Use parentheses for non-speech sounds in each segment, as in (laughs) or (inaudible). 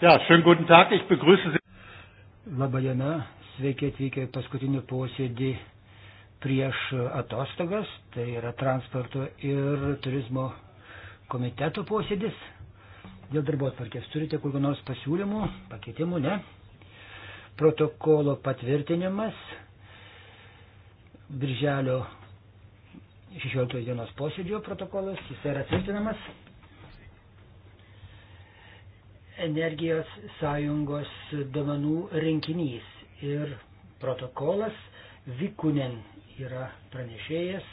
Ja, schönen guten Tag, ich begrüße Sie. Labadiena, sveiki atvykę į paskutinį posėdį prieš atostogas, tai yra transporto ir turizmo komiteto posėdis. Dėl darbo atvarkės turite kokių nors pasiūlymų, pakeitimų, ne? Protokolo patvirtinimas Birželio 16 dienos posėdžio protokolas, jis yra tvirtinamas energijos sąjungos duomenų rinkinys ir protokolas Vikunen yra pranešėjas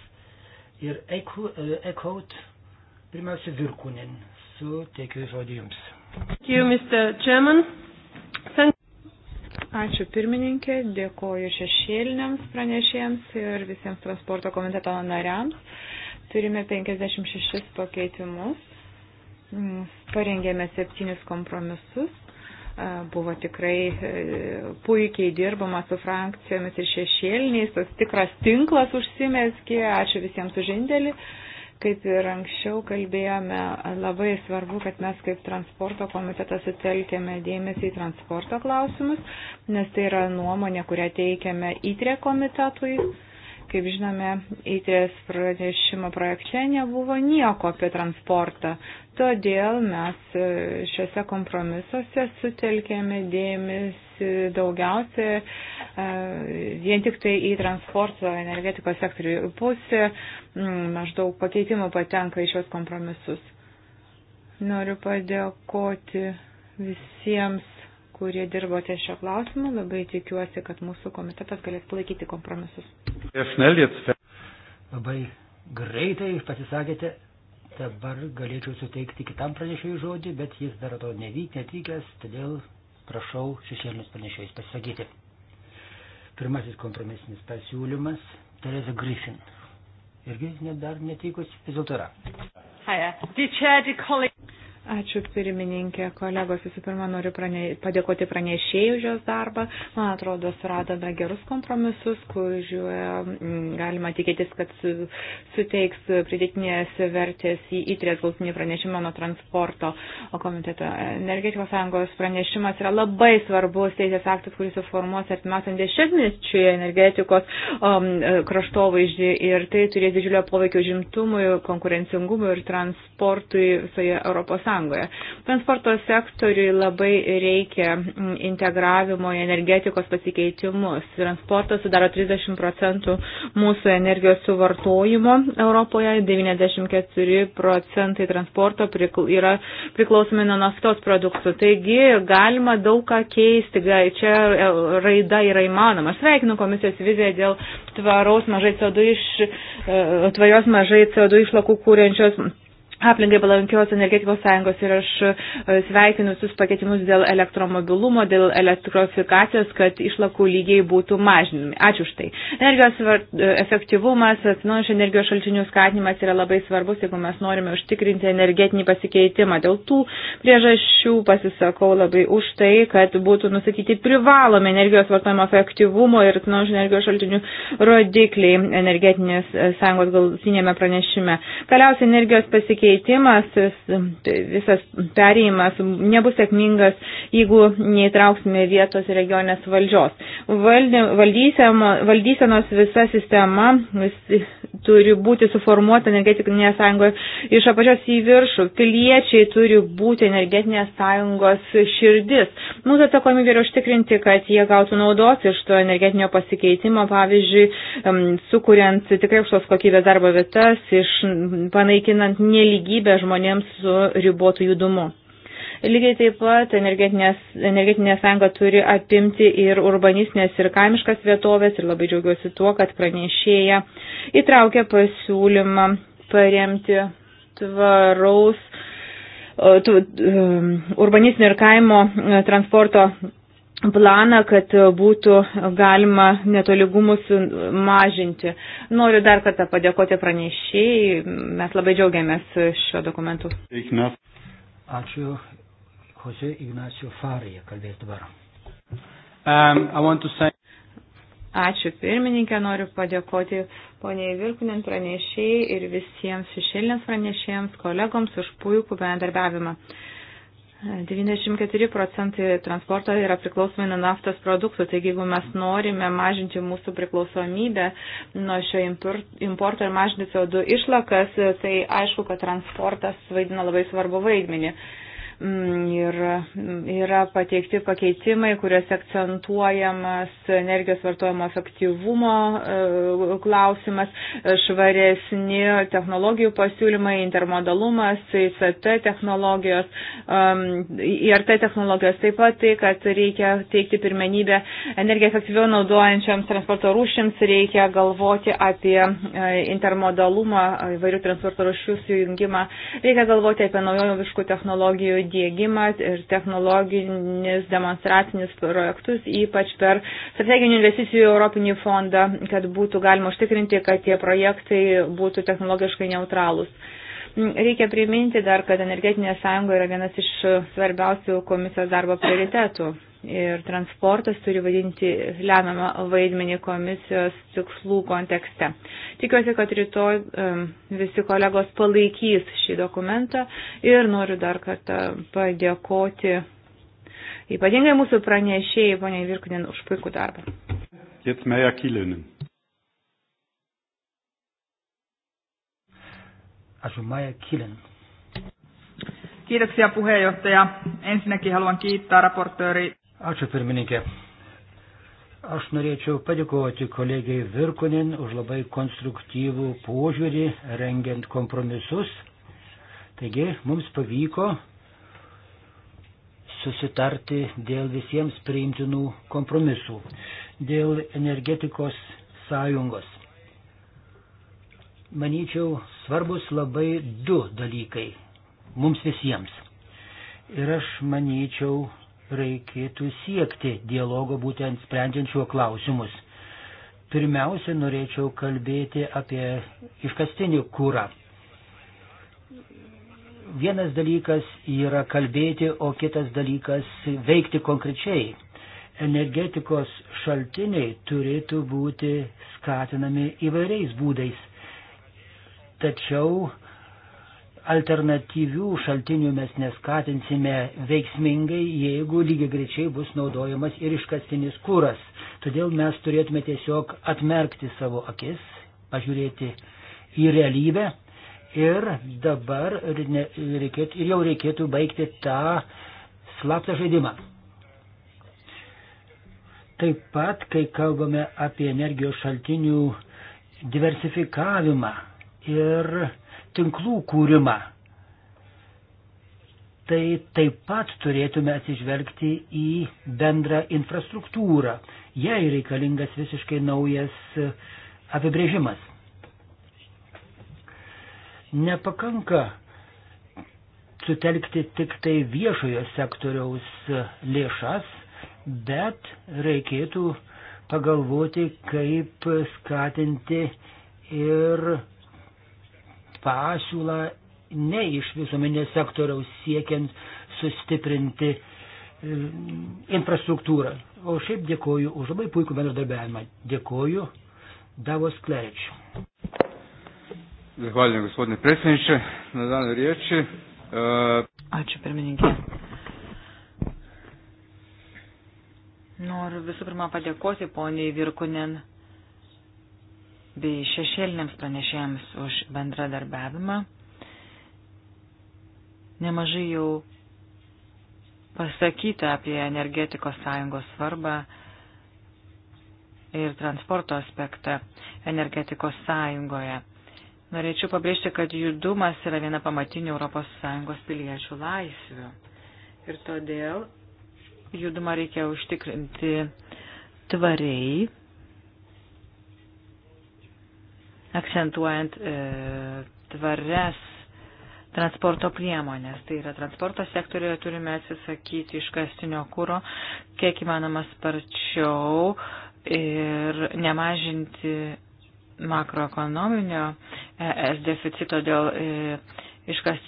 ir Ekhaut, eh, pirmiausia, Virkunen, suteikiu žodį jums. Ačiū pirmininkė, dėkoju šešėliniams pranešėjams ir visiems transporto komiteto nariams. Turime 56 pakeitimus Mm, parengėme septynis kompromisus. Buvo tikrai e, puikiai dirbama su frakcijomis ir šešėliniais, tas tikras tinklas užsimeskė, ačiū visiems už indėlį. Kaip ir anksčiau kalbėjome, labai svarbu, kad mes kaip transporto komitetas sutelkėme dėmesį į transporto klausimus, nes tai yra nuomonė, kurią teikiame įtrė komitetui. Mhm Kaip žinome, įtės e pranešimo projekte nebuvo nieko apie transportą. Todėl mes e, šiuose kompromisuose sutelkėme dėmesį daugiausia e, vien tik tai į transporto energetikos sektorių pusę. Mm, maždaug pakeitimų patenka į šios kompromisus. Noriu padėkoti visiems kurie dirbo ties šio klausimu. Labai tikiuosi, kad mūsų komitetas galės palaikyti kompromisus. Labai greitai pasisakėte. Dabar galėčiau suteikti kitam pranešėjui žodį, bet jis dar to nevyk, netikęs, todėl prašau šešėlinius pranešėjus pasisakyti. Pirmasis kompromisinis pasiūlymas - Tereza Griffin. Irgi net dar netikus, vis dėlto yra. Ačiū pirmininkė, kolegos, visų pirma, noriu prane, padėkoti pranešėjai už jos darbą. Man atrodo, suradome gerus kompromisus, kuriuo mm, galima tikėtis, kad su, suteiks pridėtinės vertės į įtrės galtinį pranešimą nuo transporto komiteto. Energetikos sąjungos pranešimas yra labai svarbus teisės aktas, kuris suformuos artimiausiam dešimtmečiui energetikos um, kraštovaizdį ir tai turės didžiulio poveikio žimtumui, konkurencingumui ir transportui visoje Europos Sąjungoje Transporto sektoriui labai reikia mm, integravimo į energetikos pasikeitimus. Transportas sudaro 30 procentų mūsų energijos suvartojimo Europoje, 94 procentai transporto yra priklausomi nuo naftos produktų. Taigi galima daug ką keisti, čia e, raida yra įmanoma. Aš sveikinu komisijos viziją dėl tvaraus mažai CO2 iš, e, tvarios mažai CO2 išlakų kūrenčios aplinkai palankios energetikos sąjungos ir aš e, sveikinu visus pakeitimus dėl elektromobilumo, dėl elektrofikacijos, kad išlakų lygiai būtų mažinami. Ačiū už tai. Energijos e, efektyvumas, atsinaujančių energijos šaltinių skatinimas yra labai svarbus, jeigu mes norime užtikrinti energetinį pasikeitimą. Dėl tų priežasčių pasisakau labai už tai, kad būtų nusakyti privalomi energijos vartojimo efektyvumo ir atsinaujančių energijos šaltinių rodikliai energetinės e, sąjungos galutinėme pranešime. Galiausiai energijos pasikeitimas keitimasis, tai visas perėjimas nebus sėkmingas, jeigu neįtrauksime vietos regionės valdžios. Valdysenos visa sistema vis, turi būti suformuota energetinėje sąjungoje iš apačios į viršų. Piliečiai turi būti energetinės sąjungos širdis. Mūsų atsakomybė yra užtikrinti, kad jie gautų naudos iš to energetinio pasikeitimo, pavyzdžiui, sukuriant tikrai aukštos kokybės darbo vietas, iš panaikinant nelygybę lygybę žmonėms su ribotu judumu. Lygiai taip pat energetinė sąjunga turi apimti ir urbanistinės ir kaimiškas vietovės ir labai džiaugiuosi tuo, kad pranešėja įtraukė pasiūlymą paremti tvaraus um, urbanistinio ir kaimo transporto planą, kad būtų galima netoligumus mažinti. Noriu dar kartą padėkoti pranešėjai. Mes labai džiaugiamės šiuo dokumentu. Ačiū. Jose Ignacio Farija kalbės dabar. Um, say... Ačiū pirmininkė, noriu padėkoti poniai Vilkunin pranešėjai ir visiems šešėlinės pranešėjams, kolegoms už puikų bendarbiavimą. Uh, 94 procentai transporto yra priklausomi nuo naftos produktų, taigi jeigu mes norime mažinti mūsų priklausomybę nuo šio importo ir mažinti CO2 išlakas, tai aišku, kad transportas vaidina labai svarbu vaidmenį. Mm, ir mm, yra pateikti pakeitimai, kuriuose akcentuojamas energijos vartojimo efektyvumo e, klausimas, švaresni technologijų pasiūlymai, intermodalumas, ICT technologijos, IRT technologijos, taip pat tai, kad reikia teikti pirmenybę energiją efektyviau naudojančiams transporto rūšims, reikia galvoti apie e, intermodalumą, įvairių transporto rūšių sujungimą, reikia galvoti apie naujoviškų technologijų dėgymas ir technologinis demonstracinis projektus, ypač per strateginių investicijų Europinį fondą, kad būtų galima užtikrinti, kad tie projektai būtų technologiškai neutralūs. Reikia priminti dar, kad energetinė sąjunga yra vienas iš svarbiausių komisijos darbo prioritetų ir transportas turi vadinti lemiamą vaidmenį komisijos tikslų kontekste. Tikiuosi, kad rytoj visi kolegos palaikys šį dokumentą ir noriu dar kartą padėkoti ypatingai mūsų pranešėjai, ponia Virkudin, už puikų darbą. Jetzt Meja Kilinin. Also Maja Kilinen. Kiitoksia puheenjohtaja. Ensinnäkin haluan kiittää raportööri. Ačiū pirmininkė. Aš norėčiau padėkoti kolegiai Virkunin už labai konstruktyvų požiūrį rengiant kompromisus. Taigi mums pavyko susitarti dėl visiems priimtinų kompromisų, dėl energetikos sąjungos. Manyčiau, svarbus labai du dalykai mums visiems. Ir aš manyčiau, reikėtų siekti dialogo būtent sprendžiant šiuo klausimus. Pirmiausia, norėčiau kalbėti apie iškastinį kūrą. Vienas dalykas yra kalbėti, o kitas dalykas veikti konkrečiai. Energetikos šaltiniai turėtų būti skatinami įvairiais būdais. Tačiau alternatyvių šaltinių mes neskatinsime veiksmingai, jeigu lygiai greičiai bus naudojamas ir iškastinis kūras. Todėl mes turėtume tiesiog atmerkti savo akis, pažiūrėti į realybę ir dabar reikėtų, ir jau reikėtų baigti tą slaptą žaidimą. Taip pat, kai kalbame apie energijos šaltinių diversifikavimą ir tinklų kūrimą. Tai taip pat turėtume atsižvelgti į bendrą infrastruktūrą. Jai reikalingas visiškai naujas e, apibrėžimas. Nepakanka sutelkti tik tai viešojo sektoriaus e, lėšas, bet reikėtų pagalvoti, kaip skatinti ir pasiūlą ne iš visuomenės sektoriaus siekiant sustiprinti e, infrastruktūrą. O šiaip dėkoju už labai puikų bendradarbiavimą. Dėkoju Davos Kleričiu. Zahvaljujem gospodine predsjedniče na danoj riječi. Uh... Ačiū pirmininkė. Noriu visų pirma padėkoti poniai Virkunen bei šešėliniams pranešėjams už bendradarbiavimą. Nemažai jau pasakyta apie energetikos sąjungos svarbą ir transporto aspektą energetikos sąjungoje. Norėčiau pabrėžti, kad judumas yra viena pamatinių ES piliečių laisvių. Ir todėl judumą reikia užtikrinti tvariai akcentuojant e, tvarias transporto priemonės. Tai yra transporto sektorijoje turime atsisakyti iškastinio kūro kiek įmanoma sparčiau ir nemažinti makroekonominio e, ES deficito dėl e, iškas,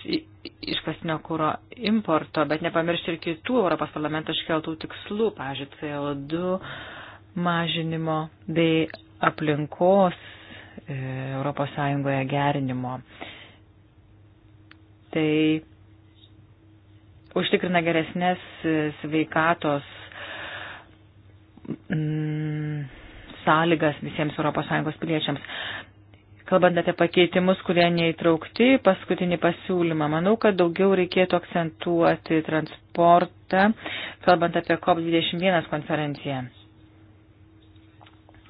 iškastinio kūro importo, bet nepamiršti ir kitų Europos parlamento iškeltų tikslų, pažiūrėjau, CO2 mažinimo bei aplinkos ES gerinimo. Tai užtikrina geresnės e, sveikatos mm, sąlygas visiems ES piliečiams. Kalbant apie pakeitimus, kurie neįtraukti, paskutinį pasiūlymą, manau, kad daugiau reikėtų akcentuoti transportą, kalbant apie COP21 konferenciją.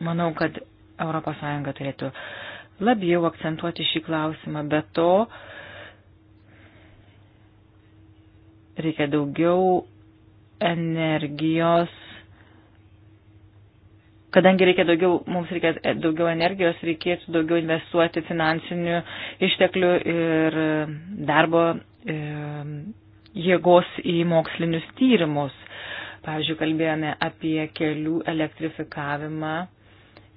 Manau, kad ES turėtų labiau akcentuoti šį klausimą, bet to reikia daugiau energijos, kadangi reikia daugiau, mums reikia daugiau energijos, reikėtų daugiau investuoti finansinių išteklių ir darbo e, jėgos į mokslinius tyrimus. Pavyzdžiui, kalbėjome apie kelių elektrifikavimą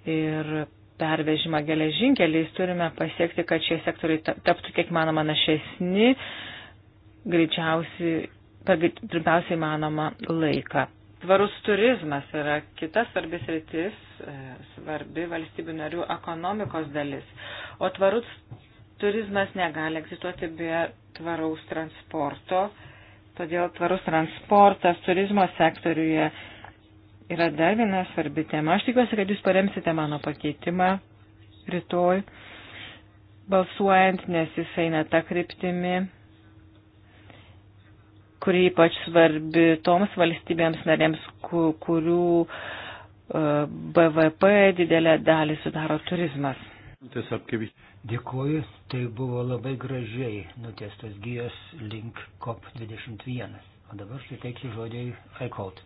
ir pervežimą geležinkeliais turime pasiekti, kad šie sektoriai taptų kiek manoma našesni, greičiausiai, per trumpiausiai manoma laiką. Tvarus turizmas yra kita svarbi sritis, e, svarbi valstybių narių ekonomikos dalis. O tvarus turizmas negali egzistuoti be tvaraus transporto, todėl tvarus transportas turizmo sektoriuje yra dar viena svarbi tema. Aš tikiuosi, kad jūs paremsite mano pakeitimą rytoj balsuojant, nes jis eina tą kryptimį, kuri ypač svarbi toms valstybėms narėms, kurių e, BVP didelę dalį sudaro turizmas. Dėkuoju, tai buvo labai gražiai nutestas gyjas link COP21. O dabar suteiksiu žodį Eikholt.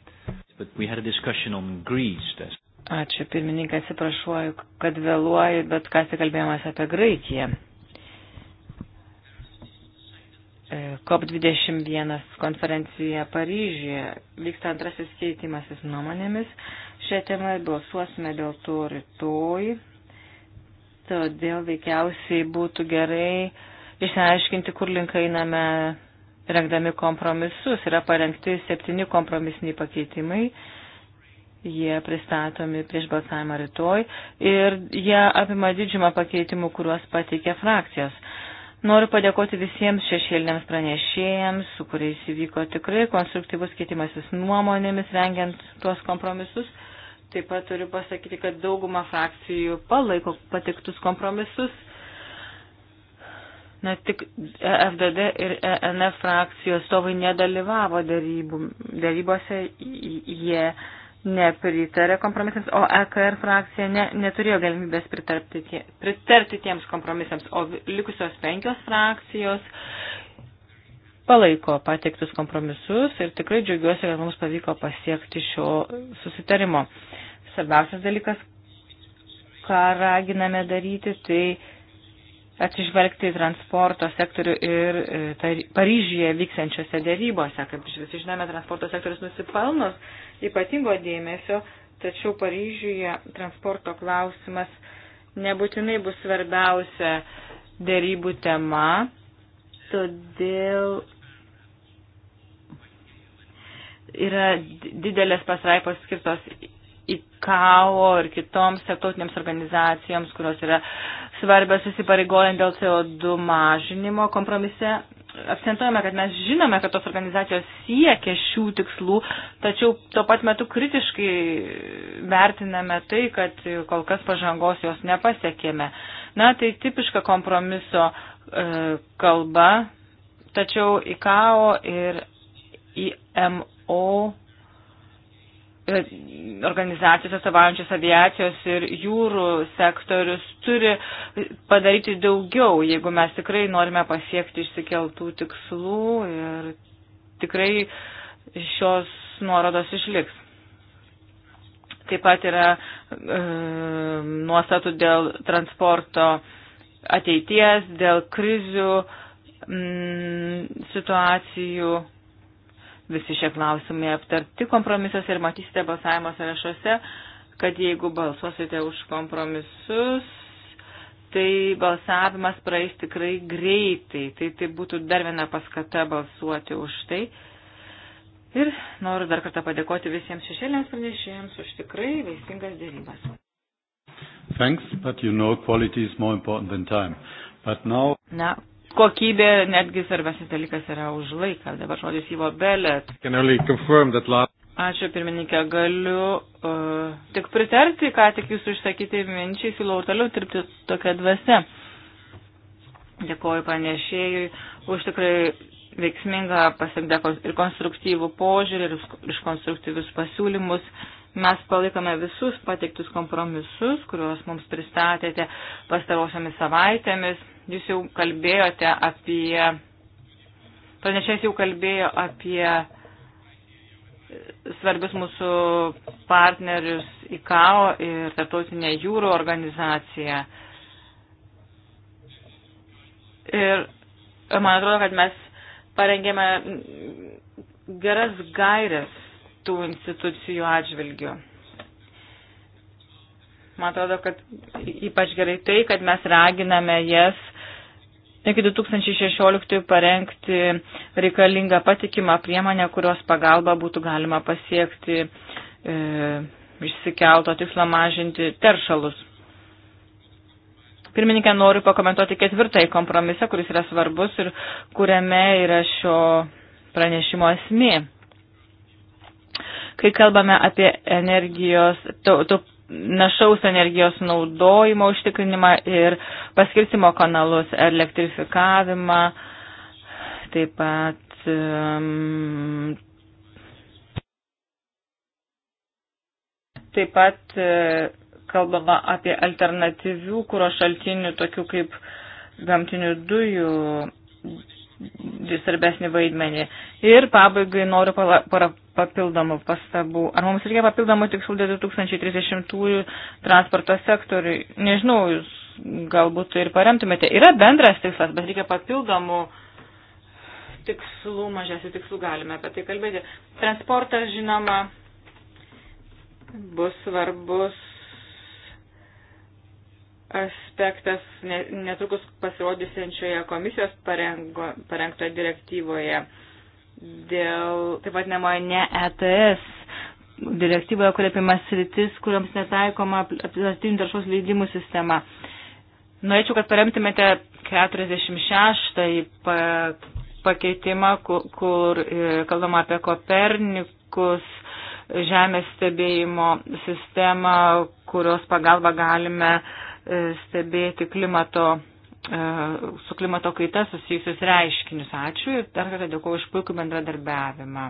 Ačiū, pirmininkai, atsiprašuoju, kad vėluoju, bet ką tik kalbėjimas apie Graikiją. E, COP21 konferencija Paryžiuje vyksta antrasis keitimasis nuomonėmis. Šią temą balsuosime dėl to rytoj. Todėl veikiausiai būtų gerai išsiaiškinti, kur link einame rengdami kompromisus. Yra parengti septyni kompromisiniai pakeitimai. Jie pristatomi prieš balsavimą rytoj ir jie apima didžiumą pakeitimų, kuriuos pateikė frakcijos. Noriu padėkoti visiems šešėliniams pranešėjams, su kuriais įvyko tikrai konstruktyvus keitimasis nuomonėmis, rengiant tuos kompromisus. Taip pat turiu pasakyti, kad dauguma frakcijų palaiko patiktus kompromisus nes tik e FDD ir ENF frakcijos atstovai nedalyvavo darybų. darybose, jie nepritarė kompromisams, o EKR frakcija ne, neturėjo galimybės pritarti, tie, pritarti tiems kompromisams, o likusios penkios frakcijos palaiko pateiktus kompromisus ir tikrai džiaugiuosi, kad mums pavyko pasiekti šio susitarimo. Svarbiausias dalykas, ką raginame daryti, tai atsižvelgti į transporto sektorių ir e, Paryžyje vyksiančiose dėrybose. Kaip visi žinome, transporto sektorius nusipelnos ypatingo dėmesio, tačiau Paryžiuje transporto klausimas nebūtinai bus svarbiausia dėrybų tema. Todėl yra didelės pasraipos skirtos IKAO ir kitoms tarptautinėms organizacijoms, kurios yra svarbios įsipareigojant dėl CO2 mažinimo kompromise. Akcentuojame, kad mes žinome, kad tos organizacijos siekia šių tikslų, tačiau tuo pat metu kritiškai vertiname tai, kad kol kas pažangos jos nepasiekėme. Na, tai tipiška kompromiso e, kalba, tačiau IKAO ir IMO E, organizacijos atstovaujančios aviacijos ir jūrų sektorius turi padaryti daugiau, jeigu mes tikrai norime pasiekti išsikeltų tikslų ir tikrai šios nuorodos išliks. Taip pat yra e, nuostatų dėl transporto ateities, dėl krizių m, situacijų visi šie klausimai aptarti kompromisuose ir matysite balsavimo sąrašuose, kad jeigu balsuosite už kompromisus, tai balsavimas praeis tikrai greitai. Tai, tai būtų dar viena paskata balsuoti už tai. Ir noriu dar kartą padėkoti visiems šešėlėms pranešėjams už tikrai veisingas dėrybas. Thanks, but you know quality is more important than time. But now... Na, kokybė netgi svarbesnis dalykas yra už laiką. Dabar žodis Ivo Belet. Ačiū pirmininkė, galiu uh, tik pritarti, ką tik jūs išsakyti minčiai, siūlau toliau dirbti tokią dvasę. Dėkuoju pranešėjui už tikrai veiksmingą pasiekdę ir konstruktyvų požiūrį ir iš konstruktyvius pasiūlymus. Mes palaikome visus pateiktus kompromisus, kuriuos mums pristatėte pastarosiamis savaitėmis Jūs jau kalbėjote apie, pranešės jau kalbėjo apie svarbius mūsų partnerius ICAO ir Tartautinė jūrų organizacija. Ir man atrodo, kad mes parengėme geras gairias tų institucijų atžvilgių. Man atrodo, kad ypač gerai tai, kad mes raginame jas iki 2016 parengti reikalingą patikimą priemonę, kurios pagalba būtų galima pasiekti e, išsikelto tikslo mažinti teršalus. Pirmininkė, noriu pakomentuoti ketvirtąjį kompromisą, kuris yra svarbus ir kuriame yra šio pranešimo esmė. Kai kalbame apie energijos, to, to, našaus energijos naudojimo užtikrinimą ir paskirstimo kanalus, elektrifikavimą, taip pat um, taip pat e, kalbama apie alternatyvių kūro šaltinių, tokių kaip gamtinių dujų svarbesnį vaidmenį. Ir pabaigai noriu para, para, papildomų pastabų? Ar mums reikia papildomų tikslų dėl 2030-ųjų transporto sektoriui? Nežinau, jūs galbūt tai ir paremtumėte. Yra bendras tikslas, bet reikia papildomų tikslų, mažesnių tikslų galime apie tai kalbėti. Transportas, žinoma, bus svarbus aspektas netrukus pasirodysiančioje komisijos parengo, parengtoje direktyvoje dėl taip vadinamojo ne ETS direktyvoje, kuria apima sritis, kuriams netaikoma aplastinių taršos leidimų sistema. Norėčiau, kad paremtumėte 46 pa, pakeitimą, kur, kur e, kalbama apie Kopernikus žemės stebėjimo sistemą, kurios pagalba galime e, stebėti klimato E, su klimato kaita susijusius reiškinius. Ačiū ir dar kartą dėkuoju už puikų bendradarbiavimą.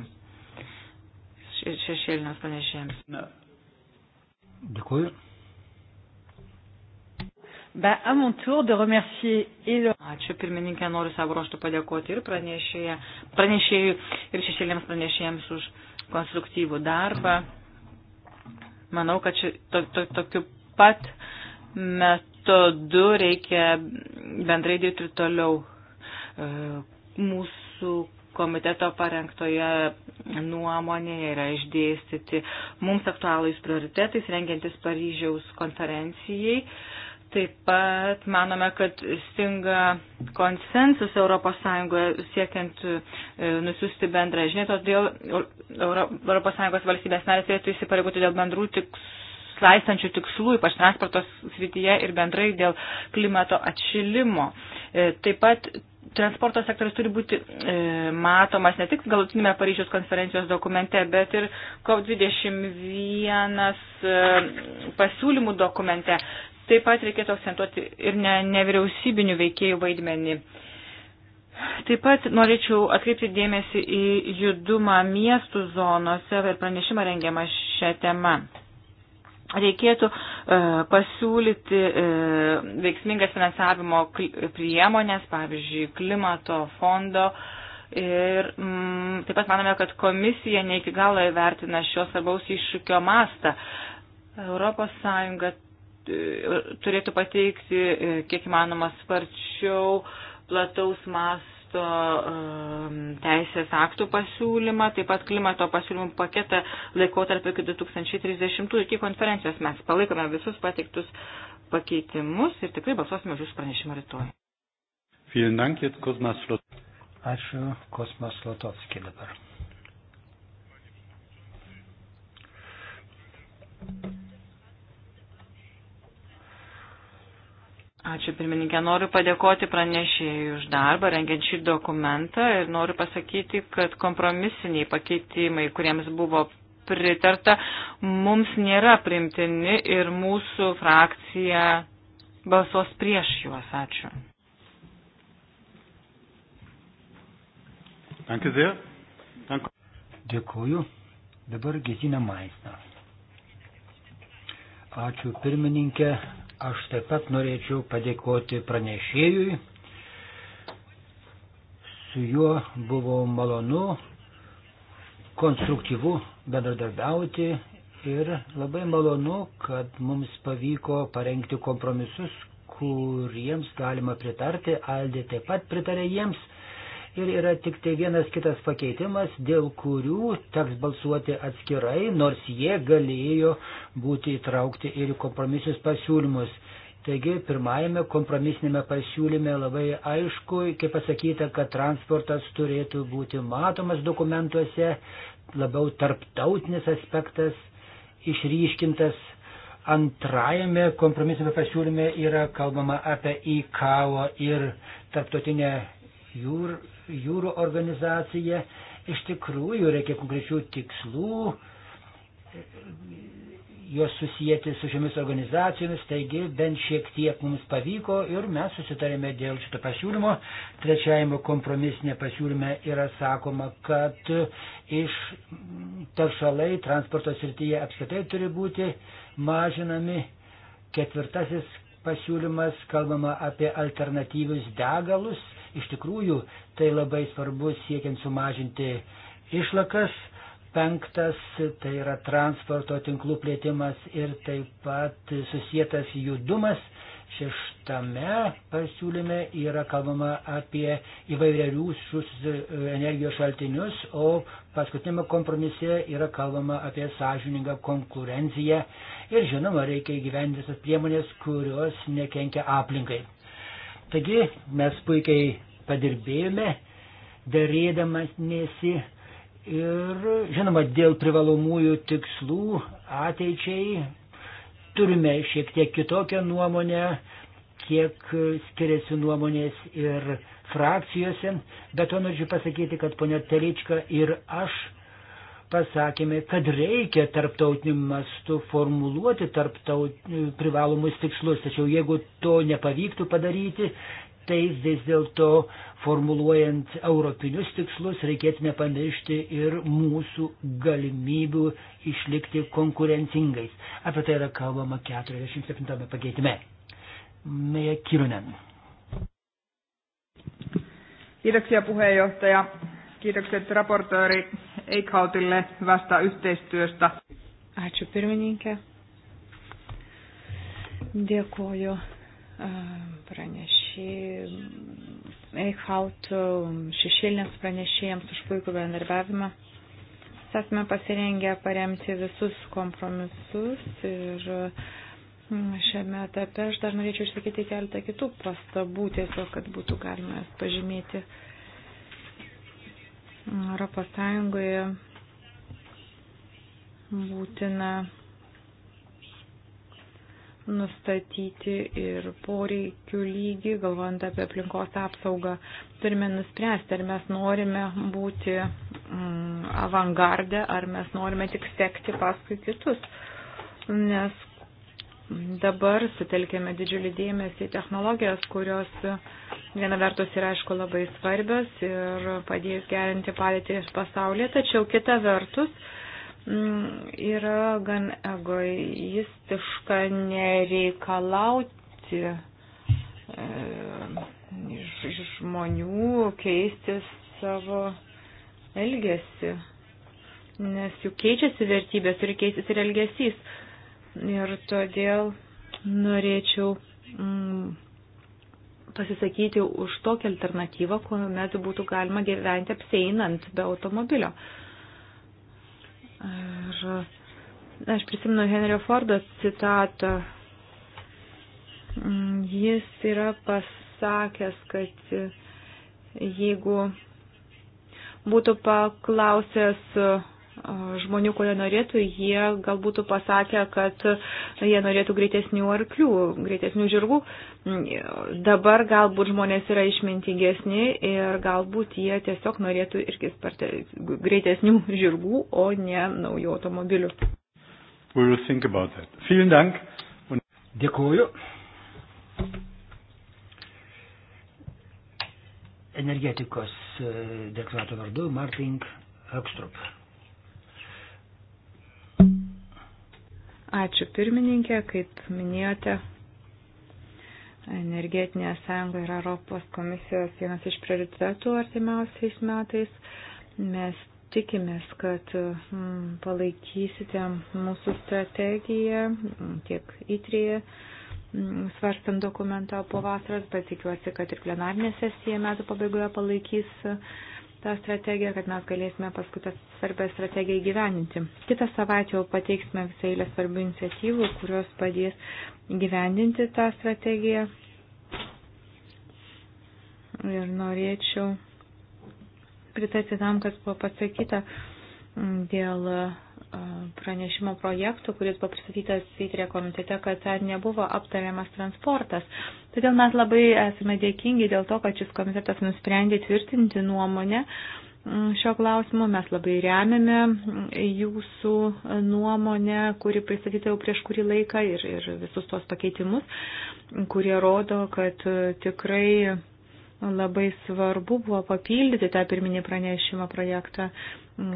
Ir šešėlinės panešėjams. Dėkuoju. Bah, à mon tour de remercier et le... Ačiū pirmininkė, noriu savo ruoštų padėkoti ir pranešėjui, ir šešėlėms pranešėjams už konstruktyvų darbą. Manau, kad ši, to, to, tokiu pat metu metodu reikia bendrai dirbti toliau. E, mūsų komiteto parengtoje nuomonėje yra išdėstyti mums aktualais prioritetais, rengiantis Paryžiaus konferencijai. Taip pat manome, kad stinga konsensus ES siekiant e, nusiųsti bendrą žinią, todėl ES valstybės narės turėtų įsipareigoti dėl bendrų tikslų slaistančių tikslų, ypač transporto srityje ir bendrai dėl klimato atšilimo. E, taip pat transporto sektorius turi būti e, matomas ne tik galutinėme Paryžiaus konferencijos dokumente, bet ir COP21 e, pasiūlymų dokumente. Taip pat reikėtų akcentuoti ir ne, nevyriausybinių veikėjų vaidmenį. Taip pat norėčiau atkreipti dėmesį į judumą miestų zonose ir pranešimą rengiamą šią temą reikėtų e, pasiūlyti e, veiksmingas finansavimo priemonės, pavyzdžiui, klimato fondo. Ir mm, taip pat manome, kad komisija ne iki galo įvertina šios svarbaus iššūkio mastą. Europos Sąjunga e, turėtų pateikti, e, kiek įmanoma, sparčiau plataus mas, maisto ehm, teisės aktų pasiūlymą, taip pat klimato pasiūlymų paketą laikotarpio iki 2030 iki konferencijos. Mes palaikome visus pateiktus pakeitimus ir tikrai balsuosime už jūsų pranešimą rytoj. Ačiū, Kosmas Lotovskis dabar. Ačiū pirmininkė. Noriu padėkoti pranešėjai už darbą, rengiant šį dokumentą ir noriu pasakyti, kad kompromisiniai pakeitimai, kuriems buvo pritarta, mums nėra primtini ir mūsų frakcija balsuos prieš juos. Ačiū. Dėkuoju. Dabar Gezinė Maisna. Ačiū pirmininkė, Aš taip pat norėčiau padėkoti pranešėjui. Su juo buvo malonu, konstruktyvu bendradarbiauti ir labai malonu, kad mums pavyko parengti kompromisus, kuriems galima pritarti. Aldė taip pat pritarė jiems ir yra tik tai vienas kitas pakeitimas, dėl kurių teks balsuoti atskirai, nors jie galėjo būti įtraukti ir į kompromisus pasiūlymus. Taigi, pirmajame kompromisinėme pasiūlyme labai aišku, kaip pasakyta, kad transportas turėtų būti matomas dokumentuose, labiau tarptautinis aspektas išryškintas Antrajame kompromisinėme pasiūlyme yra kalbama apie įkavo ir tarptautinę jūr, jūrų organizacija. Iš tikrųjų reikia konkrečių tikslų, juos susijęti su šiomis organizacijomis, taigi bent šiek tiek mums pavyko ir mes susitarėme dėl šito pasiūlymo. Trečiajame kompromisinė pasiūlyme yra sakoma, kad iš taršalai transporto srityje apskritai turi būti mažinami. Ketvirtasis pasiūlymas kalbama apie alternatyvius degalus, Iš tikrųjų, tai labai svarbu siekiant sumažinti išlakas. Penktas tai yra transporto tinklų plėtimas ir taip pat susijęs judumas. Šeštame pasiūlyme yra kalbama apie įvairiarius e, energijos šaltinius, o paskutinėme kompromise yra kalbama apie sąžiningą konkurenciją ir žinoma reikia įgyvendinti priemonės, kurios nekenkia aplinkai. Taigi mes puikiai padirbėjome, darėdamas nesi ir, žinoma, dėl privalomųjų tikslų ateičiai turime šiek tiek kitokią nuomonę, kiek skiriasi nuomonės ir frakcijose, bet to norėčiau pasakyti, kad ponia Telička ir aš pasakėme, kad reikia tarptautiniu mastu formuluoti tarptaut, privalomus tikslus, tačiau jeigu to nepavyktų padaryti, tai vis dėlto formuluojant europinius tikslus reikėtų nepamiršti ir mūsų galimybių išlikti konkurencingais. Apie tai yra kalbama 47 pakeitime. Meija Kirunen. Kiitoksia puheenjohtaja. Kiitokset raportööri Eikautille hyvästä yhteistyöstä. Ačiū pirmininkė. Dėkuoju pranešėjai Eichhaut šešėlinės pranešėjams už puikų bendarbiavimą. Esame pasirengę paremti visus kompromisus ir šiame etape aš dar norėčiau išsakyti keletą kitų pastabų, tiesiog, kad būtų galima jas pažymėti. Uh, Europos Sąjungoje būtina nustatyti ir poreikių lygį, galvojant apie aplinkos apsaugą. Turime nuspręsti, ar mes norime būti mm, avangardę, ar mes norime tik sekti paskui kitus. Nes dabar sutelkėme didžiulį dėmesį į technologijas, kurios viena vertus yra aišku labai svarbios ir padės gerinti padėtį pasaulyje, tačiau kita vertus mm, yra gan egoistiška nereikalauti e, iš žmonių keisti savo elgesį, nes juk keičiasi vertybės ir keisis ir elgesys. Ir todėl norėčiau mm, pasisakyti už tokią alternatyvą, kuomet būtų galima gyventi apseinant be automobilio. Ir aš prisimenu Henrio Fordo citatą. Mm, jis yra pasakęs, kad jeigu būtų paklausęs žmonių, kurie norėtų, jie galbūt pasakė, kad jie norėtų greitesnių arklių, greitesnių žirgų. Mm, dabar galbūt žmonės yra išmintingesni ir galbūt jie tiesiog norėtų irgi spartė, greitesnių žirgų, o ne naujų automobilių. Dėkuoju. energetikos e, deklarato vardu Martin Högstrup. Ačiū pirmininkė, kaip minėjote, energetinė sąjunga yra Europos komisijos vienas iš prioritetų artimiausiais metais. Mes tikimės, kad mm, palaikysite mūsų strategiją tiek įtrėje mm, svarstant dokumentą po vasaros, bet tikiuosi, kad ir plenarinė sesija metų pabaigoje palaikys uh, tą strategiją, kad mes galėsime paskui tą svarbę strategiją gyveninti. Kitą savaitę jau pateiksime visą eilę svarbių iniciatyvų, kurios padės gyvendinti tą strategiją. Ir norėčiau pritarti tam, kas buvo pasakyta dėl pranešimo projektų, kuris buvo pristatytas įtrė komitete, kad ten nebuvo aptariamas transportas. Todėl mes labai esame dėkingi dėl to, kad šis komitetas nusprendė tvirtinti nuomonę šio klausimu. Mes labai remiame jūsų nuomonę, kuri pristatyta jau prieš kurį laiką ir, ir visus tuos pakeitimus, kurie rodo, kad tikrai labai svarbu buvo papildyti tą pirminį pranešimo projektą.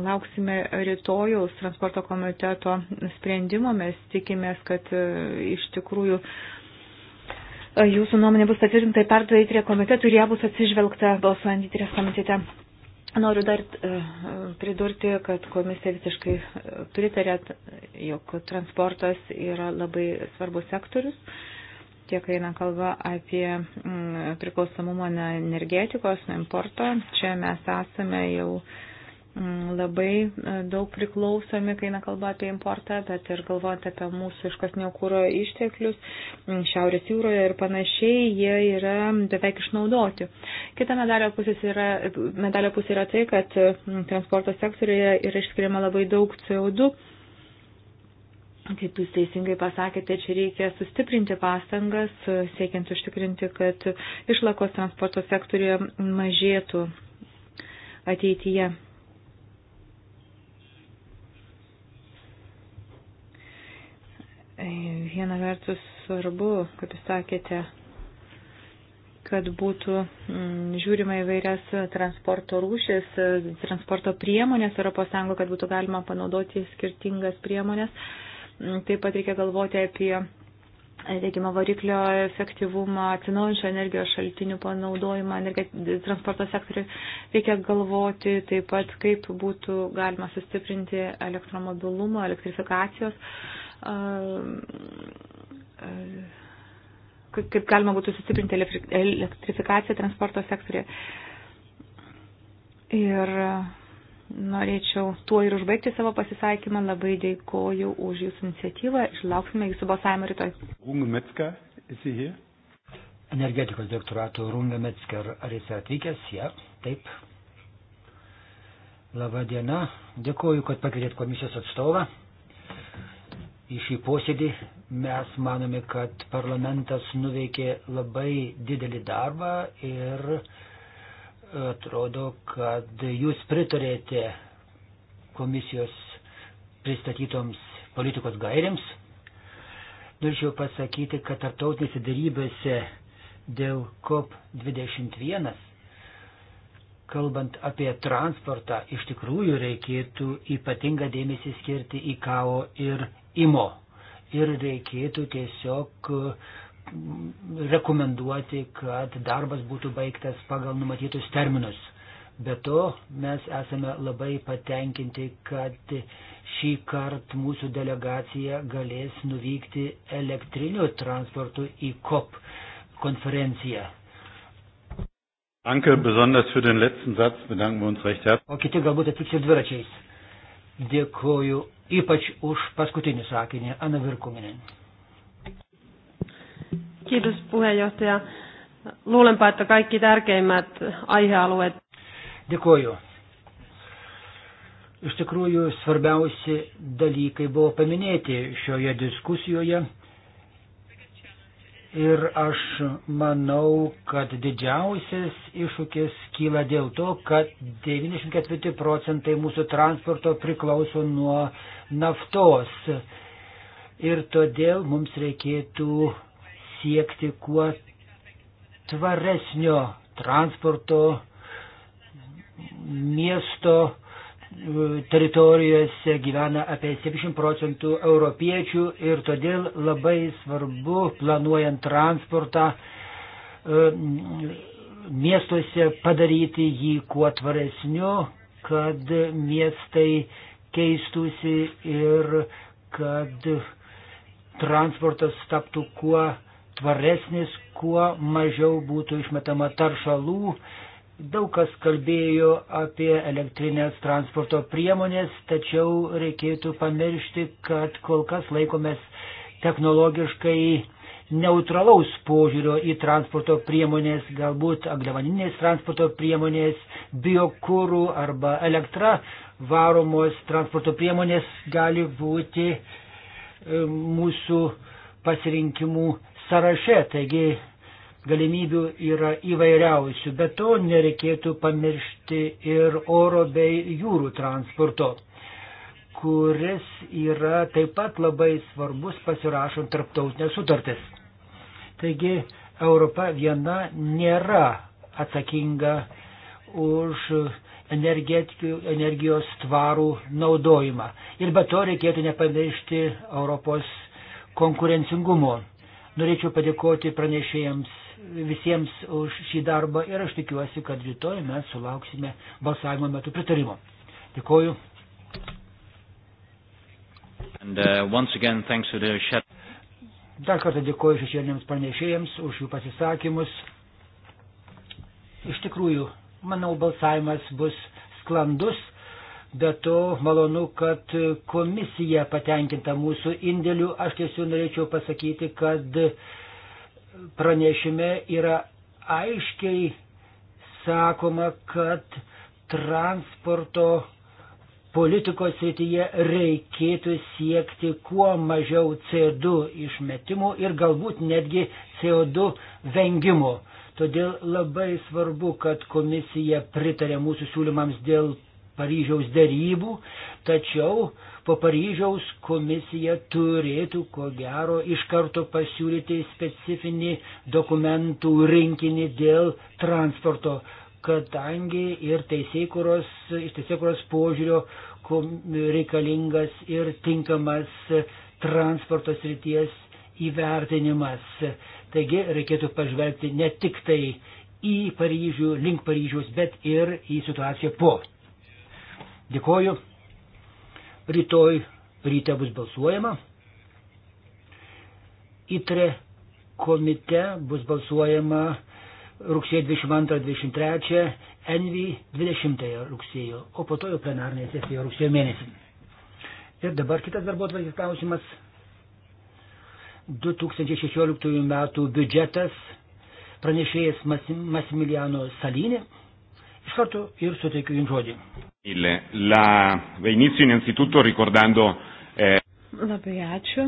Lauksime rytojaus transporto komiteto sprendimo, mes tikimės, kad e, iš tikrųjų e, jūsų nuomonė bus atvirtinta į perdavę į trie komitetų ir ją bus atsižvelgta balsuojant į tries komitete. Noriu dar e, pridurti, kad komisija visiškai pritarė, jog transportas yra labai svarbus sektorius tiek eina kalba apie mm, priklausomumą nuo energetikos, nuo importo. Čia mes esame jau mm, labai e, daug priklausomi, kai eina kalba apie importą, bet ir galvojant apie mūsų iškasnio kūro išteklius, mm, Šiaurės jūroje ir panašiai, jie yra beveik išnaudoti. Kita medalio pusė yra, medalio pusė yra tai, kad transporto sektoriuje yra išskiriama labai daug CO2 Kaip jūs teisingai pasakėte, čia reikia sustiprinti pastangas, siekiant užtikrinti, kad išlakos transporto sektoriuje mažėtų ateityje. Viena vertus svarbu, kaip jūs sakėte, kad būtų mm, žiūrima įvairias transporto rūšis, transporto priemonės Europos Sąjungo, kad būtų galima panaudoti skirtingas priemonės Taip pat reikia galvoti apie degimo variklio efektyvumą, atsinaujančio energijos šaltinių panaudojimą, transporto sektoriui reikia galvoti taip pat, kaip būtų galima sustiprinti elektromobilumo, elektrifikacijos, kaip galima būtų sustiprinti elektrifikaciją transporto sektoriuje. Ir norėčiau tuo ir užbaigti savo pasisakymą. Labai dėkoju už jūsų iniciatyvą. Išlauksime jūsų balsavimą rytoj. Energetikos doktorato Runga Metsker, ar jis atvykęs? Ja, taip. Labą dieną. Dėkoju, kad pakvietėt komisijos atstovą. Į šį posėdį mes manome, kad parlamentas nuveikė labai didelį darbą ir Atrodo, kad jūs pritarėte komisijos pristatytoms politikos gairėms. Norėčiau pasakyti, kad tarptautinėse darybėse dėl COP21, kalbant apie transportą, iš tikrųjų reikėtų ypatingą dėmesį skirti į KAO ir IMO. Ir reikėtų tiesiog uh, rekomenduoti, kad darbas būtų baigtas pagal numatytus terminus. Be to, mes esame labai patenkinti, kad šį kartą mūsų delegacija galės nuvykti elektriniu transportu į COP konferenciją. Anke, besonders für den letzten Satz bedanken wir uns recht herzlich. O kiti galbūt atvyks ir dviračiais. Dėkoju ypač už paskutinį sakinį, Ana Virkuminen. Kiitos puheenjohtaja. Luulenpa, että kaikki tärkeimmät aihealueet. Dėkuoju. Iš tikrųjų, svarbiausi dalykai buvo paminėti šioje diskusijoje. Ir aš manau, kad didžiausias iššūkis kyla dėl to, kad 94 procentai mūsų transporto priklauso nuo naftos. Ir todėl mums reikėtų siekti kuo tvaresnio transporto miesto teritorijose gyvena apie 70 procentų europiečių ir todėl labai svarbu planuojant transportą e, miestuose padaryti jį kuo tvaresniu, kad miestai keistųsi ir kad transportas taptų kuo tvaresnis, kuo mažiau būtų išmetama taršalų. Daug kas kalbėjo apie elektrinės transporto priemonės, tačiau reikėtų pamiršti, kad kol kas laikomės technologiškai neutralaus požiūrio į transporto priemonės, galbūt angliavaninės transporto priemonės, biokūrų arba elektra varomos transporto priemonės gali būti e, mūsų pasirinkimų sąraše, taigi galimybių yra įvairiausių, bet to nereikėtų pamiršti ir oro bei jūrų transporto, kuris yra taip pat labai svarbus pasirašant tarptautinės sutartis. Taigi Europa viena nėra atsakinga už energijos tvarų naudojimą. Ir be to reikėtų nepamiršti Europos konkurencingumo. Norėčiau padėkoti pranešėjams visiems už šį darbą ir aš tikiuosi, kad rytoj mes sulauksime balsavimo metu pritarimo. Dėkoju. And, uh, again, the... Dar kartą dėkoju šešėliniams pranešėjams už jų pasisakymus. Iš tikrųjų, manau, balsavimas bus sklandus. Be to, malonu, kad komisija patenkinta mūsų indėliu. Aš tiesiog norėčiau pasakyti, kad pranešime yra aiškiai sakoma, kad transporto politikos srityje reikėtų siekti kuo mažiau CO2 išmetimų ir galbūt netgi CO2 vengimo. Todėl labai svarbu, kad komisija pritarė mūsų siūlymams dėl Paryžiaus dėrybų, tačiau po Paryžiaus komisija turėtų, ko gero, iš karto pasiūlyti specifinį dokumentų rinkinį dėl transporto, kadangi ir teisėkuros, iš teisėkuros požiūrio reikalingas ir tinkamas transporto srities įvertinimas. Taigi reikėtų pažvelgti ne tik tai į Paryžių, link Paryžiaus, bet ir į situaciją po. Dėkoju. Rytoj ryte bus balsuojama. ITRE komite bus balsuojama rugsėjo 22-23, ENVI 20 rugsėjo, o po to jau plenarnėje sesijoje rugsėjo mėnesį. Ir dabar kitas darbuotvarkės klausimas. 2016 m. biudžetas pranešėjas Masimiliano Salinė. Iš karto ir suteikiu Jums žodį. La, vainiciu, innanzitutto, ricordando. Eh... Labai ačiū.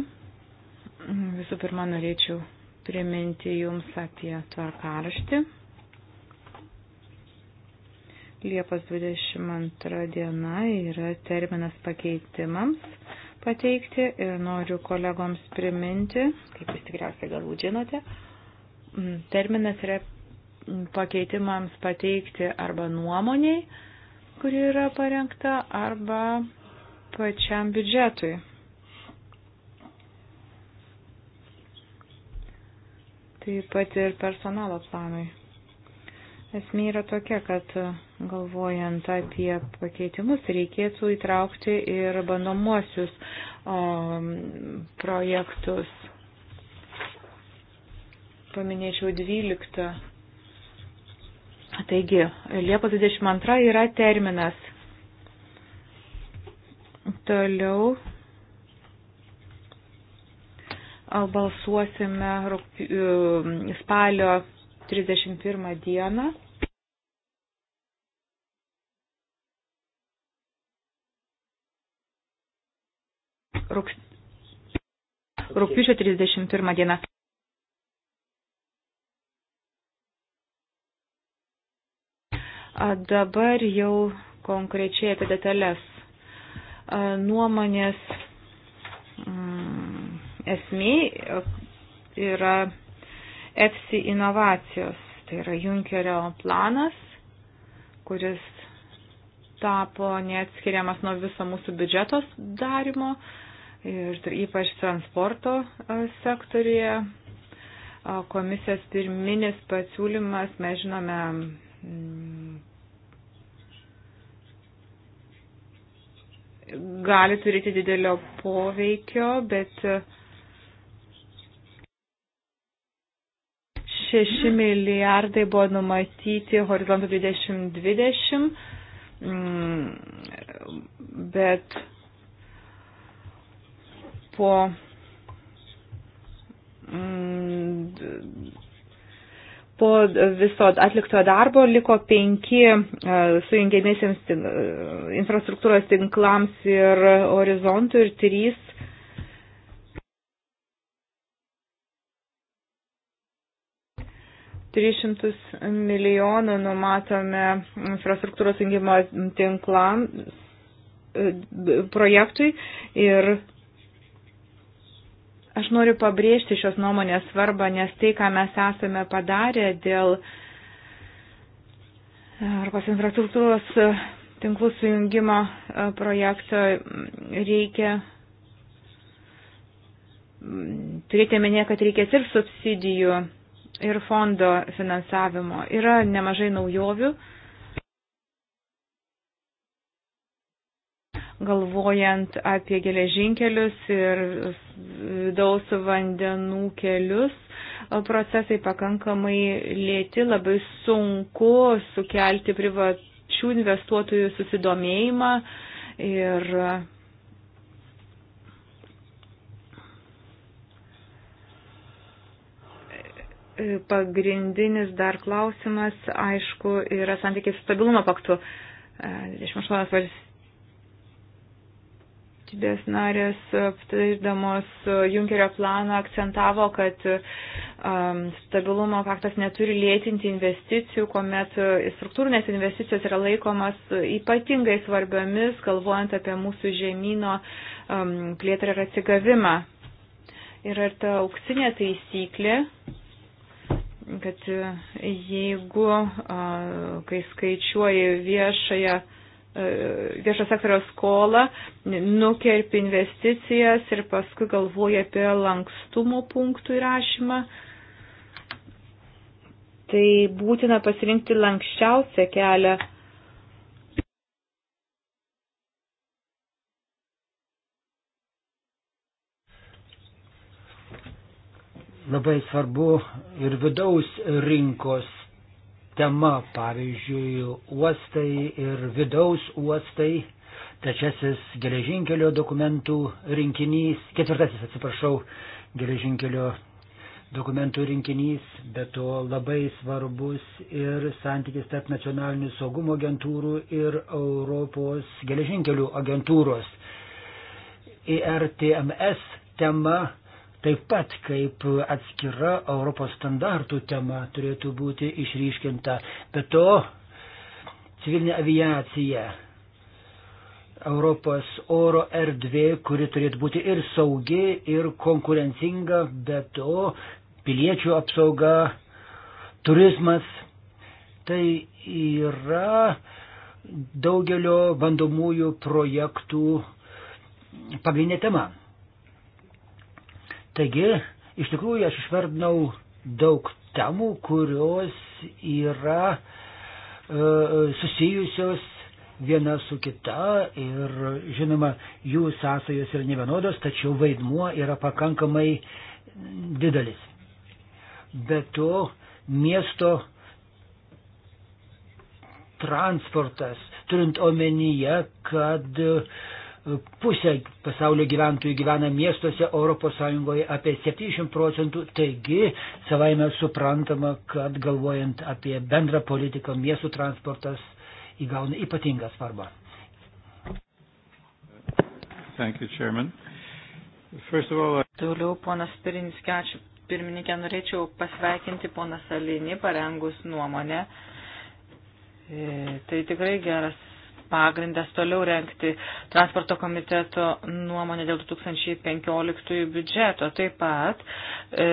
Visų pirma, norėčiau priminti Jums apie tvarkaraštį. Liepos 22 diena yra terminas pakeitimams pateikti ir noriu kolegoms priminti, kaip jūs tikriausiai galbūt žinote, terminas yra pakeitimams pateikti arba nuomoniai, kuri yra parengta, arba pačiam biudžetui. Taip pat ir personalo planui. Esmė yra tokia, kad galvojant apie pakeitimus reikėtų įtraukti ir bandomuosius o, um, projektus. Paminėčiau 12 Taigi, Liepos 22 yra terminas. Toliau balsuosime e, spalio 31 dieną. Rūks... Rūpiučio 31 dieną. A, dabar jau konkrečiai apie detalės a, nuomonės mm, esmė e, yra EFSI inovacijos, tai yra Junkerio planas, kuris tapo neatskiriamas nuo viso mūsų biudžetos darimo ir tai ypač transporto e, sektorija. Komisijos pirminis pasiūlymas, mes žinome, gali turėti didelio poveikio, bet 6 milijardai buvo numatyti horizontų 2020, mm, bet po po viso atlikto darbo liko penki e, sujungiamiesiems e, infrastruktūros tinklams ir horizontui ir trys. Trišimtus milijonų numatome infrastruktūros jungimo tinklam e, projektui ir Aš noriu pabrėžti šios nuomonės svarbą, nes tai, ką mes esame padarę dėl Europos infrastruktūros tinklų sujungimo e, projekto, reikia mm, turėti menė, kad reikės ir subsidijų, ir fondo finansavimo. Yra nemažai naujovių. galvojant apie geležinkelius ir vidaus vandenų kelius, procesai pakankamai lėti, labai sunku sukelti privačių investuotojų susidomėjimą ir pagrindinis dar klausimas, aišku, yra santykis su stabilumo paktu. 28 valstybės valstybės narės, e, aptaisdamos e, Junkerio planą, akcentavo, kad um, stabilumo paktas neturi lėtinti investicijų, kuomet struktūrinės investicijos yra laikomas ypatingai svarbiomis, galvojant apie mūsų žemynų um, plėtrą ir atsigavimą. Yra ir ta auksinė taisyklė, kad jeigu, kai skaičiuoji viešąją E, viešo sektoriaus skolą, nukerpi investicijas ir paskui galvoji apie lankstumo punktų įrašymą. Tai būtina pasirinkti lankščiausią kelią. Labai svarbu ir vidaus rinkos sistema, pavyzdžiui, uostai ir vidaus uostai, trečiasis geležinkelio dokumentų rinkinys, ketvirtasis, atsiprašau, geležinkelio dokumentų rinkinys, bet to labai svarbus ir santykis tarp nacionalinių saugumo agentūrų ir Europos geležinkelių agentūros. IRTMS tema taip pat kaip atskira Europos standartų tema turėtų būti išryškinta. Be to, civilinė aviacija, Europos oro erdvė, kuri turėtų būti ir saugi, ir konkurencinga, be to, piliečių apsauga, turizmas, tai yra daugelio bandomųjų projektų pagrindinė tema. Taigi, iš tikrųjų aš išvardinau daug temų, kurios yra e, susijusios viena su kita ir žinoma, jų sąsajos yra nevienodos, tačiau vaidmuo yra pakankamai didelis. Be to, miesto transportas, turint omenyje, kad uh, pusė pasaulio gyventojų gyvena miestuose, ES apie 70 procentų, taigi savaime suprantama, kad galvojant apie bendrą politiką, miestų transportas įgauna ypatingą svarbą. Thank you, Chairman. First of all, I... Toliau ponas Pirinskė, ačiū. Pirmininkė, norėčiau pasveikinti poną Salinį, parengus nuomonę. E, tai tikrai geras pagrindas toliau renkti transporto komiteto nuomonę dėl 2015 biudžeto. Taip pat, e,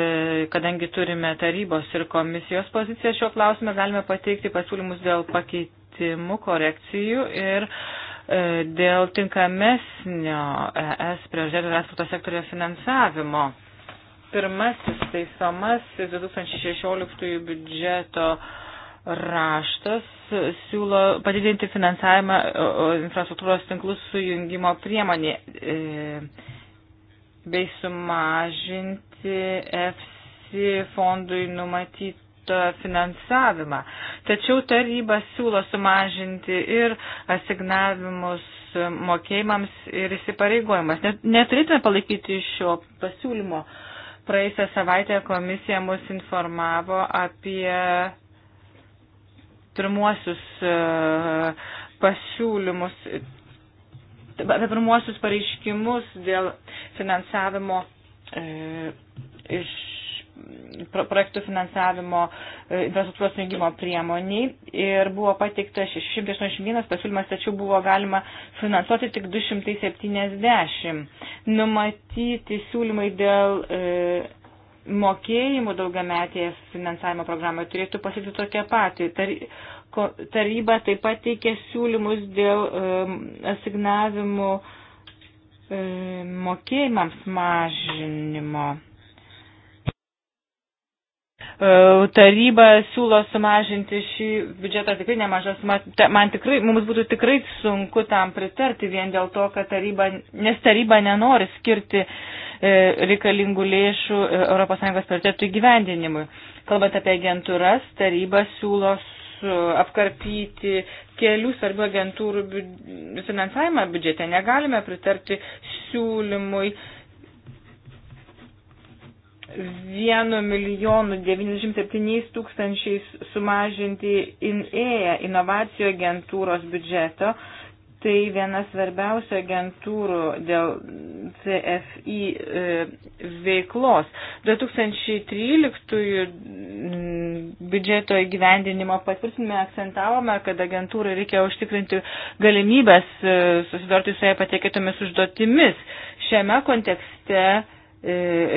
kadangi turime tarybos ir komisijos poziciją šio klausime, galime pateikti pasiūlymus dėl pakeitimų, korekcijų ir e, dėl tinkamesnio ES prioritetų transporto sektorio finansavimo. Pirmasis taisomas 2016 biudžeto raštas siūlo padidinti finansavimą infrastruktūros tinklus sujungimo priemonė e, bei sumažinti EFSI fondui numatytą finansavimą. Tačiau taryba siūlo sumažinti ir asignavimus mokėjimams ir įsipareigojimas. Neturėtume palaikyti šio pasiūlymo. Praėjusią savaitę komisija mus informavo apie pirmuosius e, pasiūlymus, apie pirmuosius pareiškimus dėl finansavimo e, iš projektų finansavimo e, infrastruktūros rengimo priemoniai ir buvo pateikta 681 pasiūlymas, tačiau buvo galima finansuoti tik 270. Numatyti siūlymai dėl e, mokėjimų daugiametėje finansavimo programoje turėtų pasiekti tokią patį. Taryba taip pat teikia siūlymus dėl asignavimų mokėjimams mažinimo. E, taryba siūlo sumažinti šį biudžetą tikrai nemažas, man tikrai, mums būtų tikrai sunku tam pritarti vien dėl to, kad taryba, nes taryba nenori skirti uh, E, reikalingų lėšų e, ES prioritetų įgyvendinimui. Kalbant apie agentūras, taryba siūlo apkarpyti kelių svarbių agentūrų finansavimą biudžete. Negalime pritarti siūlymui vienu milijonu 907 tūkstančiais sumažinti INEA inovacijų agentūros biudžeto Tai viena svarbiausia agentūrų dėl CFI e, veiklos. 2013 mm, biudžeto įgyvendinimo patvirtinime akcentavome, kad agentūrai reikia užtikrinti galimybės e, susidorti su jai patikėtomis užduotimis. Šiame kontekste e,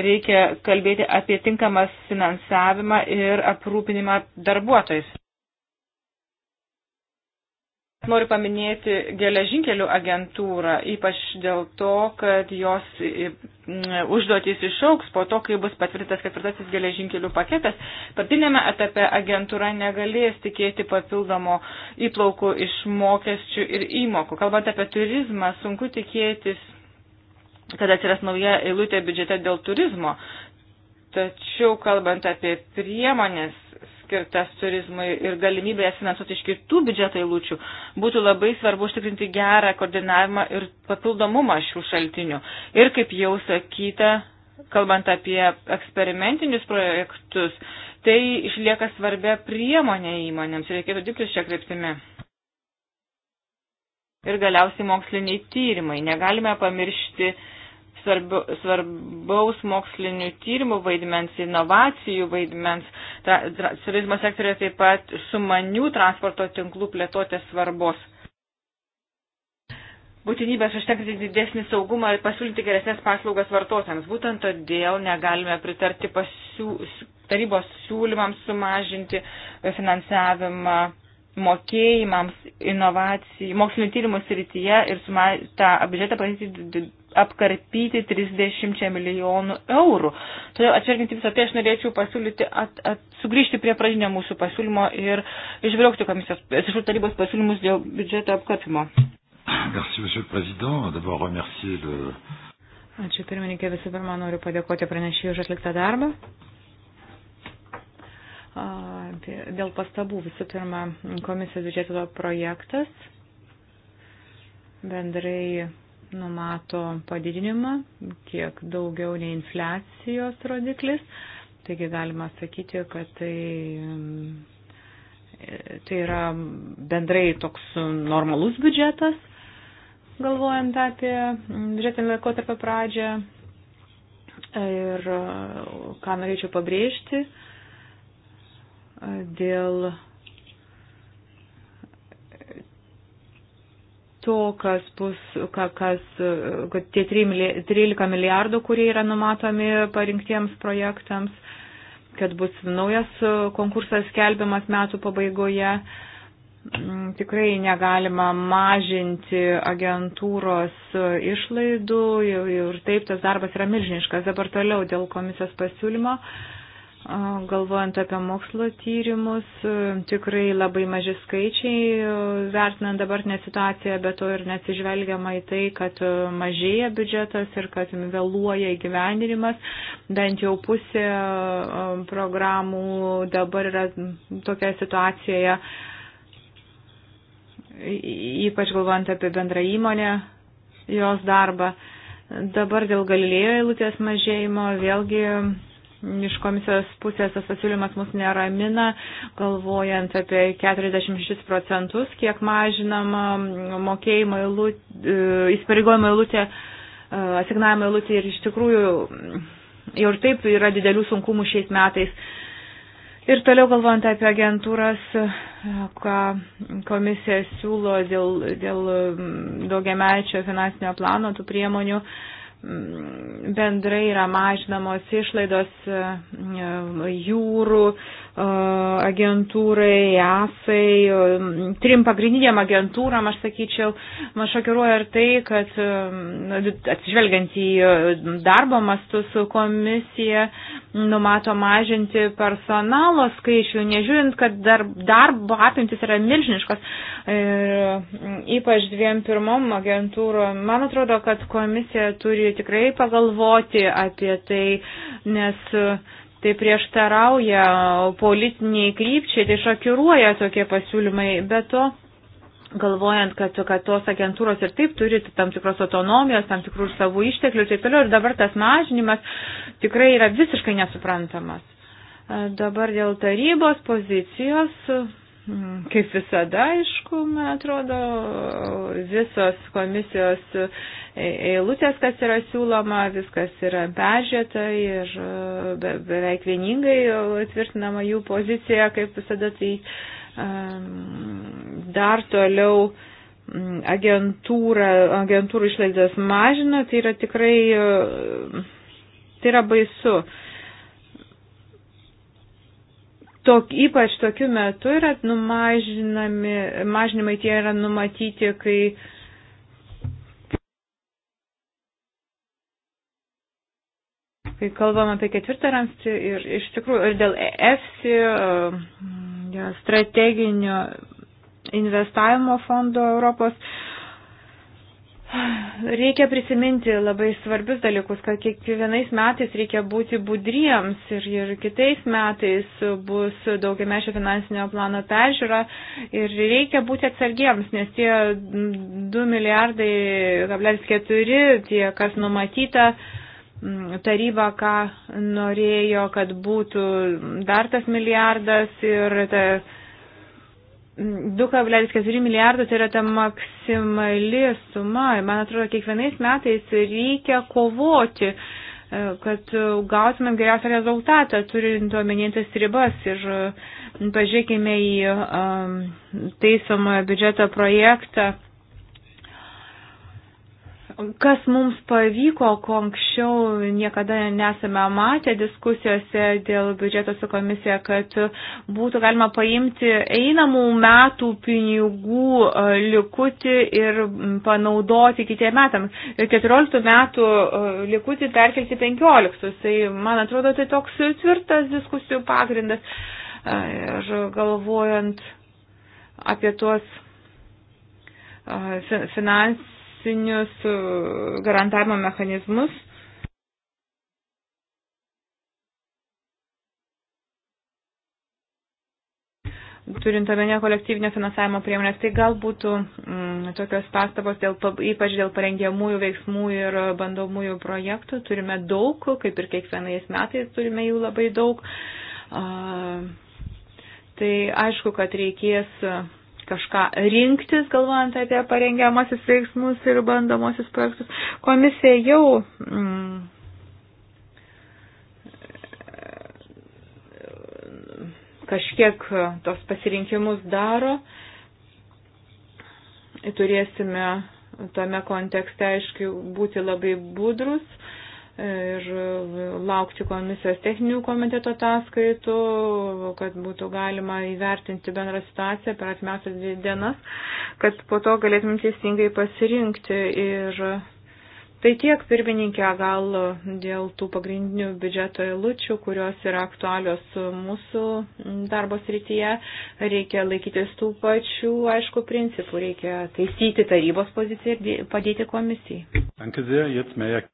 reikia kalbėti apie tinkamas finansavimą ir aprūpinimą darbuotojais. Noriu paminėti geležinkelių agentūrą, ypač dėl to, kad jos mm, užduotys išauks po to, kai bus patvirtas ketvirtasis geležinkelių paketas. Partinėme etape agentūra negalės tikėti papildomo įplaukų iš mokesčių ir įmokų. Kalbant apie turizmą, sunku tikėtis, kad atsiras nauja eilutė biudžete dėl turizmo. Tačiau kalbant apie priemonės skirtas turizmui ir galimybė jas finansuoti iš kitų biudžeto eilučių, būtų labai svarbu užtikrinti gerą koordinavimą ir papildomumą šių šaltinių. Ir kaip jau sakyta, kalbant apie eksperimentinius projektus, tai išlieka svarbia priemonė įmonėms ir reikėtų dirbti šią kryptimį. Ir galiausiai moksliniai tyrimai. Negalime pamiršti svarbu, svarbaus mokslinių tyrimų vaidmens, inovacijų vaidmens, tra, tra, turizmo sektorija taip pat sumanių transporto tinklų plėtotės svarbos. Būtinybės užtekti didesnį saugumą ir pasiūlyti geresnės paslaugas vartotojams. Būtent todėl negalime pritarti pasiū, tarybos siūlymams sumažinti finansavimą mokėjimams inovacijų, mokslinio tyrimų srityje ir suma, tą biudžetą apkarpyti 30 milijonų eurų. Todėl atsverginti visą tai, aš norėčiau pasiūlyti at, at, sugrįžti prie pradinio mūsų pasiūlymo ir išbraukti komisijos, atsiprašau, tarybos pasiūlymus dėl biudžeto apkarpimo. Merci, monsieur le président. D'abord, remercier le. Ačiū pirmininkė, visų pirma noriu padėkoti pranešėjui už atliktą darbą. Tai dėl pastabų. Visų pirma, komisijos biudžeto projektas bendrai numato padidinimą, kiek daugiau nei infliacijos rodiklis. Taigi galima sakyti, kad tai, mm, tai yra bendrai toks normalus biudžetas, galvojant apie mm, biudžetinį laikotarpio pradžią. Ir mm, ką norėčiau pabrėžti, dėl to, kas bus, ka, kas, kad tie 13 milijardų, kurie yra numatomi parinktiems projektams, kad bus naujas konkursas skelbiamas metų pabaigoje. Mm, tikrai negalima mažinti agentūros išlaidų ir taip tas darbas yra milžiniškas. Dabar toliau dėl komisijos pasiūlymo. Uh, galvojant apie mokslo tyrimus, e, tikrai labai maži skaičiai e, vertinant dabartinę situaciją, bet to ir nesižvelgiama į tai, kad e, mažėja biudžetas ir kad vėluoja įgyvendinimas. Bent jau pusė programų dabar yra tokia situacijoje, ypač galvojant apie bendrą įmonę, jos darbą. Dabar dėl galilėjo eilutės mažėjimo vėlgi Iš komisijos pusės tas pasiūlymas mus neramina, galvojant apie 46 procentus, kiek mažinama mokėjimo eilutė, e, įsipareigojimo eilutė, e, asignavimo eilutė ir iš tikrųjų jau ir taip yra didelių sunkumų šiais metais. Ir toliau galvojant apie agentūras, e, ką komisija siūlo dėl, dėl daugiamečio finansinio plano tų priemonių, bendrai yra mažinamos išlaidos e, jūrų agentūrai, ESAI, trim pagrindiniam agentūram, aš sakyčiau, man šokiruoja ir tai, kad atsižvelgiant į darbo mastus komisija numato mažinti personalo skaičių, nežiūrint, kad dar, darbo apimtis yra milžiniškas, ir ypač dviem pirmom agentūrom. Man atrodo, kad komisija turi tikrai pagalvoti apie tai, nes uh, tai prieštarauja politiniai krypčiai, tai šokiruoja tokie pasiūlymai, bet to galvojant, kad, kad tos agentūros ir taip turi tam tikros autonomijos, tam tikrų savų išteklių ir taip toliau, ir dabar tas mažinimas tikrai yra visiškai nesuprantamas. E, dabar dėl tarybos pozicijos, kaip visada, aišku, man atrodo, visos komisijos eilutės, kas yra siūloma, viskas yra peržiūrėta ir e, be, beveik vieningai tvirtinama jų pozicija, kaip visada tai dar toliau agentūra, agentūrų išlaidas mažina, tai yra tikrai, e, tai yra baisu. Tok, ypač tokiu metu yra numažinami, mažinimai tie yra numatyti, kai uh, Kai kalbam apie ketvirtą ramstį ir iš tikrųjų ir dėl EFSI, e, strateginio investavimo fondo Europos, reikia prisiminti labai svarbius dalykus, kad kiekvienais metais reikia būti budriems ir, ir kitais metais bus daugiamešio finansinio plano peržiūra ir reikia būti atsargiems, nes tie 2 milijardai, kablelis 4, tie, kas numatyta, taryba, ką norėjo, kad būtų dar tas milijardas ir ta 2,4 milijardo tai yra ta maksimali suma. Man atrodo, kiekvienais metais reikia kovoti, e, kad gautumėm geriausią rezultatą, turint omenytas ribas. Ir e, pažiūrėkime į um, e, taisomą biudžeto projektą kas mums pavyko, ko anksčiau niekada nesame matę diskusijose dėl biudžeto su komisija, kad būtų galima paimti einamų metų pinigų e, likutį ir panaudoti kitiem metam. 14 metų e, likutį perkelti 15. Tai, man atrodo, tai toks tvirtas diskusijų pagrindas. E, ir galvojant apie tuos finansus finansinius e, garantavimo mechanizmus. Turint omenyje kolektyvinio finansavimo priemonės, tai gal būtų mm, tokios pastabos, dėl, ypač dėl parengiamųjų veiksmų ir bandomųjų projektų. Turime daug, kaip ir kiekvienais metais turime jų labai daug. Uh, tai aišku, kad reikės. Uh, kažką rinktis, galvojant apie parengiamasis veiksmus ir bandomosius projektus. Komisija jau mm, kažkiek tos pasirinkimus daro. Turėsime tame kontekste, aiškiai, būti labai budrus ir laukti komisijos techninių komiteto ataskaitų, kad būtų galima įvertinti bendrą situaciją per atmestas dvi dienas, kad po to galėtumėm teisingai pasirinkti. Ir tai tiek, pirmininkė, gal dėl tų pagrindinių biudžeto eilučių, kurios yra aktualios mūsų darbo srityje, reikia laikytis tų pačių, aišku, principų, reikia taisyti tarybos poziciją ir padėti komisijai. Danke sehr, jetzt mehr.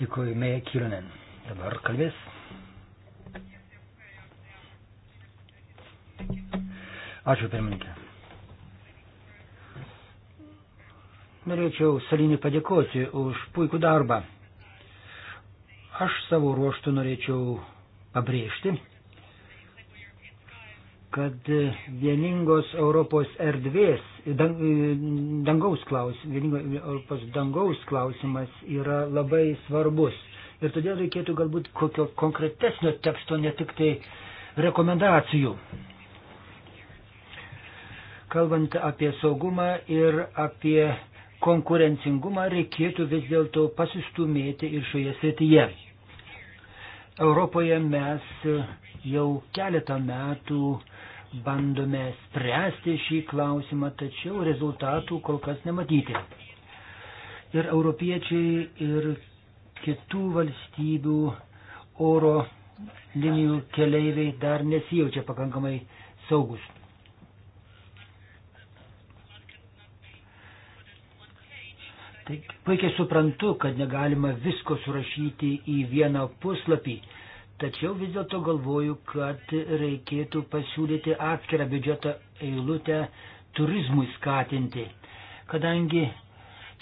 Dėkuoju, Meja Kilinen. Dabar kalbės. Ačiū, pirmininkė. Norėčiau Salinį padėkoti už puikų darbą. Aš savo ruoštų norėčiau pabrėžti, kad vieningos Europos erdvės, dangaus klausimas, vieningos Europos dangaus klausimas yra labai svarbus. Ir todėl reikėtų galbūt kokio konkretesnio teksto, ne tik tai rekomendacijų. Kalbant apie saugumą ir apie konkurencingumą, reikėtų vis dėlto pasistumėti ir šioje srityje. Europoje mes jau keletą metų bandome spręsti šį klausimą, tačiau rezultatų kol kas nematyti. Ir europiečiai, ir kitų valstybių oro linijų keleiviai dar nesijaučia pakankamai saugus. Tai puikiai suprantu, kad negalima visko surašyti į vieną puslapį, Tačiau vis dėlto galvoju, kad reikėtų pasiūlyti atskirą biudžeto eilutę turizmui skatinti, kadangi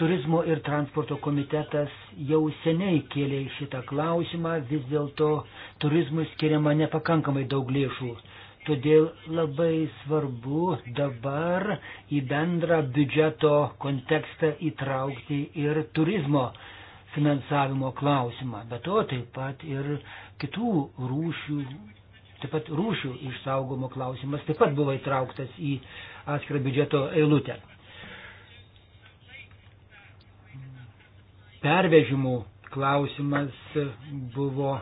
Turizmo ir transporto komitetas jau seniai kėlė šitą klausimą, vis dėlto turizmui skiriama nepakankamai daug lėšų. Todėl labai svarbu dabar į bendrą biudžeto kontekstą įtraukti ir turizmo finansavimo klausimą. Be to taip pat ir kitų rūšių, taip pat rūšių išsaugomo klausimas taip pat buvo įtrauktas į atskirą biudžeto eilutę. Pervežimų klausimas buvo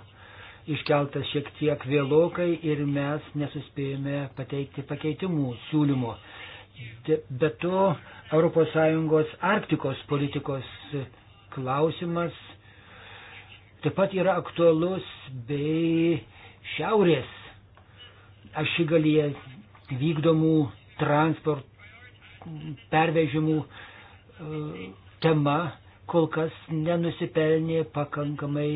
iškeltas šiek tiek vėlokai ir mes nesuspėjome pateikti pakeitimų siūlymo. Be to, ES Arktikos politikos klausimas taip pat yra aktualus bei šiaurės ašigalyje vykdomų transport pervežimų e, tema kol kas nenusipelnė pakankamai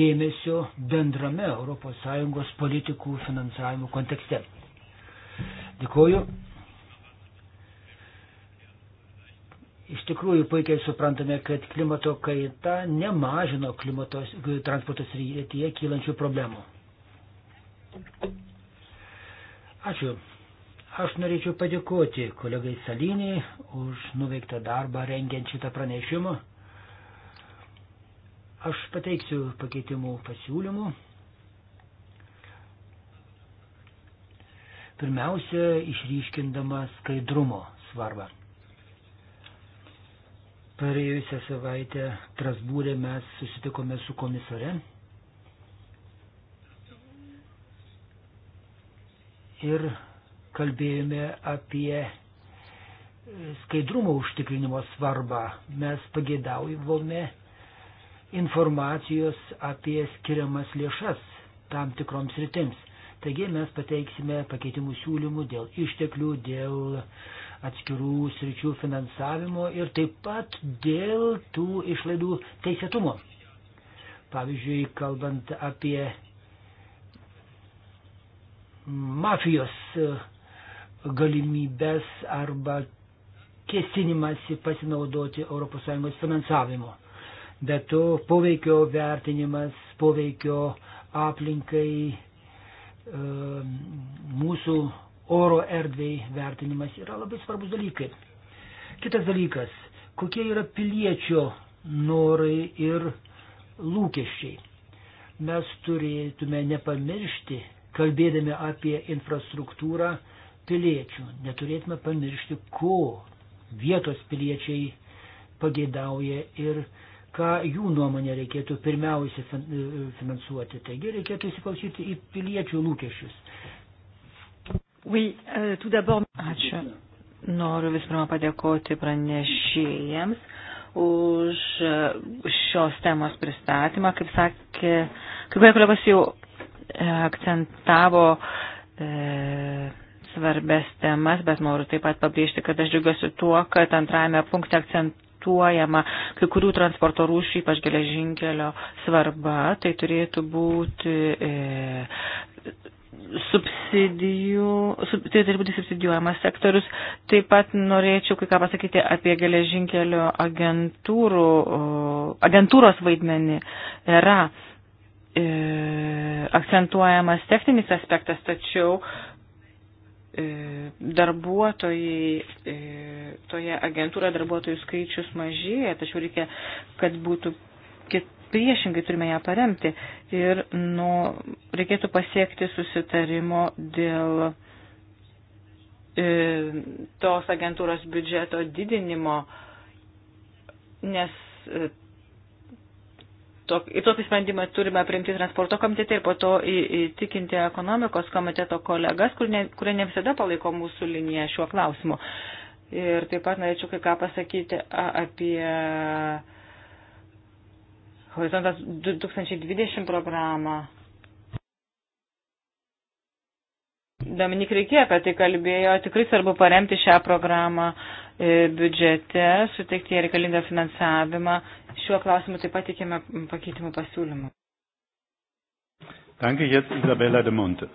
dėmesio bendrame ES politikų finansavimo kontekste. Dėkuoju. Iš tikrųjų puikiai suprantame, kad klimato kaita nemažino klimato transporto srityje kylančių problemų. Ačiū. Aš norėčiau padėkoti kolegai Salinį už nuveiktą darbą rengiant šitą pranešimą. Aš pateiksiu pakeitimų pasiūlymų. Pirmiausia, išryškindama skaidrumo svarbą. Praėjusią savaitę Strasbūrė mes susitikome su komisare. Ir kalbėjome apie skaidrumo užtikrinimo svarbą. Mes pagėdaujavome informacijos apie skiriamas lėšas tam tikroms rytims. Taigi mes pateiksime pakeitimų siūlymų dėl išteklių, dėl uh, atskirų sričių finansavimo ir taip pat dėl tų išlaidų teisėtumo. Pavyzdžiui, kalbant apie mafijos e, galimybės arba kėsinimąsi pasinaudoti ES finansavimo. Bet to poveikio vertinimas, poveikio aplinkai e, mūsų oro erdvėj vertinimas yra labai svarbus dalykai. Kitas dalykas, kokie yra piliečio norai ir lūkesčiai. Mes turėtume nepamiršti, kalbėdami apie infrastruktūrą piliečių, neturėtume pamiršti, ko vietos piliečiai pageidauja ir ką jų nuomonė reikėtų pirmiausia finansuoti. Taigi reikėtų įsiklausyti į piliečių lūkesčius. Oui, euh, tout d'abord, ačiū. Noriu vis pirma padėkoti pranešėjams už uh, šios temos pristatymą. Kaip sakė, kaip kurie kolegos jau uh, akcentavo e, svarbes temas, bet noriu taip pat pabrėžti, kad aš džiugiuosi tuo, kad antrajame punkte akcentuojama kai kurių transporto rūšių, ypač geležinkelio svarba. Tai turėtų būti e, subsidijų, sub, tai turi būti subsidijuojamas sektorius. Taip pat norėčiau kai ką pasakyti apie geležinkelio agentūrų, agentūros vaidmenį. Yra e, akcentuojamas techninis aspektas, tačiau e, darbuotojai, e, toje agentūroje darbuotojų skaičius mažėja, tačiau reikia, kad būtų kit, priešingai turime ją paremti ir nu, reikėtų pasiekti susitarimo dėl e, tos agentūros biudžeto didinimo, nes e, tokį, tokį sprendimą turime priimti transporto komitete ir po to įtikinti ekonomikos komiteto kolegas, kurie ne, kurie ne visada palaiko mūsų liniją šiuo klausimu. Ir taip pat norėčiau kai ką pasakyti apie Horizontas 2020 programą. Dominik Reikė apie tai kalbėjo, tikrai svarbu paremti šią programą e, biudžete, suteikti ją reikalingą finansavimą. Šiuo klausimu taip pat tikime pakeitimų pasiūlymų. Danke, jetzt Isabella de Monte.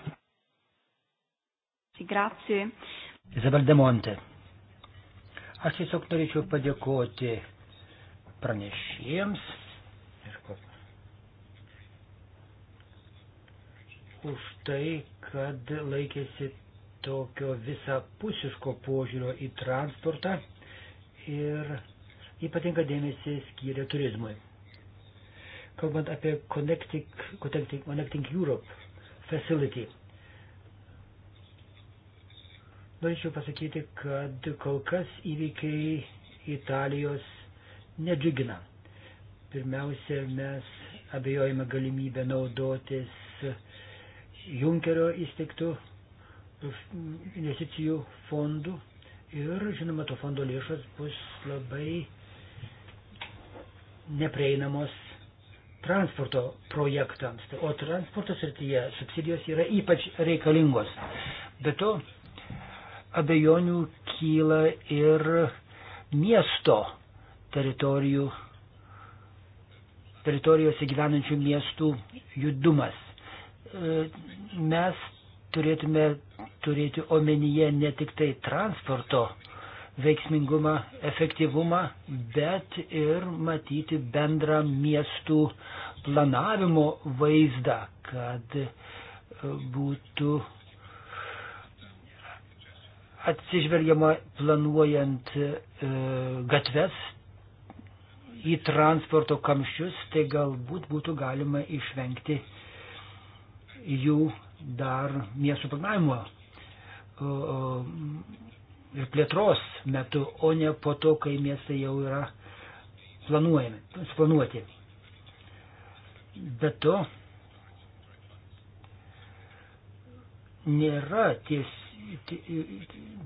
Grazie. Isabel de Monte. Aš tiesiog norėčiau padėkoti pranešėjams už tai, kad laikėsi tokio visapusiško požiūrio į transportą ir ypatinga dėmesį skyrė turizmui. Kalbant apie Connecting, Connecting, Connecting Europe Facility, norėčiau pasakyti, kad kol kas įvykiai Italijos nedžiugina. Pirmiausia, mes abejojame galimybę naudotis uh, Junkerio įsteigtų investicijų fondų ir, žinoma, to fondo lėšos bus labai neprieinamos transporto projektams. Tai o transporto srityje subsidijos yra ypač reikalingos. Be to, abejonių kyla ir miesto teritorijų, teritorijose gyvenančių miestų judumas. E, mes turėtume turėti omenyje ne tik tai transporto veiksmingumą, efektyvumą, bet ir matyti bendrą miestų planavimo vaizdą, kad e, būtų atsižvelgiama planuojant e, gatves į transporto kamščius, tai galbūt būtų galima išvengti jų dar miestų planavimo ir plėtros metu, o ne po to, kai miestai jau yra planuojami, suplanuoti. Be to, nėra ties,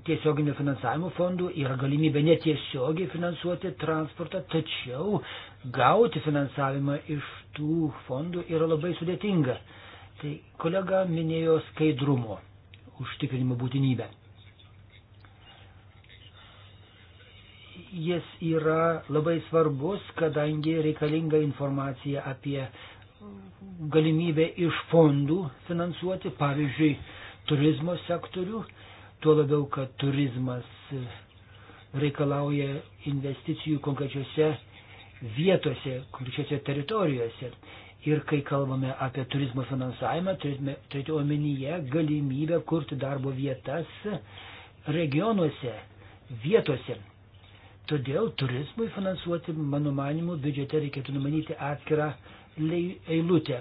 tiesioginio finansavimo fondų, yra galimybė netiesiogiai finansuoti transportą, tačiau gauti finansavimą iš tų fondų yra labai sudėtinga. Tai kolega minėjo skaidrumo užtikrinimo būtinybę. Jis yra labai svarbus, kadangi reikalinga informacija apie galimybę iš fondų finansuoti, pavyzdžiui, turizmo sektorių, tuo labiau, kad turizmas reikalauja investicijų konkrečiose vietose, konkrečiose teritorijose. Ir kai kalbame apie turizmo finansavimą, turime turėti omenyje galimybę kurti darbo vietas regionuose, vietose. Todėl turizmui finansuoti, mano manimu, biudžete reikėtų numanyti atskirą eilutę.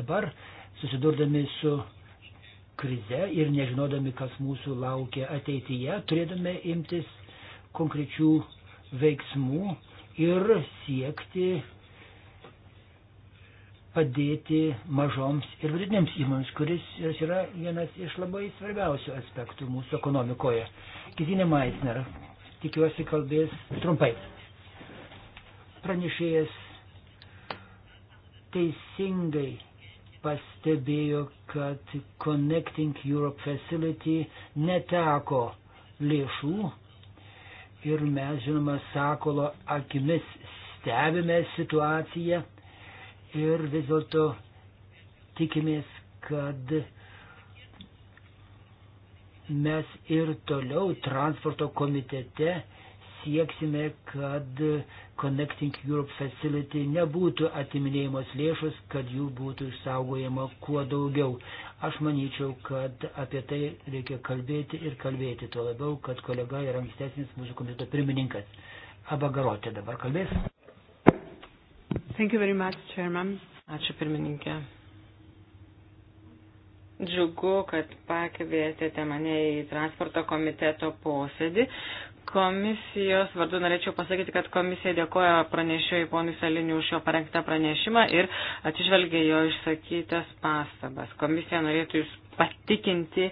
Dabar susidurdami su krize ir nežinodami, kas mūsų laukia ateityje, turėtume imtis konkrečių veiksmų ir siekti padėti mažoms ir vidutinėms įmonėms, kuris yra vienas iš labai svarbiausių aspektų mūsų ekonomikoje. Kitinė Maisner, tikiuosi, kalbės trumpai. Pranešėjas teisingai pastebėjo, kad Connecting Europe Facility neteko lėšų ir mes, žinoma, Sakolo akimis stebime situaciją ir vis dėlto tikimės, kad mes ir toliau transporto komitete sieksime, kad Connecting Europe Facility nebūtų atiminėjimos lėšos, kad jų būtų išsaugojama kuo daugiau. Aš manyčiau, kad apie tai reikia kalbėti ir kalbėti, tuo labiau, kad kolega yra ankstesnis mūsų komiteto pirmininkas. Abagarotė dabar kalbės. Thank you very much, Chairman. Ačiū pirmininkė. Džiugu, kad pakvietėte mane į transporto komiteto posėdį. Komisijos vardu norėčiau pasakyti, kad komisija dėkoja pranešėjui ponui Saliniu už jo parengtą pranešimą ir atsižvelgia jo išsakytas pastabas. Komisija norėtų jūs patikinti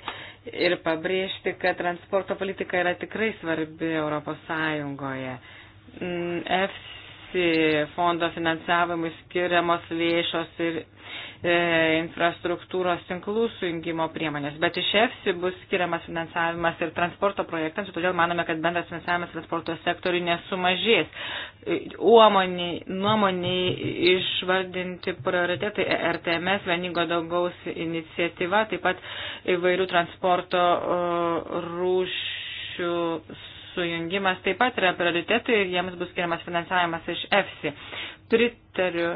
ir pabrėžti, kad transporto politika yra tikrai svarbi Europos Sąjungoje. EFSI mm, visi fondo finansavimui skiriamos lėšos ir e, infrastruktūros tinklų sujungimo priemonės. Bet iš EFSI bus skiriamas finansavimas ir transporto projektams, todėl manome, kad bendras finansavimas transporto sektoriui nesumažės. E, uomoniai, nuomoniai išvardinti prioritetai e RTMS, vieningo daugaus iniciatyva, taip pat įvairių transporto e, rūšių sujungimas taip pat yra prioritetai ir jiems bus skiriamas finansavimas iš EFSI. Pritariu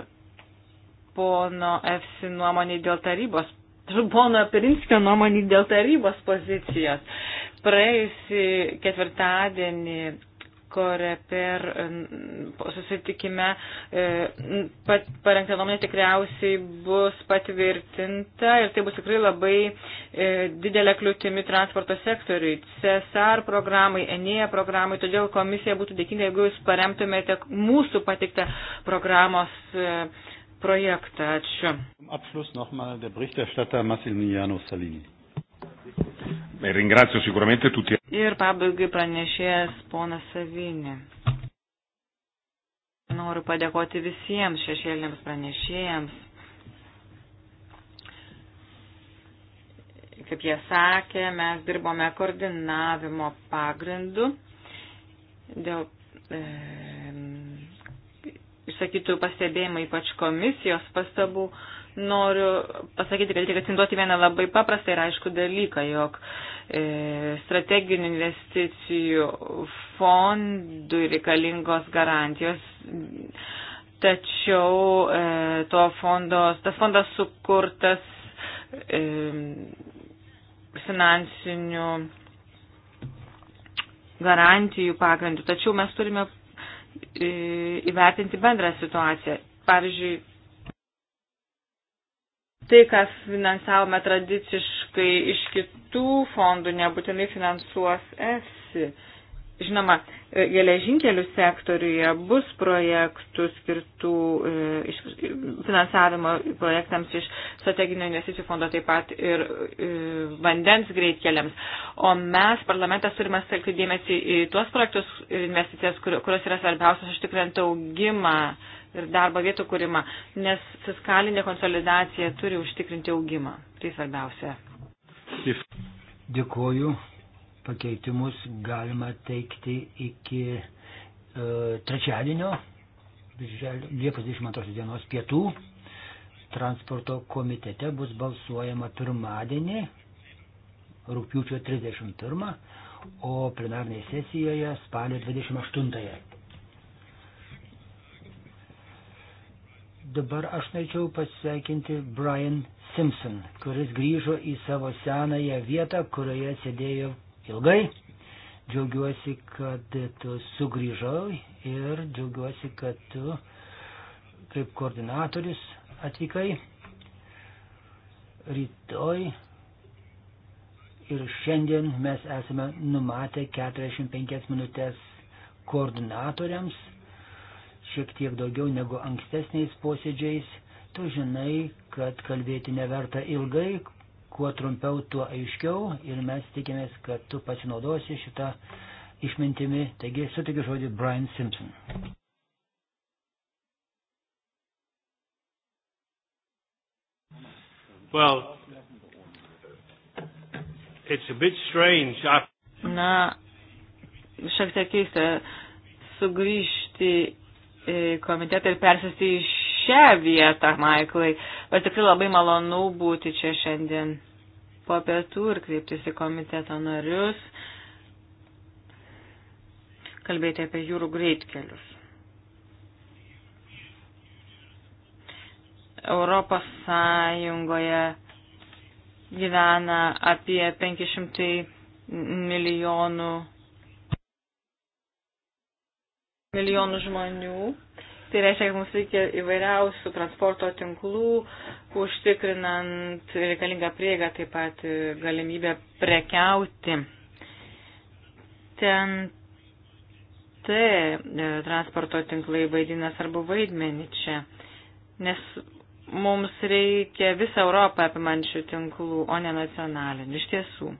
pono EFSI nuomonį dėl tarybos, (laughs) pono Pirinskio nuomonį dėl tarybos pozicijos. Praėjusį ketvirtadienį koreper susitikime e, parengta nuomonė tikriausiai bus patvirtinta ir tai bus tikrai labai e, didelė kliūtimi transporto sektoriui, CSR programai, ENEA programai, todėl komisija būtų dėkinga, jeigu jūs paremtumėte mūsų patiktą programos e, projektą. Ačiū. Abschluss nochmal der Berichterstatter Massimiliano Salini. E ringrazio sicuramente tutti. Ir pabaigai pranešėjas ponas Savinė. Noriu padėkoti visiems šešėlėms pranešėjams. Kaip jie sakė, mes dirbome koordinavimo pagrindu dėl e, išsakytų pastebėjimų, ypač komisijos pastabų. Noriu pasakyti, kad reikia akcentuoti vieną labai paprastą ir aišku dalyką, jog e, E, strateginių investicijų fondui reikalingos garantijos, tačiau e, to fondos, tas fondas sukurtas e, finansinių garantijų pagrindų, tačiau mes turime įvertinti bendrą situaciją. Pavyzdžiui, tai, ką finansavome tradiciškai iš kitų fondų, nebūtinai finansuos EFSI. Žinoma, e, geležinkelių sektoriuje bus projektų skirtų e, iš, finansavimo projektams iš strateginio investicijų fondo taip pat ir, ir e, vandens greitkeliams. O mes, parlamentas, turime stelkti dėmesį į tuos projektus ir investicijas, kur, kurios yra svarbiausios užtikrinti augimą ir darbo vietų kūrimą, nes fiskalinė konsolidacija turi užtikrinti augimą. Tai svarbiausia. Dėkuoju. Pakeitimus galima teikti iki e, trečiadienio, Liepos 22 dienos pietų. Transporto komitete bus balsuojama pirmadienį, rūpiučio 31, o plenarnėje sesijoje spalio 28. Dabar aš norėčiau pasveikinti Brian Simpson, kuris grįžo į savo senąją vietą, kurioje sėdėjo ilgai. Džiaugiuosi, kad tu sugrįžai ir džiaugiuosi, kad tu kaip koordinatorius atvykai. Rytoj ir šiandien mes esame numatę 45 minutės koordinatoriams šiek tiek daugiau negu ankstesniais posėdžiais. Tu žinai, kad kalbėti neverta ilgai, kuo trumpiau, tuo aiškiau ir mes tikimės, kad tu pasinaudosi šitą išmintimi. Taigi sutikiu žodį Brian Simpson. Well, it's a bit strange. I... Na, šiek tiek keista sugrįžti komitetą ir persėsti į šią vietą, Maiklai. Bet tikrai labai malonu būti čia šiandien po pietų ir kreiptis į komiteto narius, kalbėti apie jūrų greitkelius. Europos Sąjungoje gyvena apie 500 milijonų milijonų žmonių. Tai reiškia, kad mums reikia įvairiausių transporto tinklų, užtikrinant reikalingą prieigą, taip pat galimybę prekiauti. Ten T e, transporto tinklai vaidina svarbu vaidmenį čia, nes mums reikia visą Europą apimančių tinklų, o ne nacionalinių. Iš tiesų,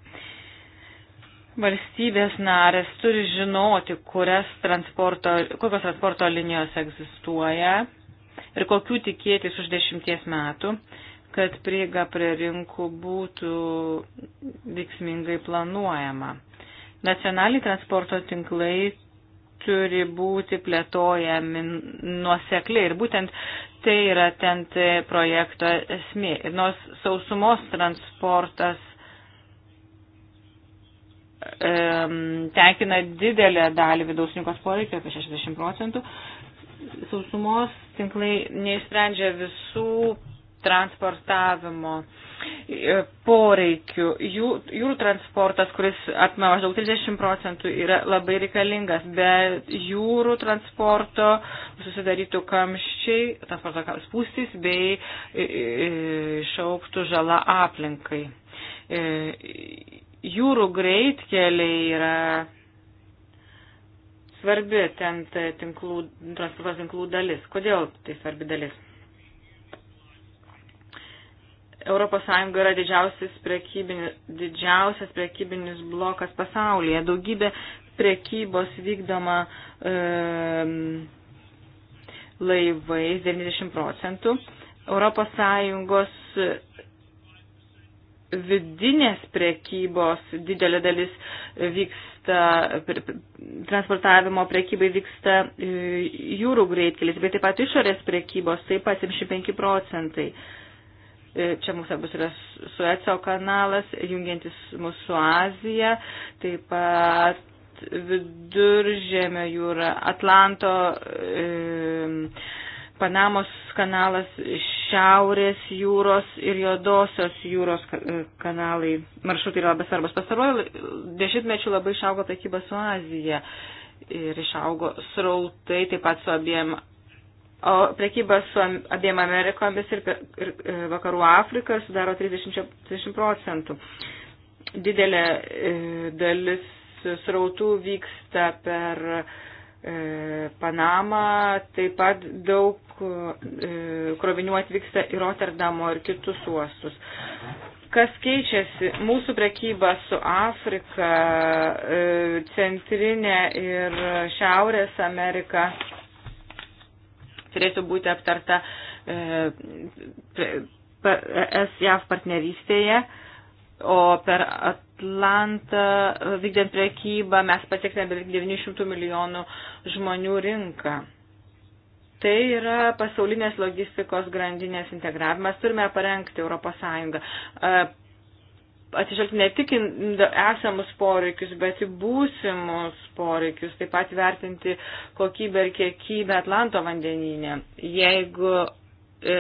Valstybės narės turi žinoti, kurias transporto, kokios transporto linijos egzistuoja ir kokių tikėtis už dešimties metų, kad prieiga prie rinkų būtų veiksmingai planuojama. Nacionaliniai transporto tinklai turi būti plėtojami nuosekliai ir būtent tai yra ten projekto esmė. Ir nors sausumos transportas tenkina didelę dalį vidaus rinkos poreikio, apie 60 procentų. Sausumos tinklai neišsprendžia visų transportavimo e, poreikių. Jų, jūrų transportas, kuris apima maždaug 30 procentų, yra labai reikalingas. Be jūrų transporto susidarytų kamščiai, transporto spūstys bei e, e, išauktų žala aplinkai jūrų greitkeliai yra svarbi ten e, tinklų, transporto tinklų dalis. Kodėl tai svarbi dalis? Europos Sąjunga yra didžiausias prekybinis, didžiausias prekybinis blokas pasaulyje. Daugybė prekybos vykdoma e, laivais 90 procentų. Europos Sąjungos vidinės prekybos didelė dalis vyksta, transportavimo prekybai vyksta e, jūrų greitkelis, bet taip pat išorės prekybos taip pat 75 procentai. E, čia mūsų bus yra Sueco kanalas, jungiantis mūsų Aziją, taip pat viduržėmio jūra, Atlanto. E, Panamos kanalas, Šiaurės jūros ir Jodosios jūros kanalai. Maršrutai yra labai svarbus. Pastaruoju dešimtmečiu labai išaugo prekyba su Azija ir išaugo srautai taip pat su abiem. O prekyba su abiem Amerikomis ir, ir, ir e, Vakarų Afrika sudaro 30, 30 procentų. Didelė e, dalis srautų vyksta per e, E, Panamą, taip pat daug e, krovinių atvyksta į Rotterdamo ir kitus uostus. Kas keičiasi? Mūsų prekyba su Afrika, e, Centrinė ir Šiaurės Amerika turėtų būti aptarta ES-JAV partnerystėje. E, o per Atlantą e, vykdant prekybą mes pasiekėme beveik 900 milijonų žmonių rinką. Tai yra pasaulinės logistikos grandinės integravimas. Turime parengti ES e, atsižvelgti ne tik esamus poreikius, bet ir būsimus poreikius, taip pat vertinti kokybę ir kiekybę Atlanto vandenyne. Jeigu E,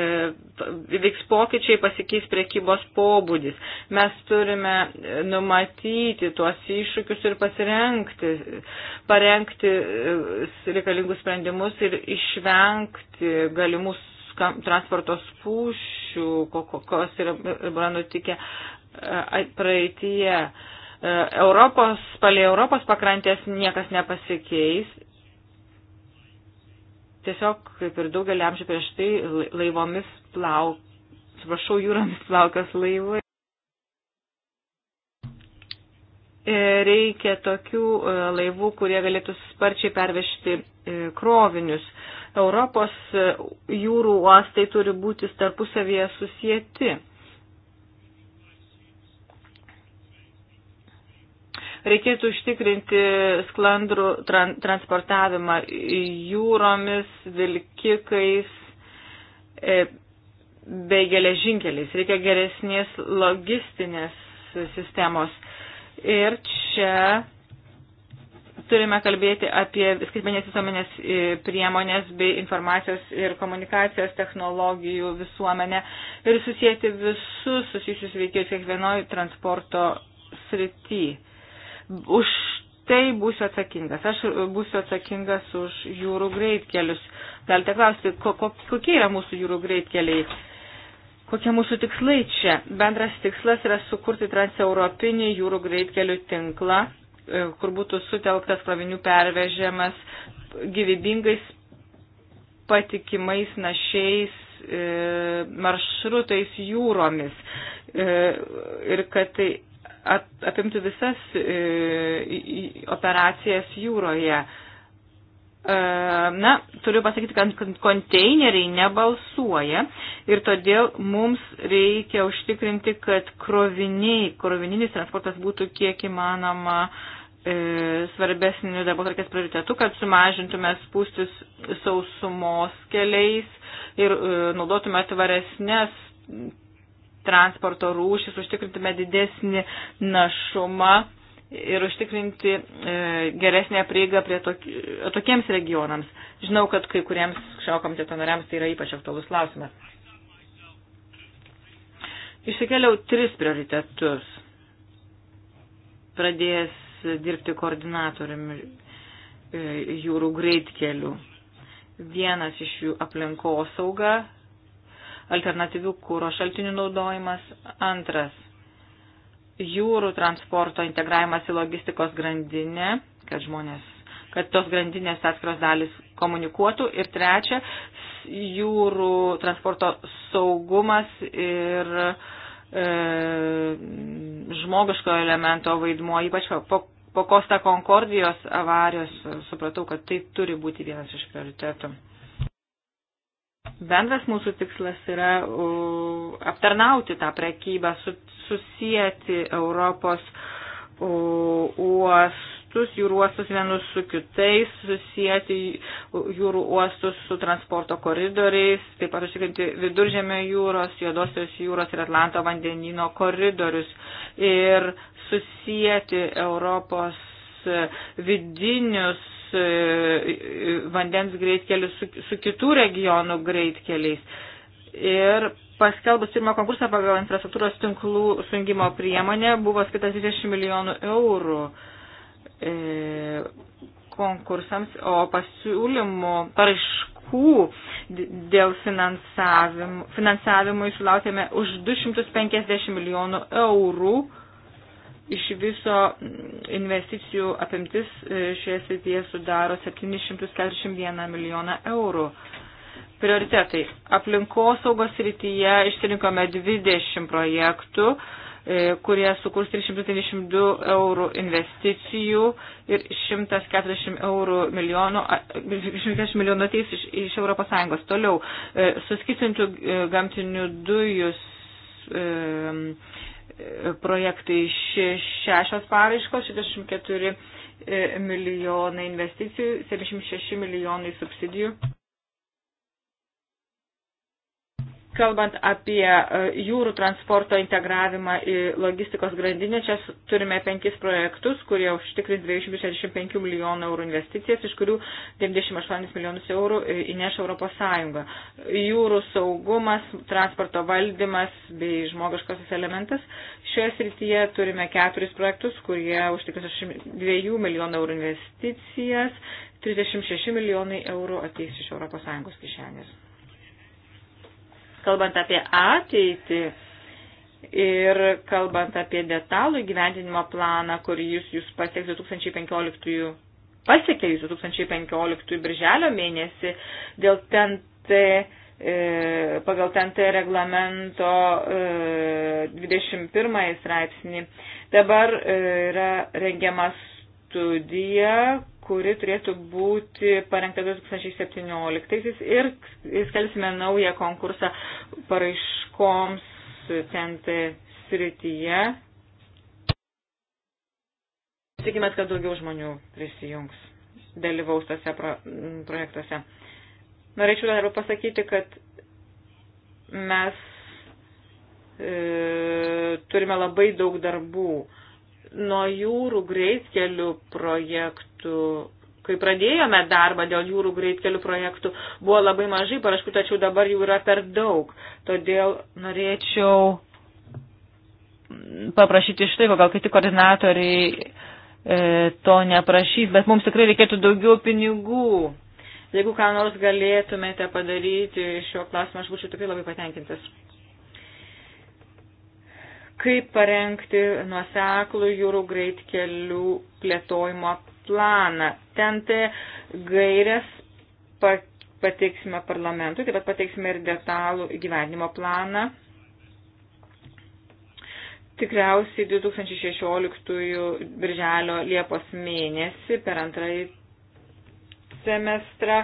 vyks pokyčiai, pasikeis priekybos pobūdis. Mes turime e, numatyti tuos iššūkius ir pasirenkti, parengti e, reikalingus sprendimus ir išvengti galimus transporto spūšių, kokios yra, yra nutikę praeitie. Europos, palei Europos pakrantės niekas nepasikeis tiesiog, kaip ir daugelį amžių prieš tai, laivomis plauk, suprašau, jūromis plaukas laivai. E, reikia tokių e, laivų, kurie galėtų sparčiai pervežti e, krovinius. Europos jūrų uostai turi būti tarpusavėje susijęti. Reikėtų užtikrinti sklandrų tran transportavimą jūromis, vilkikais e, bei geležinkeliais. Reikia geresnės logistinės sistemos. Ir čia turime kalbėti apie skaitmenės visuomenės e, priemonės bei informacijos ir komunikacijos technologijų visuomenę ir susijęti visus susijusius veikėjus kiekvienoj transporto srity už tai būsiu atsakingas. Aš e, būsiu atsakingas už jūrų greitkelius. Galite klausti, kokie yra mūsų jūrų greitkeliai? Kokie mūsų tikslai čia? Bendras tikslas yra sukurti transeuropinį jūrų greitkelių tinklą, e, kur būtų sutelktas krovinių pervežimas gyvybingais, patikimais, našiais e, maršrutais jūromis. Ir kad tai apimtų visas e, operacijas jūroje. E, na, turiu pasakyti, kad konteineriai nebalsuoja ir todėl mums reikia užtikrinti, kad kroviniai, krovininis transportas būtų kiek įmanoma e, svarbesnių darbo tarkės prioritetų, kad sumažintume spūstis sausumos keliais ir naudotume tvaresnės transporto rūšis, užtikrintume didesnį našumą ir užtikrinti e, geresnę prieigą prie toki, tokiems regionams. Žinau, kad kai kuriems šio komiteto nariams tai yra ypač aktualus klausimas. Išsikėliau tris prioritetus. Pradėjęs dirbti koordinatoriumi e, jūrų greitkelių. Vienas iš jų aplinkosauga, alternatyvių kūro šaltinių naudojimas. Antras, jūrų transporto integravimas į logistikos grandinę, kad žmonės, kad tos grandinės atskiros dalis komunikuotų. Ir trečia, jūrų transporto saugumas ir e, žmogiško elemento vaidmuo, ypač po, po Kosta Konkordijos avarijos, supratau, kad tai turi būti vienas iš prioritetų. Bendras mūsų tikslas yra aptarnauti tą prekybą, susijęti Europos uostus, jūrų uostus vienus su kitais, susijęti jūrų uostus su transporto koridoriais, taip pat užtikrinti viduržėmio jūros, juodosios jūros ir Atlanto vandenino koridorius ir susijęti Europos e, vidinius E, e, vandens greitkelius su, su kitų regionų greitkeliais. Ir paskelbus pirmą konkursą pagal infrastruktūros tinklų sungimo priemonę buvo skirtas 20 milijonų eurų e, konkursams, o pasiūlymų paraiškų dėl finansavim, finansavimui sulaukėme už 250 milijonų eurų. E, Iš viso investicijų apimtis e, šioje srityje sudaro 741 milijoną eurų. Prioritetai. Aplinkosaugos srityje išsirinkome 20 projektų, e, kurie sukurs 392 eurų investicijų ir 140 eurų milijonų, 140 milijonų ateis iš, iš ES. Toliau, e, suskisintų gamtinių dujus projektai šešios paraiškos, 64 e, milijonai investicijų, 76 milijonai subsidijų. Kalbant apie e, jūrų transporto integravimą į logistikos grandinę, čia turime penkis projektus, kurie užtikrins 265 milijonų eurų investicijas, iš kurių 98 milijonus eurų e, įneš Europos Sąjunga. Jūrų saugumas, transporto valdymas bei žmogiškasis elementas. Šioje srityje turime keturis projektus, kurie užtikrins 2 milijonų eurų investicijas, 36 milijonai eurų ateis iš Europos Sąjungos kišenės kalbant apie ateitį ir kalbant apie detalų gyvendinimo planą, kurį jūs, jūs pasieks 2015 pasiekė jūs 2015 birželio mėnesį dėl TNT, e, pagal TNT reglamento e, 21 straipsnį. Dabar e, yra rengiamas studiją, kuri turėtų būti parengta 2017 ir skelsime naują konkursą paraiškoms TNT srityje. Tikimės, kad daugiau žmonių prisijungs, dalyvaus tose pro, projektuose. Norėčiau dar pasakyti, kad mes e, turime labai daug darbų. E, nuo jūrų greitkelių projektų kai pradėjome darbą dėl jūrų greitkelių projektų, buvo labai mažai paraškų, tačiau dabar jų yra per daug. Todėl norėčiau paprašyti iš tai, gal kiti koordinatoriai e, to neprašys, bet mums tikrai reikėtų daugiau pinigų. Jeigu ką nors galėtumėte padaryti šio klausimo, aš būčiau tikrai labai patenkintas kaip parengti nuoseklų jūrų greitkelių plėtojimo planą. Ten tai gairias pateiksime parlamentui, taip pat pateiksime ir detalų gyvenimo planą. Tikriausiai 2016 birželio Liepos mėnesį per antrąjį semestrą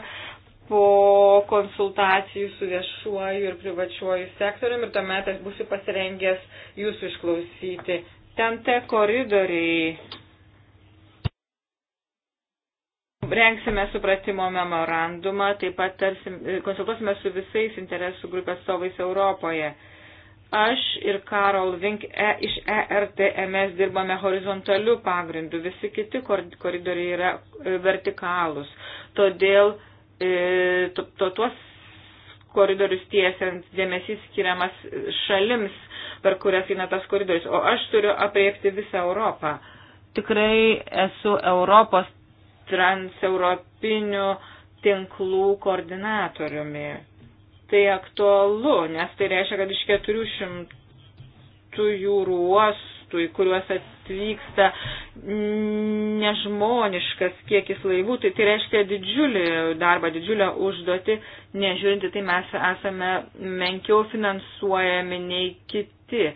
po konsultacijų su viešuoju ir privačiuoju sektoriumi ir tuomet aš būsiu pasirengęs jūsų išklausyti. Ten te koridoriai. Rengsime supratimo memorandumą, taip pat tarsim, konsultuosime su visais interesų grupės stovais Europoje. Aš ir Karol Vink e, iš ERTMS dirbame horizontalių pagrindų, visi kiti koridoriai yra e, vertikalūs. Todėl uh, E, to, to, tuos koridorius tiesiant dėmesys skiriamas šalims, per kurias eina tas koridorius, o aš turiu apriepti visą Europą. Tikrai esu Europos transeuropinių tinklų koordinatoriumi. Tai aktualu, nes tai reiškia, kad iš 400 jūrų uostų, į kuriuos at, atvyksta nežmoniškas kiekis laivų, tai tai reiškia didžiulį darbą, didžiulę užduotį, nežiūrinti, tai mes esame menkiau finansuojami nei kiti.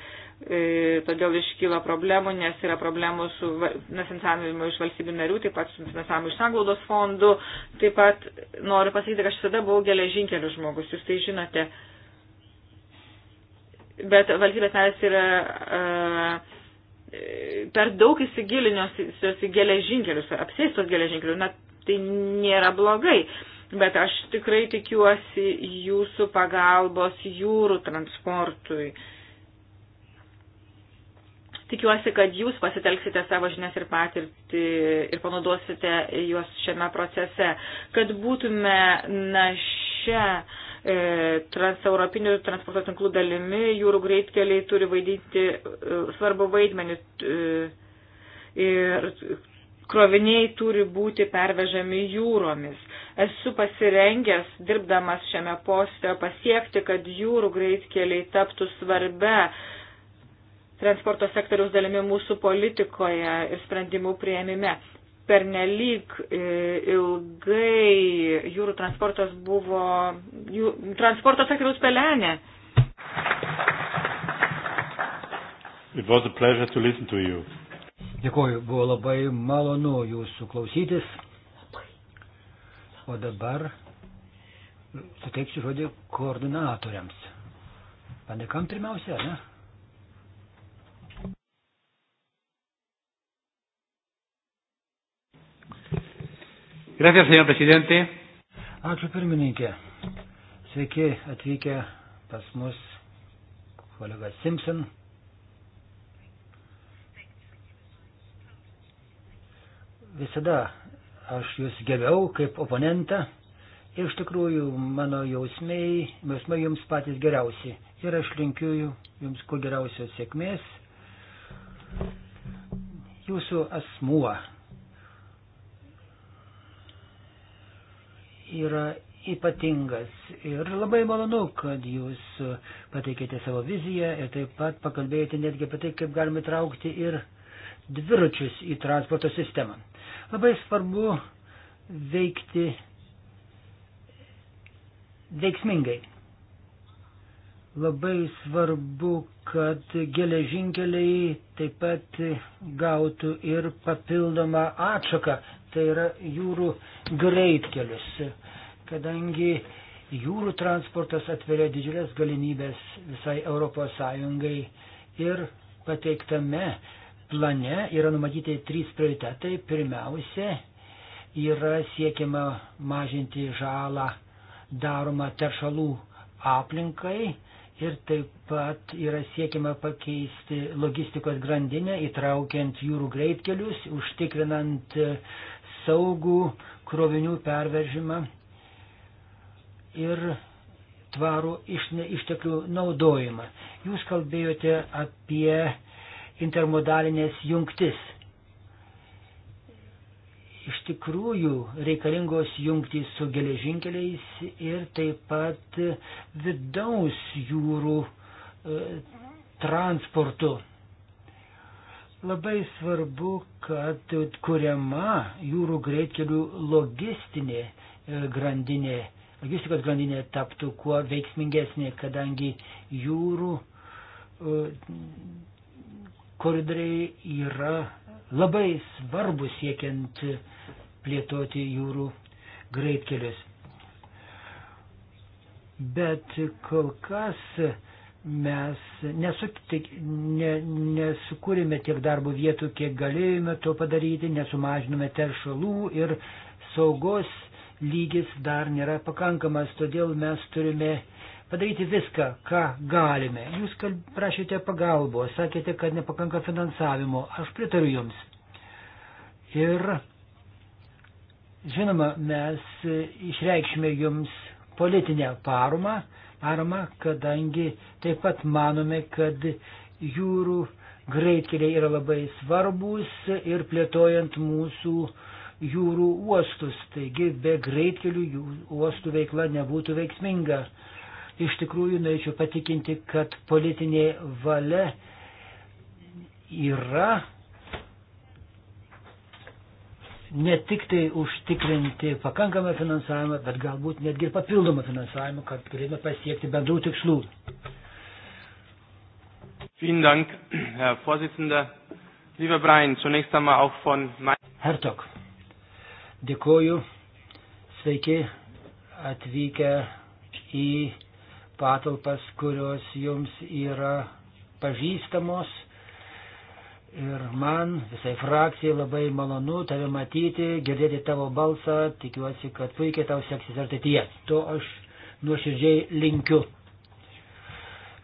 E, todėl iškyla problemų, nes yra problemų su finansavimu iš valstybių narių, taip pat su finansavimu iš sanglaudos fondų. Taip pat noriu pasakyti, kad aš visada buvau geležinkelių žmogus, jūs tai žinote bet valstybės narės yra uh, per daug įsigiliniosios į geležinkelius, apsėstos geležinkelių, na tai nėra blogai, bet aš tikrai tikiuosi jūsų pagalbos jūrų transportui. Tikiuosi, kad jūs pasitelksite savo žinias ir patirtį ir panaudosite juos šiame procese, kad būtume našia E, transeuropinių transporto tinklų dalimi, jūrų greitkeliai turi vaidinti e, svarbu vaidmenį e, ir kroviniai turi būti pervežami jūromis. Esu pasirengęs, dirbdamas šiame poste, pasiekti, kad jūrų greitkeliai taptų svarbia transporto sektoriaus dalimi mūsų politikoje ir sprendimų prieimime pernelyg e, ilgai jūrų transportas buvo jū, transporto sektoriaus pelenė. To to Dėkuoju, buvo labai malonu jūsų klausytis. O dabar suteiksiu žodį koordinatoriams. Pandekam pirmiausia, ne? Gracias, señor presidente. Ačiū pirmininkė. Sveiki atvykę pas mus kolega Simpson. Visada aš jūs gebiau kaip oponentą. Iš tikrųjų, mano jausmai, jausmai jums patys geriausi. Ir aš linkiu jums kuo geriausios sėkmės. Jūsų asmuo yra ypatingas. Ir labai malonu, kad jūs pateikėte savo viziją ir taip pat pakalbėjote netgi apie tai, kaip galime traukti ir dviračius į transporto sistemą. Labai svarbu veikti veiksmingai. Labai svarbu, kad geležinkeliai taip pat gautų ir papildomą atšaką tai yra jūrų greitkelius, kadangi jūrų transportas atveria didžiulės galimybės visai ES ir pateiktame plane yra numatyti trys prioritetai. Pirmiausia, yra siekiama mažinti žalą daromą teršalų aplinkai ir taip pat yra siekiama pakeisti logistikos grandinę, įtraukiant jūrų greitkelius, užtikrinant saugų krovinių pervežimą ir tvarų išteklių naudojimą. Jūs kalbėjote apie intermodalinės jungtis. Iš tikrųjų reikalingos jungtys su geležinkeliais ir taip pat vidaus jūrų e, transportu. Labai svarbu, kad kuriama jūrų greitkelių logistinė e, grandinė, logistikos grandinė taptų kuo veiksmingesnė, kadangi jūrų e, koridoriai yra labai svarbus siekiant plėtoti jūrų greitkelius. Bet kol kas mes nesutik, ne, nesukūrėme tiek darbo vietų, kiek galėjome to padaryti, nesumažinome teršalų ir saugos lygis dar nėra pakankamas, todėl mes turime padaryti viską, ką galime. Jūs prašėte pagalbos, sakėte, kad nepakanka finansavimo, aš pritariu jums. Ir žinoma, mes išreikšime jums politinę parumą, paramą, kadangi taip pat manome, kad jūrų greitkeliai yra labai svarbus ir plėtojant mūsų jūrų uostus. Taigi be greitkelių jų uostų veikla nebūtų veiksminga. Iš tikrųjų, norėčiau patikinti, kad politinė valia yra ne tik tai užtikrinti pakankamą finansavimą, bet galbūt netgi ir papildomą finansavimą, kad turėtume pasiekti bendrų tikslų. Vielen Dank, Herr Vorsitzender. Lieber Brian, zunächst einmal auch von Hertog. Dėkoju. Sveiki atvykę į patalpas, kurios jums yra pažįstamos Ir man, visai frakcijai, labai malonu tave matyti, girdėti tavo balsą, tikiuosi, kad puikiai tau seksis ateityje. To aš nuoširdžiai linkiu.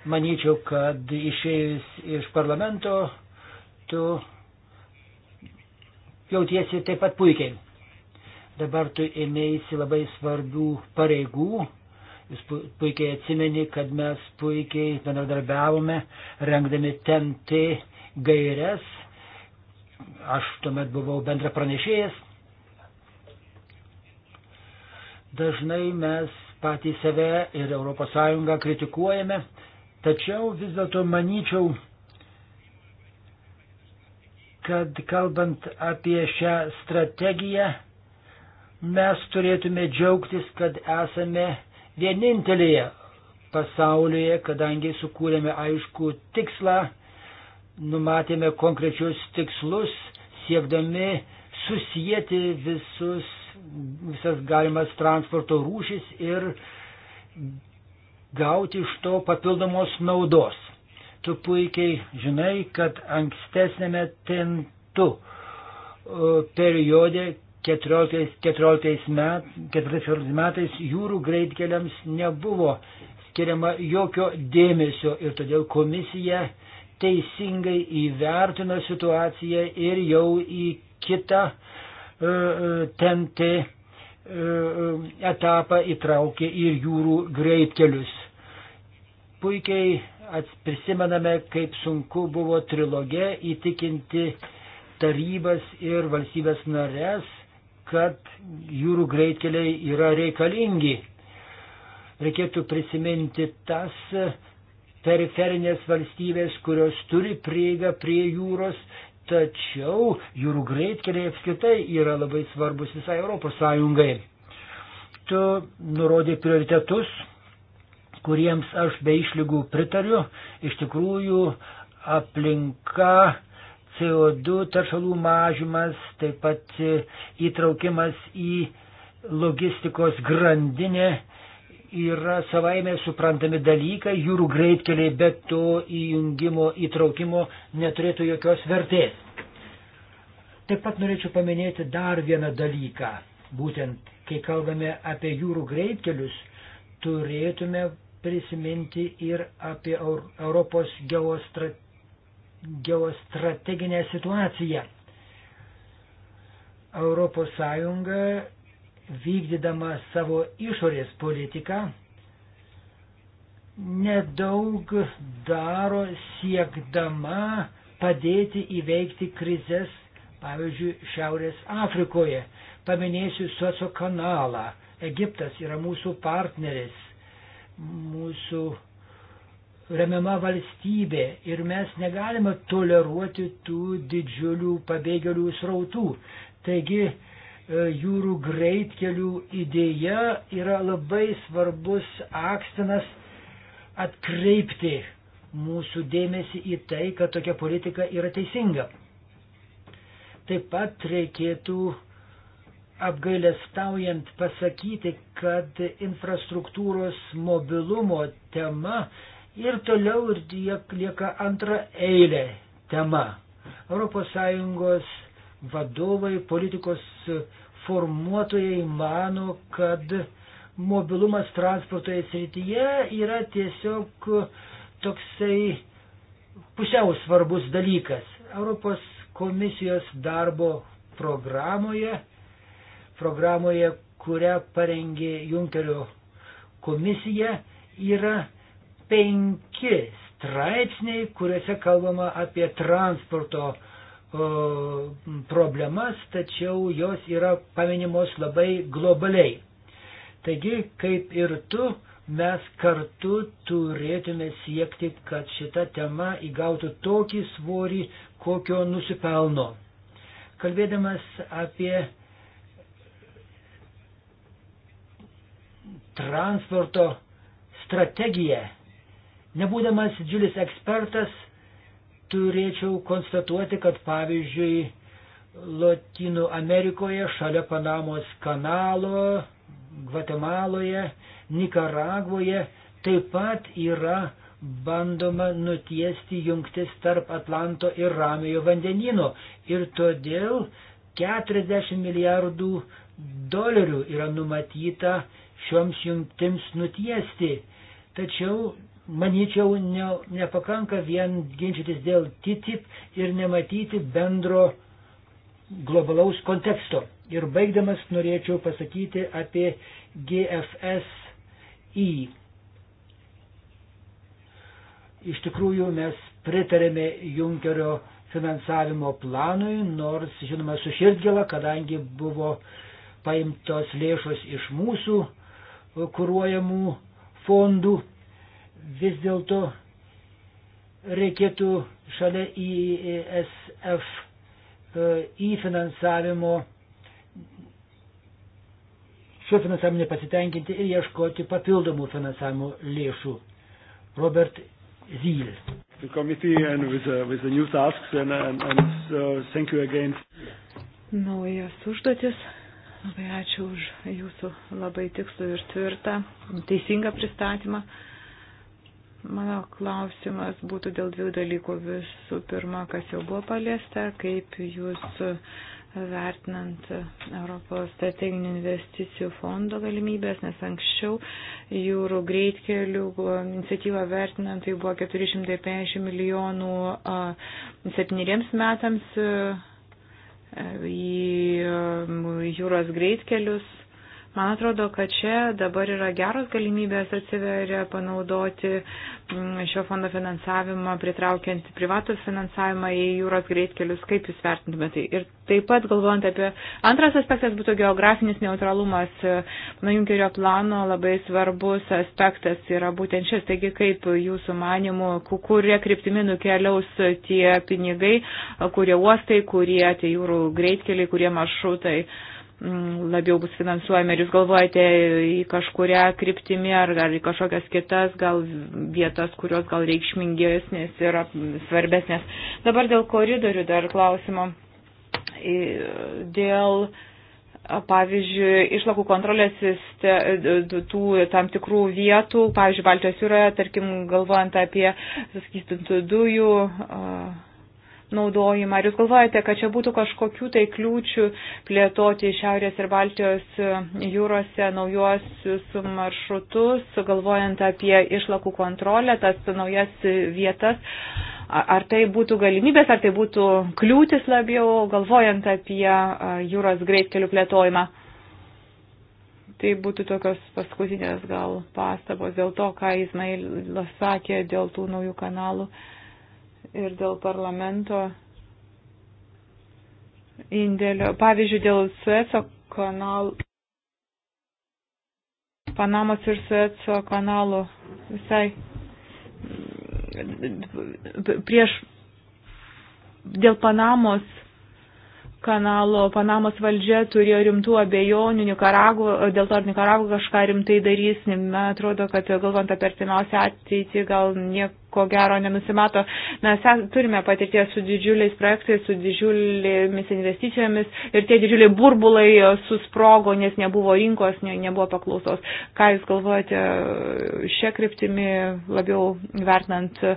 Manyčiau, kad išėjus iš parlamento, tu jautiesi taip pat puikiai. Dabar tu ėmėsi labai svarbių pareigų, Jūs puikiai atsimeni, kad mes puikiai bendradarbiavome, rengdami TNT gairias. Aš tuomet buvau bendra pranešėjas. Dažnai mes patį save ir ES kritikuojame, tačiau vis dėlto manyčiau, kad kalbant apie šią strategiją, mes turėtume džiaugtis, kad esame vienintelėje pasaulyje, kadangi sukūrėme aišku tikslą numatėme konkrečius tikslus, siekdami susijęti visus, visas galimas transporto rūšis ir gauti iš to papildomos naudos. Tu puikiai žinai, kad ankstesnėme tentu periode 14, 14, met, 14 metais jūrų greitkeliams nebuvo skiriama jokio dėmesio ir todėl komisija uh, teisingai įvertino situaciją ir jau į kitą e, e, TNT e, etapą įtraukė ir jūrų greitkelius. Puikiai prisimename, kaip sunku buvo trilogė įtikinti tarybas ir valstybės narės, kad jūrų greitkeliai yra reikalingi. Reikėtų prisiminti tas periferinės valstybės, kurios turi prieigą prie jūros, tačiau jūrų greitkeliai apskritai yra labai svarbus visai Europos Sąjungai. Tu nurodė prioritetus, kuriems aš be išlygų pritariu. Iš tikrųjų, aplinka, CO2 taršalų mažymas, taip pat įtraukimas į logistikos grandinę yra savaime suprantami dalykai, jūrų greitkeliai be to įjungimo, įtraukimo neturėtų jokios vertės. Taip pat norėčiau paminėti dar vieną dalyką. Būtent, kai kalbame apie jūrų greitkelius, turėtume prisiminti ir apie Europos geostra... geostrateginę situaciją. Europos Sąjunga vykdydama savo išorės politiką, nedaug daro siekdama padėti įveikti krizės, pavyzdžiui, Šiaurės Afrikoje. Paminėsiu Suoco kanalą. Egiptas yra mūsų partneris, mūsų remiama valstybė ir mes negalime toleruoti tų didžiulių pabėgėlių srautų. Taigi E, jūrų greitkelių idėja yra labai svarbus akstinas atkreipti mūsų dėmesį į tai, kad tokia politika yra teisinga. Taip pat reikėtų apgailestaujant pasakyti, kad infrastruktūros mobilumo tema ir toliau ir lieka antra eilė tema. ES vadovai, politikos formuotojai mano, kad mobilumas transportoje srityje yra tiesiog toksai pusiau svarbus dalykas. Europos komisijos darbo programoje, programoje, kurią parengė Junkerio komisija, yra penki straipsniai, kuriuose kalbama apie transporto uh, problemas, tačiau jos yra paminimos labai globaliai. Taigi, kaip ir tu, mes kartu turėtume siekti, kad šita tema įgautų tokį svorį, kokio nusipelno. Kalbėdamas apie transporto strategiją, nebūdamas didžiulis ekspertas, turėčiau konstatuoti, kad pavyzdžiui, Lotynų Amerikoje, šalia Panamos kanalo, Gvatemaloje, Nikaragvoje taip pat yra bandoma nutiesti jungtis tarp Atlanto ir Ramiojo vandenino. Ir todėl 40 milijardų dolerių yra numatyta šioms jungtims nutiesti. Tačiau manyčiau, ne, nepakanka vien ginčytis dėl TTIP ir nematyti bendro globalaus konteksto. Ir baigdamas norėčiau pasakyti apie GFSI. Iš tikrųjų mes pritarėme Junkerio finansavimo planui, nors, žinoma, su širdgėla, kadangi buvo paimtos lėšos iš mūsų kūruojamų fondų vis dėlto reikėtų šalia ISF e, į finansavimo, šio finansavimo nepasitenkinti ir ieškoti papildomų finansavimo lėšų. Robert Zyl. Uh, Naujas užduotis. Labai ačiū už jūsų labai tikslų ir tvirtą, teisingą pristatymą. Uh, Mano klausimas būtų dėl dviejų dalykų. Visų pirma, kas jau buvo paliesta, kaip jūs vertinant Europos strateginių investicijų fondo galimybės, nes anksčiau jūrų greitkelių iniciatyvą vertinant tai buvo 450 milijonų septyneriems metams į jūros greitkelius Man atrodo, kad čia dabar yra geros galimybės atsiveria panaudoti mm, šio fondo finansavimą, pritraukiant privatų finansavimą į jūros greitkelius, kaip jūs vertintumėte. Ir taip pat galvojant apie antras aspektas būtų geografinis neutralumas. Mano Junkerio plano labai svarbus aspektas yra būtent šis. Taigi, kaip jūsų manimų, kurie kryptimi nukeliaus tie pinigai, kurie uostai, kurie tie jūrų greitkeliai, kurie maršrutai. Uh, Mm, labiau bus finansuojami, ar jūs galvojate į kažkuria kryptimi, ar, ar į kažkokias kitas, gal vietas, kurios gal reikšmingesnės ir svarbesnės. Dabar dėl koridorių dar klausimo. Dėl, pavyzdžiui, išlakų kontrolės tų tam tikrų vietų, pavyzdžiui, Baltijos jūroje, tarkim, galvojant apie suskistintų dujų. Uh, naudojimą. Ar jūs galvojate, kad čia būtų kažkokių tai kliūčių plėtoti Šiaurės ir Baltijos jūrose naujuosius maršrutus, galvojant apie išlakų kontrolę, tas naujas vietas? Ar tai būtų galimybės, ar tai būtų kliūtis labiau, galvojant apie jūros greitkelių plėtojimą? Tai būtų tokios paskutinės gal pastabos dėl to, ką Izmailas sakė dėl tų naujų kanalų. Uh, ir dėl parlamento indėlio. Pavyzdžiui, dėl Sueco kanalų. Panamos ir Sueco kanalų visai mm, prieš dėl Panamos kanalo Panamos valdžia turėjo rimtų abejonių, Nikaragu, dėl to ar Nikaragu kažką rimtai darys, man atrodo, kad galvant apie artimiausią ateitį gal nieko gero nenusimato. Mes e, turime patirties su didžiuliais projektais, su didžiulėmis investicijomis ir tie didžiuliai burbulai e, susprogo, nes nebuvo rinkos, ne, nebuvo paklausos. Ką Jūs galvojate e, šią kryptimį labiau vertinant? Uh,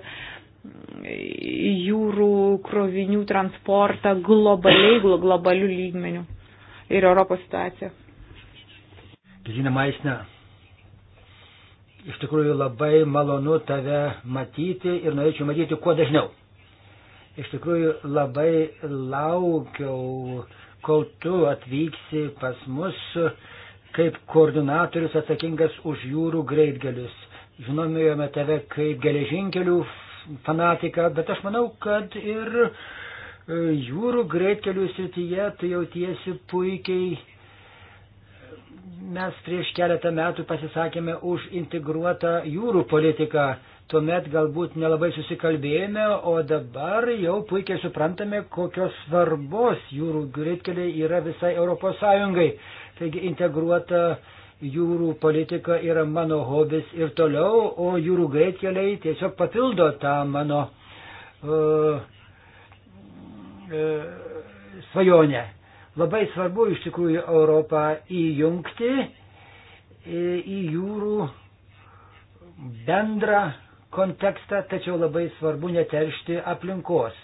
jūrų krovinių transportą globaliai, globalių lygmenių ir Europos situaciją. Žinoma, Maisne, iš tikrųjų labai malonu tave matyti ir norėčiau matyti kuo dažniau. Iš tikrųjų labai laukiau, kol tu atvyksi pas mus kaip koordinatorius atsakingas už jūrų greitgalius. Žinomėjome tave kaip geležinkelių fanatiką, bet aš manau, kad ir e, jūrų greitkelių srityje tu jautiesi puikiai. Mes prieš keletą metų pasisakėme už integruotą jūrų politiką. Tuomet galbūt nelabai susikalbėjome, o dabar jau puikiai suprantame, kokios svarbos jūrų greitkeliai yra visai Europos Sąjungai. Taigi integruota uh, jūrų politika yra mano hobis ir toliau, o jūrų greitkeliai tiesiog papildo tą mano uh, uh, svajonę. Labai svarbu iš tikrųjų Europą įjungti į jūrų bendrą kontekstą, tačiau labai svarbu neteršti aplinkos.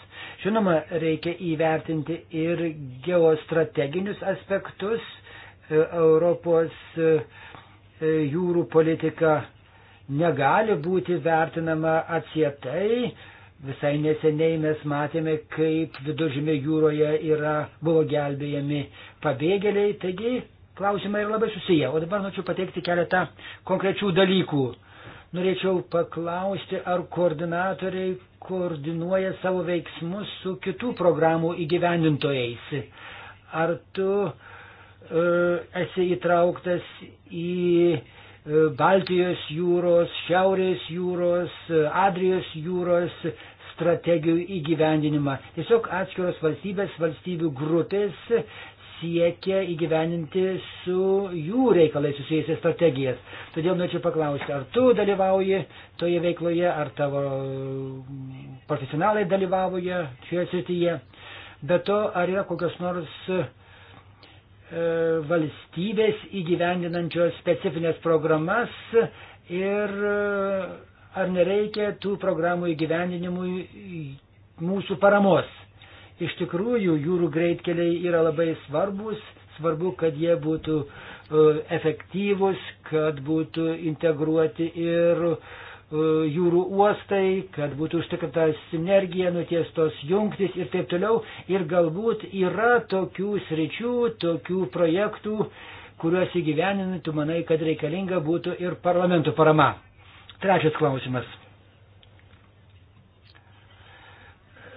Žinoma, reikia įvertinti ir geostrateginius aspektus, E, Europos e, e, jūrų politika negali būti vertinama atsietai. Visai neseniai mes matėme, kaip viduržymė jūroje yra, buvo gelbėjami pabėgėliai, taigi klausimai yra labai susiję. O dabar norėčiau pateikti keletą konkrečių dalykų. Norėčiau paklausti, ar koordinatoriai koordinuoja savo veiksmus su kitų programų įgyvendintojais. Ar tu uh, E, esi įtrauktas į e, Baltijos jūros, Šiaurės jūros, e, Adrijos jūros strategijų įgyvendinimą. Tiesiog atskiros valstybės, valstybių grupės siekia įgyveninti su jų reikalai susijusias strategijas. Todėl norėčiau paklausti, ar tu dalyvauji toje veikloje, ar tavo profesionalai dalyvauja šioje srityje. Be to, ar yra kokios nors uh, E, valstybės įgyvendinančios specifines programas ir e, ar nereikia tų programų įgyvendinimui mūsų paramos. Iš tikrųjų, jūrų greitkeliai yra labai svarbus, svarbu, kad jie būtų e, efektyvus, kad būtų integruoti ir uh, E, jūrų uostai, kad būtų užtikrinta sinergija, nutiestos jungtis ir taip toliau. Ir galbūt yra tokių sričių, tokių projektų, kuriuos įgyvenintų, manai, kad reikalinga būtų ir parlamentų parama. Trečias klausimas.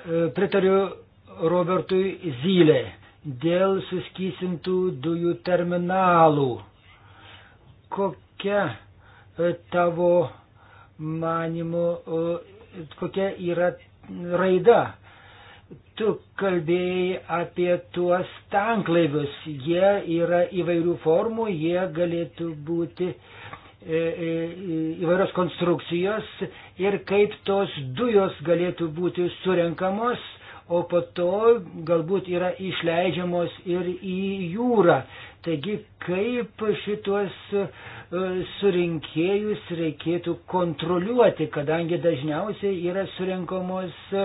E, pritariu Robertui Zylė dėl suskysintų dujų terminalų. Kokia e, tavo manimu, kokia yra raida. Tu kalbėjai apie tuos tanklaivius. Jie yra įvairių formų, jie galėtų būti e, e, įvairios konstrukcijos ir kaip tos dujos galėtų būti surenkamos, o po to galbūt yra išleidžiamos ir į jūrą. Taigi, kaip šitos e, surinkėjus reikėtų kontroliuoti, kadangi dažniausiai yra surinkamos e,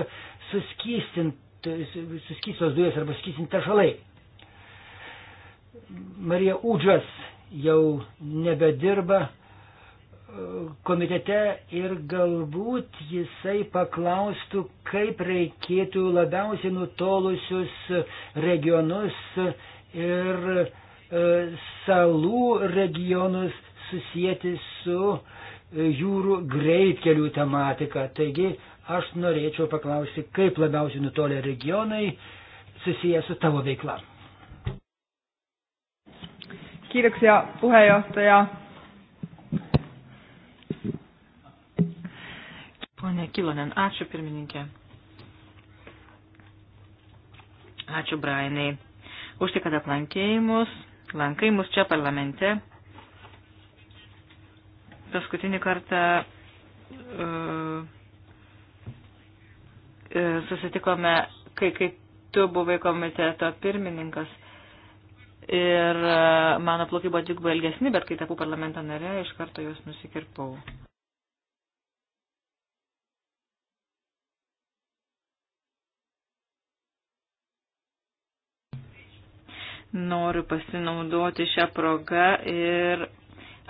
suskystos dujas arba suskystinti tašalai. Marija Udžas jau nebedirba e, komitete ir galbūt jisai paklaustų, kaip reikėtų labiausiai nutolusius regionus ir E, salų regionus susijęti su e, jūrų greitkelių tematika. Taigi aš norėčiau paklausti, kaip labiausiai nutolę regionai susiję su tavo veikla. Kiitoksia puheenjohtaja. Pone Kilonen, ačiū pirmininkė. Ačiū Brainai už tik, kad aplankėjimus lankai mus čia parlamente. Paskutinį kartą uh, susitikome, kai, kai tu buvai komiteto pirmininkas. Ir uh, mano plaukai buvo dvigubai ilgesni, bet kai tapau parlamento nare, iš karto juos nusikirpau. Noriu pasinaudoti šią progą ir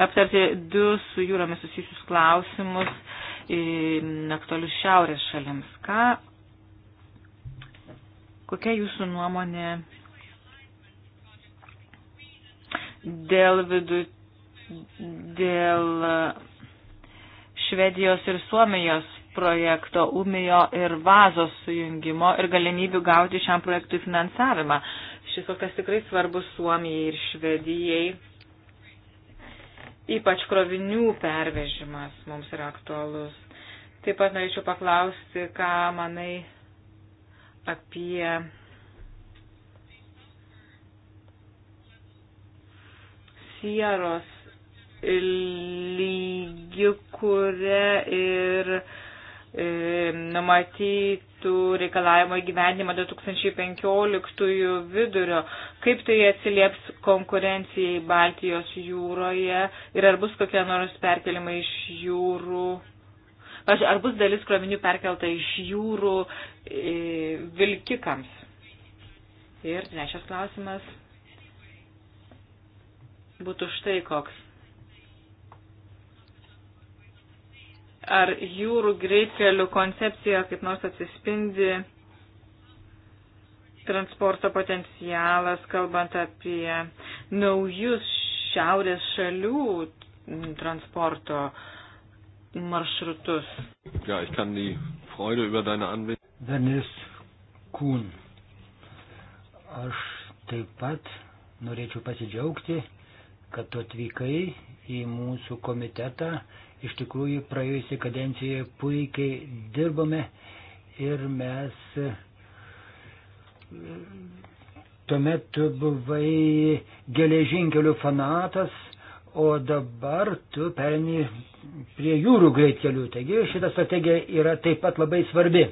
aptarti du su jūromis susijusius klausimus aktualius šiaurės šalims. Ką, kokia jūsų nuomonė dėl vidu, dėl Švedijos ir Suomijos projekto Umijo ir Vazos sujungimo ir galimybių gauti šiam projektui finansavimą. Šis kokias tikrai svarbus Suomijai ir Švedijai. Ypač krovinių pervežimas mums yra aktualus. Taip pat norėčiau paklausti, ką manai apie sieros lygi, kuria ir E, numatytų reikalavimo įgyvendimą 2015 vidurio. Kaip tai atsilieps konkurencijai Baltijos jūroje ir ar bus kokie nors perkelimai iš jūrų? Ar bus dalis krovinių perkelta iš jūrų e, vilkikams? Ir trečias klausimas būtų štai koks ar jūrų greitkelių koncepcija kaip nors atsispindi transporto potencialas, kalbant apie naujus šiaurės šalių transporto maršrutus. Ja, ich kann die Freude über deine Anwendung. Denis Kuhn. Aš taip pat norėčiau pasidžiaugti, kad tu atvykai į mūsų komitetą. Iš tikrųjų, praėjusią kadenciją puikiai dirbome ir mes tuomet tu buvai geležinkelių fanatas, o dabar tu perni prie jūrų greitkelių. Taigi šita strategija yra taip pat labai svarbi.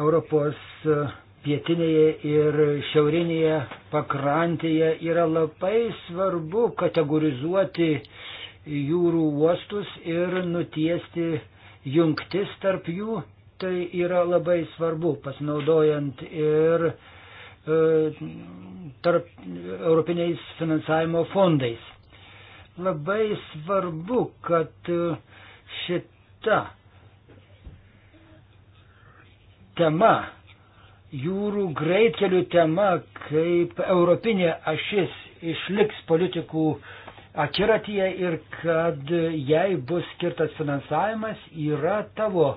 Europos pietinėje ir šiaurinėje pakrantėje yra labai svarbu kategorizuoti jūrų uostus ir nutiesti jungtis tarp jų. Tai yra labai svarbu, pasinaudojant ir e, tarp europiniais finansavimo fondais. Labai svarbu, kad e, šita tema jūrų greitkelių tema kaip europinė ašis išliks politikų akiratyje ir kad jai bus skirtas finansavimas yra tavo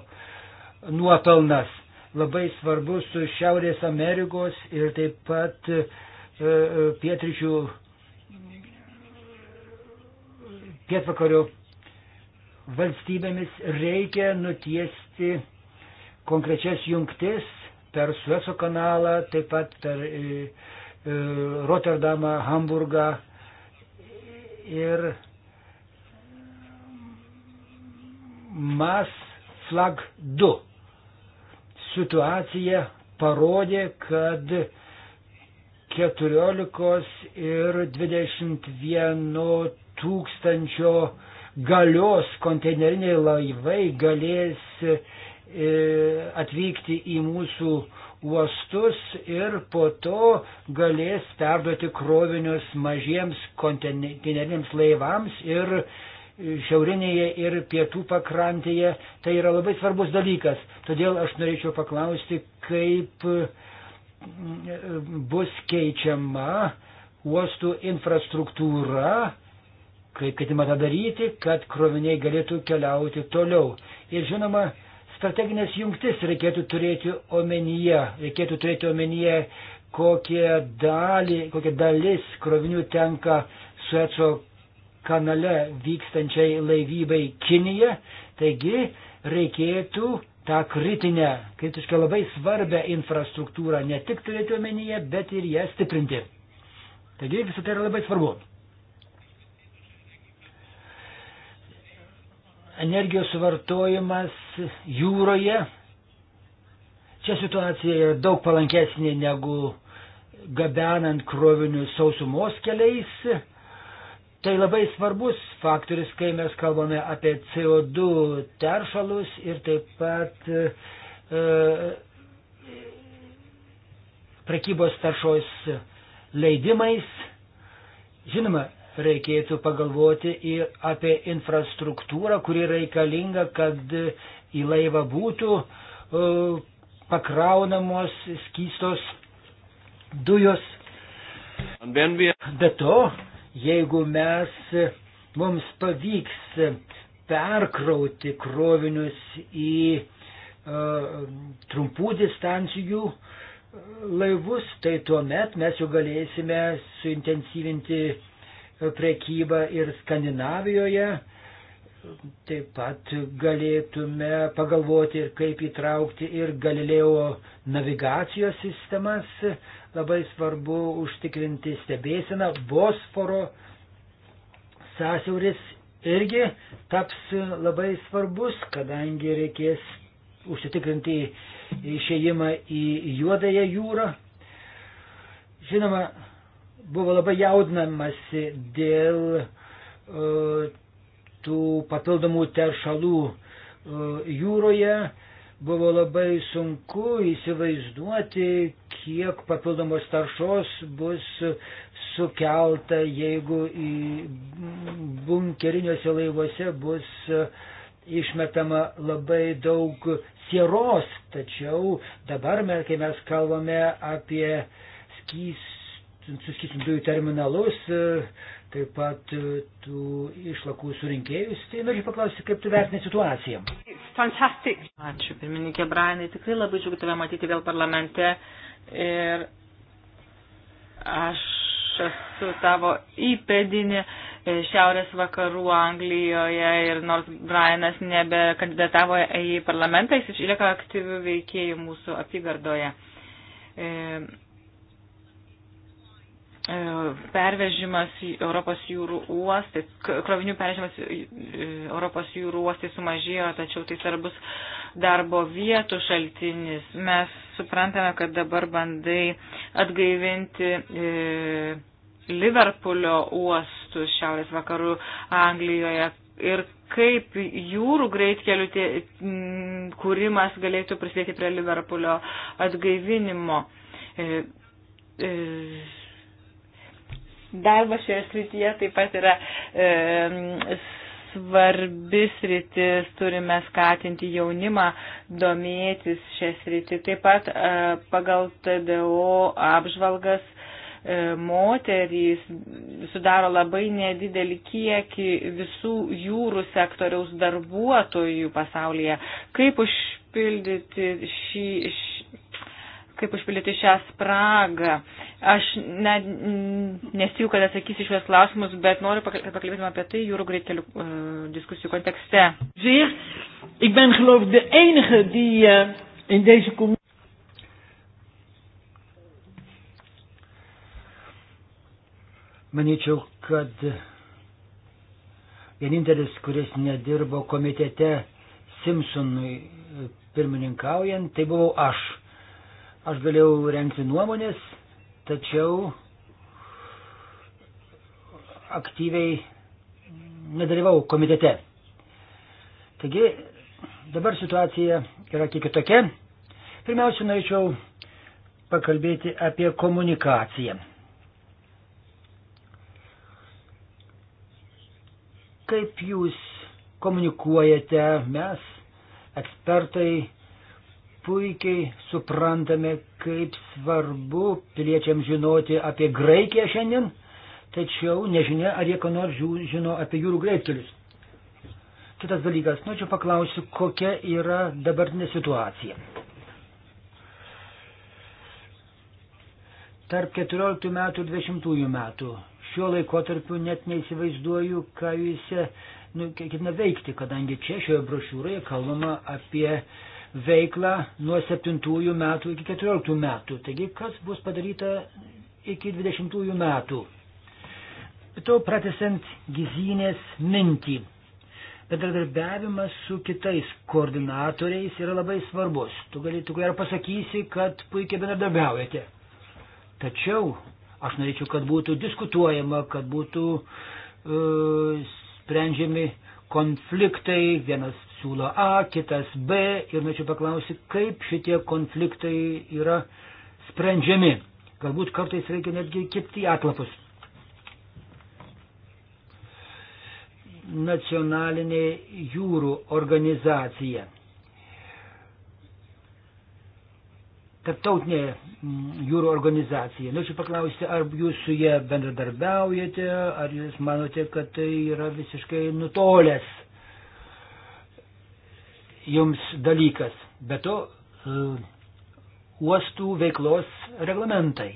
nuopelnas. Labai svarbus Šiaurės Amerikos ir taip pat e, e, pietryčių pietvakarių valstybėmis reikia nutiesti konkrečias jungtis per Sueco kanalą, taip pat per e, e, Rotterdamą, Hamburgą ir Mas Flag 2. Situacija parodė, kad 14 ir 21 tūkstančio galios konteineriniai laivai galės E, atvykti į mūsų uostus ir po to galės perduoti krovinius mažiems konteineriniams laivams ir šiaurinėje ir pietų pakrantėje. Tai yra labai svarbus dalykas. Todėl aš norėčiau paklausti, kaip mm, bus keičiama uostų infrastruktūra, kaip ketima tą daryti, kad kroviniai galėtų keliauti toliau. Ir žinoma, Strateginės jungtis reikėtų turėti omenyje, reikėtų turėti omenyje, kokie dalį, kokia dalis krovinių tenka Sueco kanale vykstančiai laivybai Kinija. Taigi reikėtų tą kritinę, kritiškai labai svarbę infrastruktūrą ne tik turėti omenyje, bet ir ją stiprinti. Taigi visą tai yra labai svarbu. energijos vartojimas jūroje. Čia situacija yra daug palankesnė negu gabenant krovinius sausumos keliais. Tai labai svarbus faktorius, kai mes kalbame apie CO2 teršalus ir taip pat e, prekybos taršos leidimais. Žinoma, reikėtų pagalvoti ir apie infrastruktūrą, kuri reikalinga, kad į laivą būtų e, pakraunamos skystos dujos. Be to, jeigu mes, mums pavyks perkrauti krovinius į uh, trumpų distancijų e, laivus, tai tuomet mes jau galėsime suintensyvinti uh, prekybą ir Skandinavijoje. Taip pat galėtume pagalvoti ir kaip įtraukti ir Galileo navigacijos sistemas. Labai svarbu užtikrinti stebėsiną. Bosforo sąsiauris irgi taps labai svarbus, kadangi reikės užsitikrinti išėjimą į Juodąją jūrą. Žinoma, buvo labai jaudinamasi dėl uh, tų papildomų teršalų uh, jūroje. Buvo labai sunku įsivaizduoti, kiek papildomos taršos bus sukelta, jeigu į bunkeriniuose laivuose bus e, išmetama labai daug sieros. Tačiau dabar, mes, kai mes kalbame apie skys suskysintųjų terminalus, e, taip pat e, tų išlakų surinkėjus. Tai noriu paklausti, kaip tu vertini situaciją. Fantastic. Ačiū, pirmininkė Brainai. Tikrai labai džiugu tave matyti vėl parlamente. Ir aš esu tavo įpėdinė e, Šiaurės vakarų Anglijoje ir nors Brianas nebe kandidatavo į parlamentą, jis išlieka aktyvių veikėjų mūsų apygardoje. E, E, pervežimas į Europos jūrų uostai, krovinių pervežimas Europos jūrų uostai sumažėjo, tačiau tai svarbus darbo vietų šaltinis. Mes suprantame, kad dabar bandai atgaivinti e, Liverpoolio uostus šiaurės vakarų Anglijoje ir kaip jūrų greitkelių tie, m, kūrimas galėtų prisidėti prie Liverpoolio atgaivinimo. E, e, Darbas šioje srityje taip pat yra e, svarbis rytis, turime skatinti jaunimą domėtis šią sritį. Taip pat e, pagal TDO apžvalgas e, moterys sudaro labai nedidelį kiekį visų jūrų sektoriaus darbuotojų pasaulyje. Kaip užpildyti šį, šį kaip užpildyti šią spragą. Aš ne, nesijau, kad atsakysiu šios klausimus, bet noriu pakalbėti apie tai jūrų greitkelių uh, diskusijų kontekste. Zeer, ik ben geloof de enige die uh, in deze commissie. Manyčiau, kad vienintelis, kuris nedirbo komitete Simpsonui e, pirmininkaujant, tai buvau aš. Aš galėjau renkti nuomonės, tačiau aktyviai nedalyvau komitete. Taigi dabar situacija yra kiek kitokia. Pirmiausia, norėčiau pakalbėti apie komunikaciją. Kaip jūs komunikuojate, mes, ekspertai, puikiai suprantame, kaip svarbu piliečiam žinoti apie Graikiją šiandien, tačiau nežinia, ar jie ką nors žino apie jūrų greitkelius. Kitas dalykas, norėčiau nu, paklausiu, kokia yra dabartinė situacija. Tarp 14 metų ir 20 metų šiuo laikotarpiu net neįsivaizduoju, ką jūs e, nu, ketina veikti, kadangi čia šioje brošiūroje kalbama apie uh, veiklą nuo 7 metų iki 14 metų. Taigi, kas bus padaryta iki 20 metų? To pratesant gizinės mintį. Bendradarbiavimas su kitais koordinatoriais yra labai svarbus. Tu galėtum ir pasakysi, kad puikiai bendradarbiaujate. Tačiau aš norėčiau, kad būtų diskutuojama, kad būtų uh, sprendžiami konfliktai, vienas siūlo A, kitas B ir norėčiau paklausyti, kaip šitie konfliktai yra sprendžiami. Galbūt kartais reikia netgi kipti į atlapus. Nacionalinė jūrų organizacija. Tarptautinė mm, jūrų organizacija. Norėčiau paklausti, ar jūs su jie bendradarbiaujate, ar jūs manote, kad tai yra visiškai nutolęs jums dalykas. Be to, e, uostų veiklos reglamentai.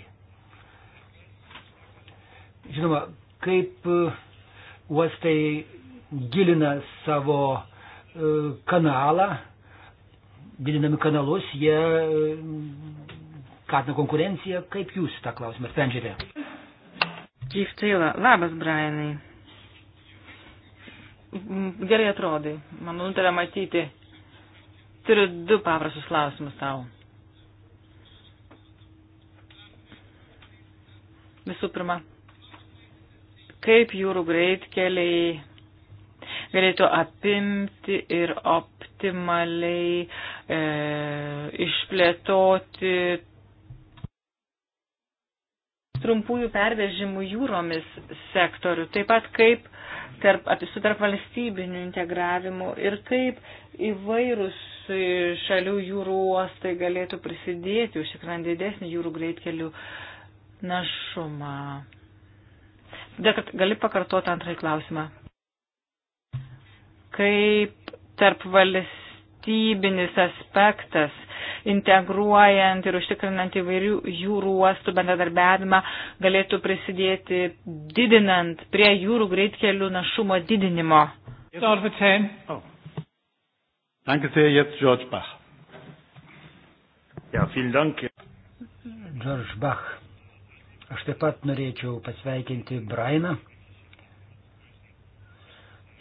Žinoma, kaip e, uostai gilina savo e, kanalą, didinami kanalus, jie skatina konkurenciją. Kaip jūs tą klausimą sprendžiate? Keith Taylor. Labas, Brianai. Gerai atrodai. Manau, tave matyti Turiu du paprastus klausimus tau. Visų pirma, kaip jūrų greitkeliai galėtų apimti ir optimaliai e, išplėtoti trumpųjų pervežimų jūromis sektorių, taip pat kaip tarp, su tarp valstybinių integravimu ir kaip įvairūs šalių jūrų uostai galėtų prisidėti užtikrant didesnį jūrų greitkelių našumą. Dar gali pakartoti antrąjį klausimą. Kaip tarp valstybinis aspektas integruojant ir užtikrinant įvairių jūrų uostų bendradarbiavimą galėtų prisidėti didinant prie jūrų greitkelių našumo didinimo. Start with 10. Oh. Danke sehr, jetzt George Bach. Ja, vielen Dank. George Bach. Aš taip pat norėčiau pasveikinti Brainą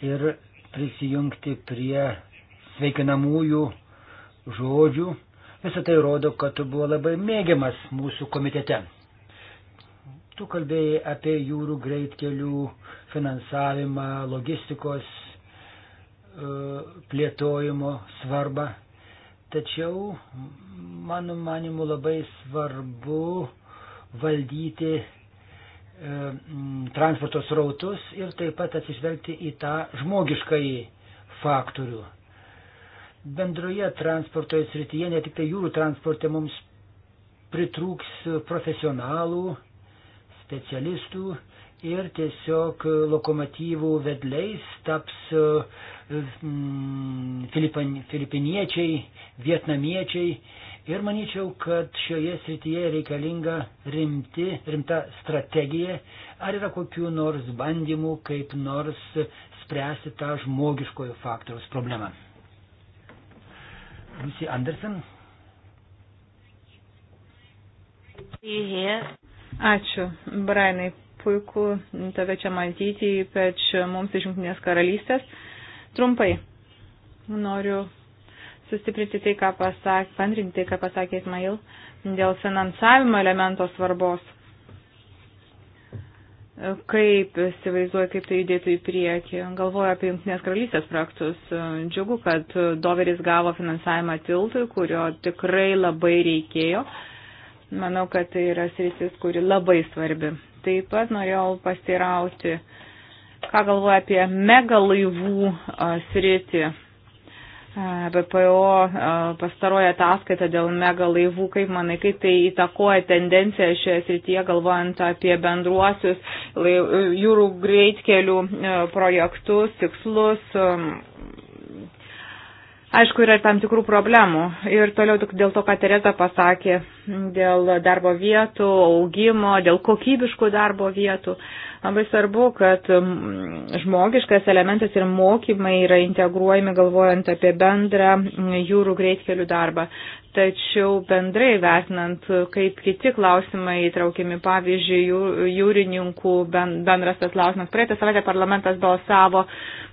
ir prisijungti prie sveikinamųjų žodžių. Visą tai rodo, kad tu buvo labai mėgiamas mūsų komitete. Tu kalbėjai apie jūrų greitkelių finansavimą, logistikos plėtojimo svarbą. Tačiau, mano manimu, labai svarbu valdyti e, transporto srautus ir taip pat atsižvelgti į tą žmogiškąjį faktorių. Bendroje transporto srityje, ne tik tai jūrų transporte, mums pritrūks profesionalų, specialistų ir tiesiog lokomotyvų vedliais taps e, Mm, Filipin, filipiniečiai, vietnamiečiai. Ir manyčiau, kad šioje srityje reikalinga rimti, rimta strategija. Ar yra kokių nors bandymų, kaip nors spręsti tą žmogiškojo faktoriaus problemą? Lucy Andersen. Ačiū, Brainai. Puiku tave čia matyti, ypač mums iš Junktinės karalystės. Uh, Trumpai noriu sustiprinti tai, ką pasakė, pandrinti tai, ką pasakė Ismail, dėl finansavimo elemento svarbos. Kaip įsivaizduoju, kaip tai judėtų į priekį. Galvoju apie Junktinės karalystės projektus. Džiugu, kad Doveris gavo finansavimą tiltui, kurio tikrai labai reikėjo. Manau, kad tai yra sritis, kuri labai svarbi. Taip pat norėjau pasirauti uh, ką galvoja apie mega laivų sritį. BPO pastaroja ataskaita dėl mega laivų, kaip manai, kaip tai įtakoja tendenciją šioje srityje, galvojant apie bendruosius laiv, jūrų greitkelių projektus, tikslus. Aišku, yra ir tam tikrų problemų. Ir toliau tik dėl to, ką Tereza pasakė, dėl darbo vietų, augimo, dėl kokybiškų darbo vietų. Uh, Labai svarbu, kad mm, žmogiškas elementas ir mokymai yra integruojami galvojant apie bendrą mm, jūrų greitkelių darbą. Tačiau bendrai vertinant, kaip kiti klausimai įtraukiami, pavyzdžiui, jūrininkų bendras tas klausimas. Praeitą savaitę parlamentas balsavo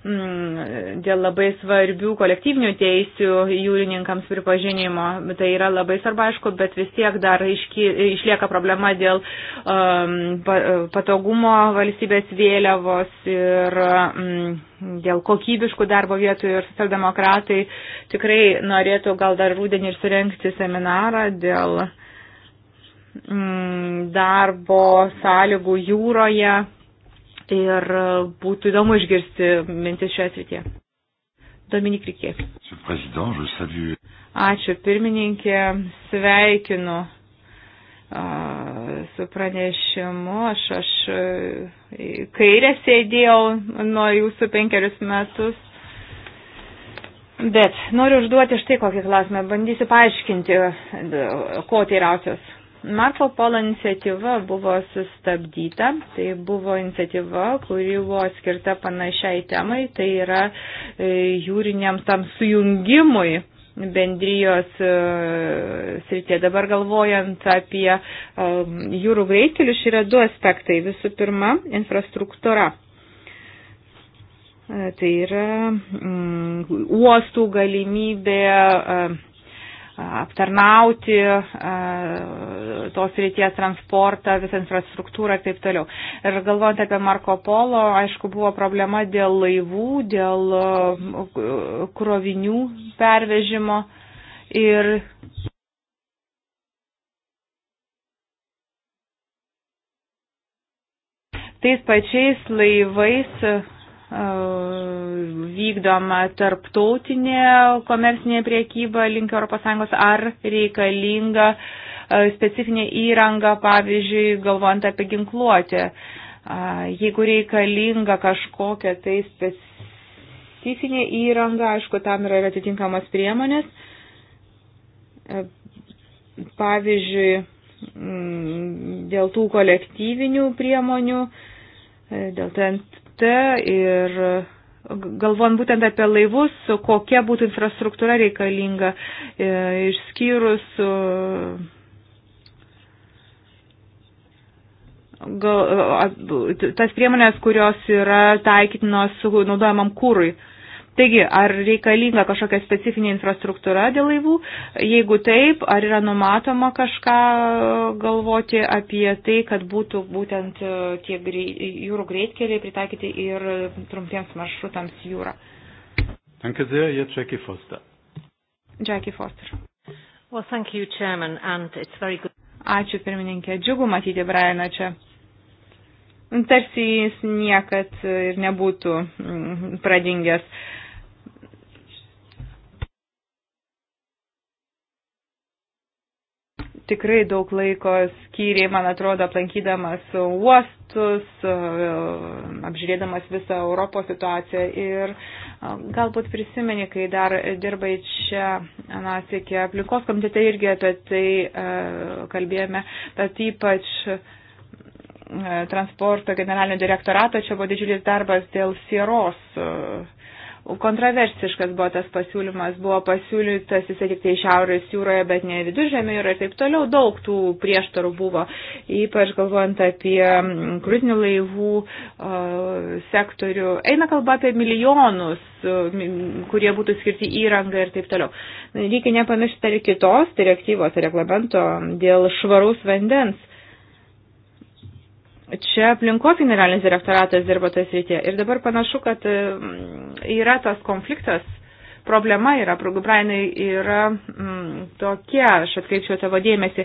mm, dėl labai svarbių kolektyvinių teisių jūrininkams pripažinimo. Tai yra labai svarbu, aišku, bet vis tiek dar iški, išlieka problema dėl um, patogumo valstybės vėliavos ir mm, dėl kokybiškų darbo vietų ir socialdemokratai tikrai norėtų gal dar rūdienį ir surenkti seminarą dėl mm, darbo sąlygų jūroje ir būtų įdomu išgirsti mintis šioje srityje. Dominik Rikė. Ačiū pirmininkė, sveikinu su pranešimu. Aš, aš e, kairę sėdėjau nuo jūsų penkerius metus. Bet noriu užduoti štai kokį klausimą. Bandysiu paaiškinti, ko teirausios. Marko Polo iniciatyva buvo sustabdyta. Tai buvo iniciatyva, kuri buvo skirta panašiai temai, tai yra e, jūriniam tam sujungimui bendrijos e, srityje. Dabar galvojant apie e, jūrų greitelius, yra du aspektai. Visų pirma, infrastruktūra. E, tai yra mm, uostų galimybė aptarnauti e, tos ryties transportą, visą infrastruktūrą ir taip toliau. Ir galvojant apie Marko Polo, aišku, buvo problema dėl laivų, dėl e, krovinių pervežimo ir tais pačiais laivais E, vykdoma tarptautinė komercinė priekyba link ES, ar reikalinga e, specifinė įranga, pavyzdžiui, galvojant apie ginkluotę. E, jeigu reikalinga kažkokia tai specifinė įranga, aišku, tam yra atitinkamas priemonės. Pavyzdžiui, dėl tų kolektyvinių priemonių, dėl ten projekte ir galvojant būtent apie laivus, kokia būtų infrastruktūra reikalinga, e, išskyrus e, gal, e, tas priemonės, kurios yra taikytinos naudojamam kūrui. Taigi, ar reikalinga kažkokia specifinė infrastruktūra dėl laivų? Jeigu taip, ar yra numatoma kažką galvoti apie tai, kad būtų būtent e, tie jūrų greitkeliai pritaikyti ir trumpiems maršrutams jūrą? Danke sehr, jetzt Jackie Foster. Jackie Foster. Well, thank you, Chairman, and it's very good. Ačiū pirmininkė, džiugu matyti Brianą čia tarsi jis niekad ir nebūtų mm, pradingęs. tikrai daug laiko skyriai, man atrodo, aplankydamas uostus, e, apžiūrėdamas visą Europos situaciją ir e, galbūt prisimeni, kai dar dirbai čia, nasikė, aplinkos komitete irgi apie tai e, kalbėjome, bet ypač transporto generalinio direktorato čia buvo didžiulis darbas dėl sieros Kontroversiškas buvo tas pasiūlymas, buvo pasiūlytas jisai tik tai Šiaurės jūroje, bet ne viduržėmė ir taip toliau. Daug tų prieštarų buvo, ypač galvojant apie mm, kruzinių laivų sektorių. Eina kalba apie milijonus, kurie būtų skirti įrangą ir taip toliau. Reikia nepamiršti ir kitos direktyvos reglamento dėl švaraus vandens Čia aplinkos generalinis direktoratas dirba toje srityje. Ir dabar panašu, kad mm, yra tas konfliktas problema yra, Brianai, yra mm, tokia, aš atkreipčiau tavo dėmesį,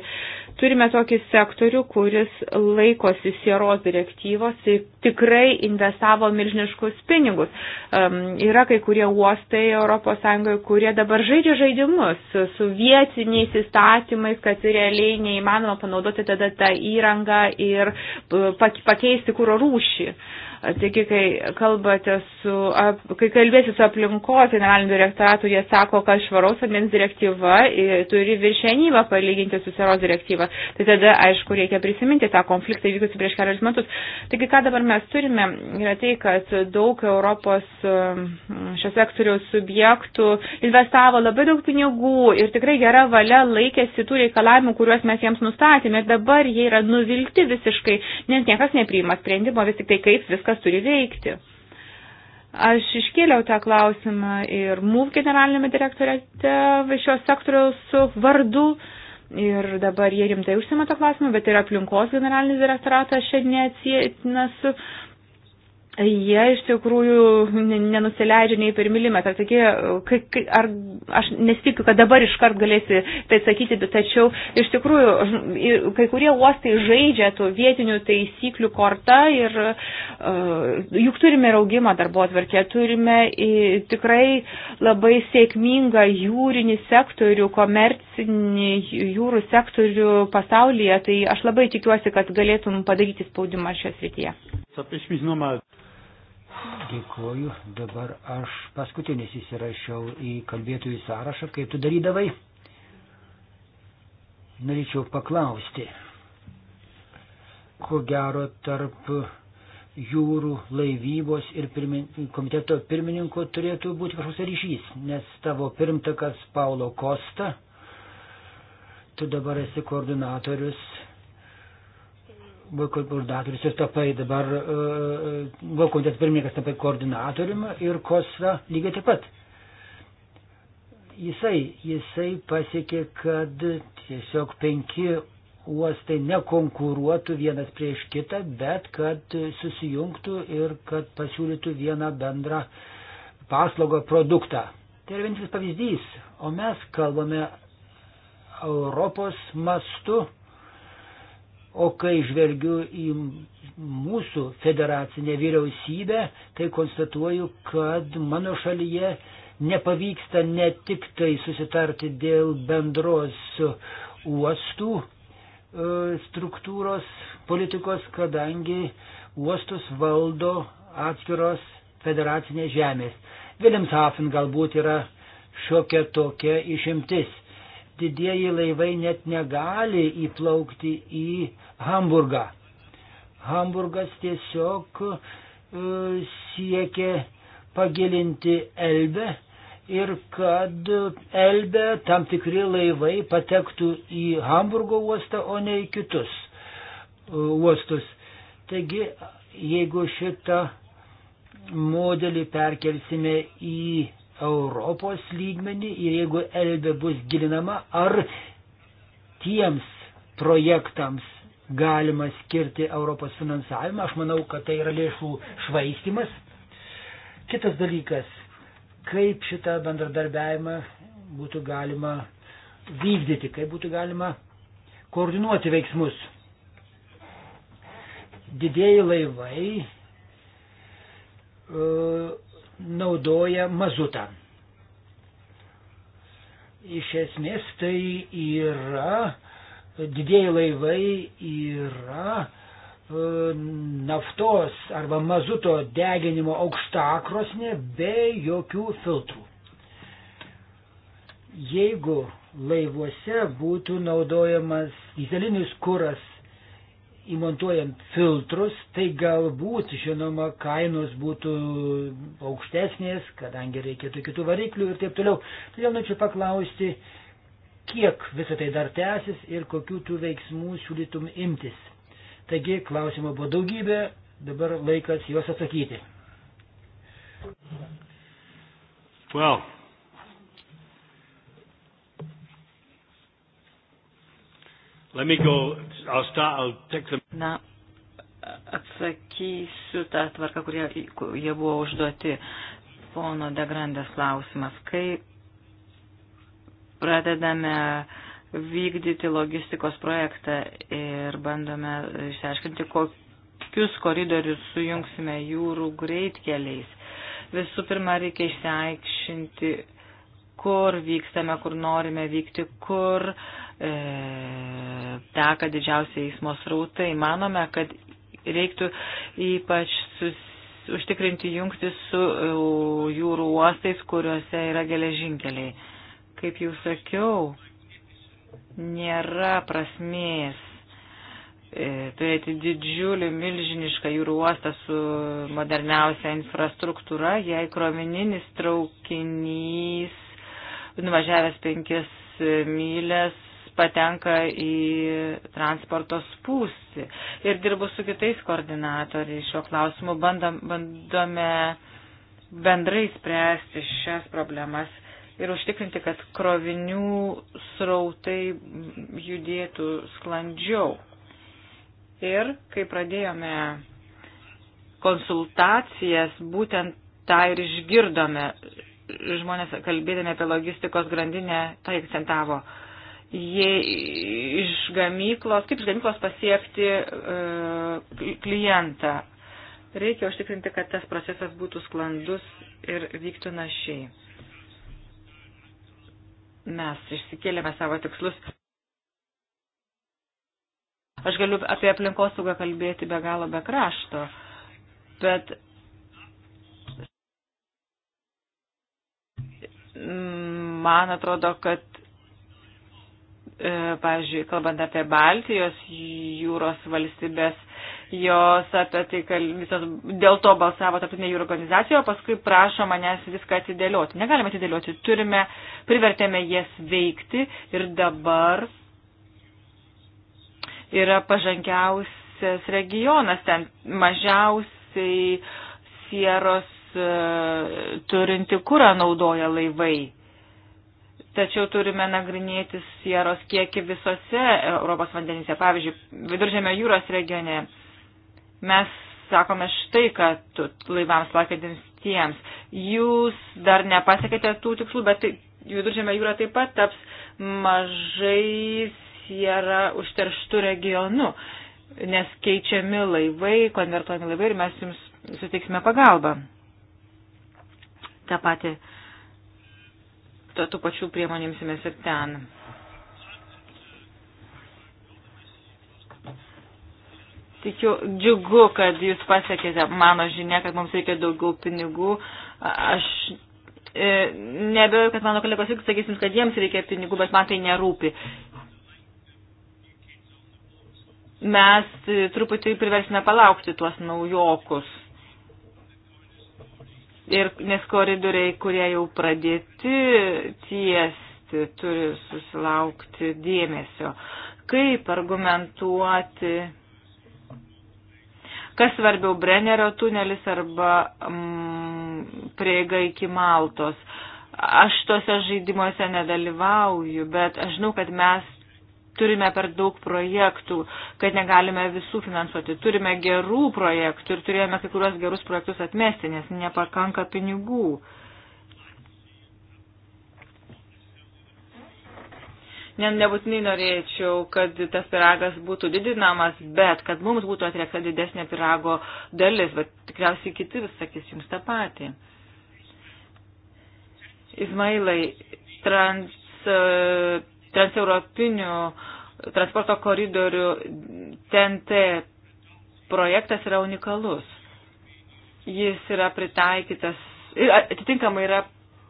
turime tokį sektorių, kuris laikosi sieros direktyvos ir tikrai investavo milžiniškus pinigus. Um, yra kai kurie uostai ES, kurie dabar žaidžia žaidimus su vietiniais įstatymais, kad realiai neįmanoma panaudoti tada tą įrangą ir e, pakeisti kūro rūšį. Uh, Taigi, kai, kalbate su, kai kalbėsi su aplinkos generaliniu direktoratu, jie sako, kad švaraus vandens direktyva turi viršenybą palyginti su seros direktyva. Tai tada, aišku, reikia prisiminti tą konfliktą įvykusi prieš kelius metus. Taigi, ką dabar mes turime, yra tai, kad daug Europos um, šio sektoriaus subjektų investavo labai daug pinigų ir tikrai gera valia laikėsi tų reikalavimų, kuriuos mes jiems nustatėme. Ir dabar jie yra nuvilti visiškai, nes niekas nepriima sprendimo vis tik tai, kaip viską kas turi veikti. Aš iškėliau tą klausimą ir MUV generalinėme direktorėte šios sektoriaus vardu. Ir dabar jie rimtai užsima tą klausimą, bet ir aplinkos generalinis direktoratas šiandien atsienas jie iš tikrųjų nenusileidžia nei per milimetrą. Taigi, kai, kai, ar, aš nesitikiu, kad dabar iškart galėsi tai sakyti, bet tačiau iš tikrųjų kai kurie uostai žaidžia tų vietinių taisyklių kortą ir uh, juk turime ir augimą darbo atvarkę, turime į, tikrai labai sėkmingą jūrinį sektorių, komercinį jūrų sektorių pasaulyje, tai aš labai tikiuosi, kad galėtum padaryti spaudimą šią srityje. Dėkuoju. Dabar aš paskutinis įsirašiau į kalbėtojų sąrašą, kaip tu darydavai. Norėčiau paklausti, ko gero tarp jūrų laivybos ir pirmin, komiteto pirmininko turėtų būti kažkoks ryšys, nes tavo pirmtakas Paulo Kosta, tu dabar esi koordinatorius koordinatorius ir tapai dabar, buvo e, e, komitės pirmininkas tapai koordinatoriumi ir Kosra lygiai taip pat. Jisai, jisai pasiekė, kad tiesiog penki uostai nekonkuruotų vienas prieš kitą, bet kad susijungtų ir kad pasiūlytų vieną bendrą paslaugą produktą. Tai yra vienintelis pavyzdys, o mes kalbame Europos mastu O kai žvelgiu į mūsų federacinę vyriausybę, tai konstatuoju, kad mano šalyje nepavyksta ne tik tai susitarti dėl bendros uostų e, struktūros politikos, kadangi uostus valdo atskiros federacinės žemės. Vilimshafen galbūt yra šiokia tokia išimtis didieji laivai net negali įplaukti į Hamburgą. Hamburgas tiesiog e, siekė pagilinti Elbę ir kad Elbė tam tikri laivai patektų į Hamburgo uostą, o ne į kitus e, uostus. Taigi, jeigu šitą modelį perkelsime į Europos lygmenį ir jeigu Elbė bus gilinama, ar tiems projektams galima skirti Europos finansavimą. Aš manau, kad tai yra lėšų švaistimas. Kitas dalykas, kaip šitą bendradarbiavimą būtų galima vykdyti, kaip būtų galima koordinuoti veiksmus. Didėjai laivai e, naudoja mazutą. Iš esmės tai yra didieji laivai yra e, naftos arba mazuto deginimo aukštakrosnė be jokių filtrų. Jeigu laivuose būtų naudojamas dizelinis kuras įmontuojant filtrus, tai galbūt, žinoma, kainos būtų aukštesnės, kadangi reikėtų kitų variklių ir taip toliau. Todėl norėčiau paklausti, kiek visą tai dar tęsis ir kokių tų veiksmų siūlytum imtis. Taigi, klausimų buvo daugybė, dabar laikas juos atsakyti. Well, Let me go. I'll start. I'll take them. Na, atsakysiu tą tvarką, kurie jie buvo užduoti. Pono Degrandės klausimas. Kai pradedame vykdyti logistikos projektą ir bandome išsiaiškinti, kokius koridorius sujungsime jūrų greitkeliais. Visų pirma, reikia išsiaiškinti, kur vykstame, kur norime vykti, kur uh, E, teka didžiausiai eismo srautai. Manome, kad reiktų ypač sus, užtikrinti jungtis su e, jūrų uostais, kuriuose yra geležinkeliai. Kaip jau sakiau, nėra prasmės e, turėti didžiulį, milžinišką jūrų uostą su moderniausia infrastruktūra, jei krovininis traukinys nuvažiavęs penkias mylės patenka į transporto spūsti. Ir dirbu su kitais koordinatoriais šio klausimu, bandom, bandome bendrai spręsti šias problemas ir užtikrinti, kad krovinių srautai judėtų sklandžiau. Ir kai pradėjome konsultacijas, būtent tą ir išgirdome. Žmonės, kalbėdami apie logistikos grandinę, tai akcentavo. Uh, jie iš gamyklos, kaip iš gamyklos pasiekti e, klientą. Reikia užtikrinti, kad tas procesas būtų sklandus ir vyktų našiai. Mes išsikėlėme savo tikslus. Aš galiu apie aplinkosaugą kalbėti be galo be krašto, bet man atrodo, kad E, pavyzdžiui, kalbant apie Baltijos jūros valstybės, jos apie tai, kad visos dėl to balsavo tarptautinė jūro organizacija, o paskui prašo manęs viską atidėlioti. Negalime atidėlioti, turime, privertėme jas veikti ir dabar yra pažangiausias regionas, ten mažiausiai sieros e, turinti kūrą naudoja laivai tačiau turime nagrinėti sieros kiekį visose Europos vandenyse. Pavyzdžiui, Viduržėmio jūros regione mes sakome štai, kad laivams plakėtins tiems. Jūs dar nepasiekėte tų tikslų, bet tai, Viduržėmio jūra taip pat taps mažai siera užterštų regionu, nes keičiami laivai, konvertuojami laivai ir mes jums suteiksime pagalbą. Ta pati uh, tų pačių priemonių imsimės ir ten. Tikiu, džiugu, kad jūs pasiekėte mano žinia, kad mums reikia daugiau pinigų. Aš e, nebejoju, kad mano kolegos jūs sakysim, kad jiems reikia pinigų, bet man tai nerūpi. Mes e, truputį priversime palaukti tuos naujokus. Ir nes koridoriai, kurie jau pradėti tiesti, turi susilaukti dėmesio. Kaip argumentuoti, kas svarbiau, Brennerio tunelis arba mm, prieiga iki Maltos. Aš tose žaidimuose nedalyvauju, bet aš žinau, kad mes turime per daug projektų, kad negalime visų finansuoti. Turime gerų projektų ir turėjome kai kurios gerus projektus atmesti, nes nepakanka pinigų. Ne, nebūtinai norėčiau, kad tas piragas būtų didinamas, bet kad mums būtų atliekta didesnė pirago dalis, bet tikriausiai kiti vis sakys jums tą patį. Izmailai, trans transeuropinių transporto koridorių TNT projektas yra unikalus. Jis yra pritaikytas ir atitinkamai yra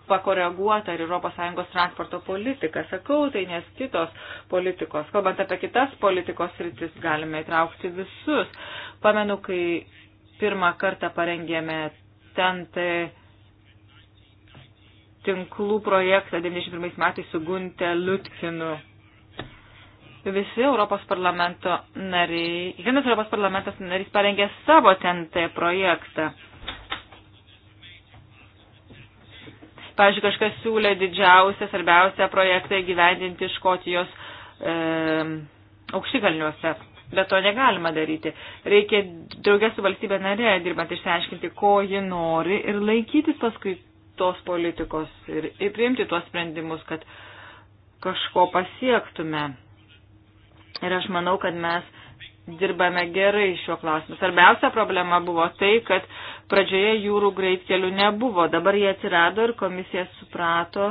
pakoreguota ir ES transporto politika. Sakau tai, nes kitos politikos, kalbant apie kitas politikos rytis, galime įtraukti visus. Pamenu, kai pirmą kartą parengėme TNT tinklų projektą 91 metais su Gunte Lutkinu. Visi Europos parlamento nariai, kiekvienas Europos parlamentas narys parengė savo TNT projektą. Pavyzdžiui, kažkas siūlė didžiausią, svarbiausią projektą įgyvendinti Škotijos e, aukštikalniuose. Bet to negalima daryti. Reikia draugės su valstybė narė dirbant išsiaiškinti, ko ji nori ir laikytis paskui tos politikos ir, ir priimti tuos sprendimus, kad kažko pasiektume. Ir aš manau, kad mes dirbame gerai šiuo klausimu. Svarbiausia problema buvo tai, kad pradžioje jūrų greitkelių nebuvo. Dabar jie atsirado ir komisija suprato,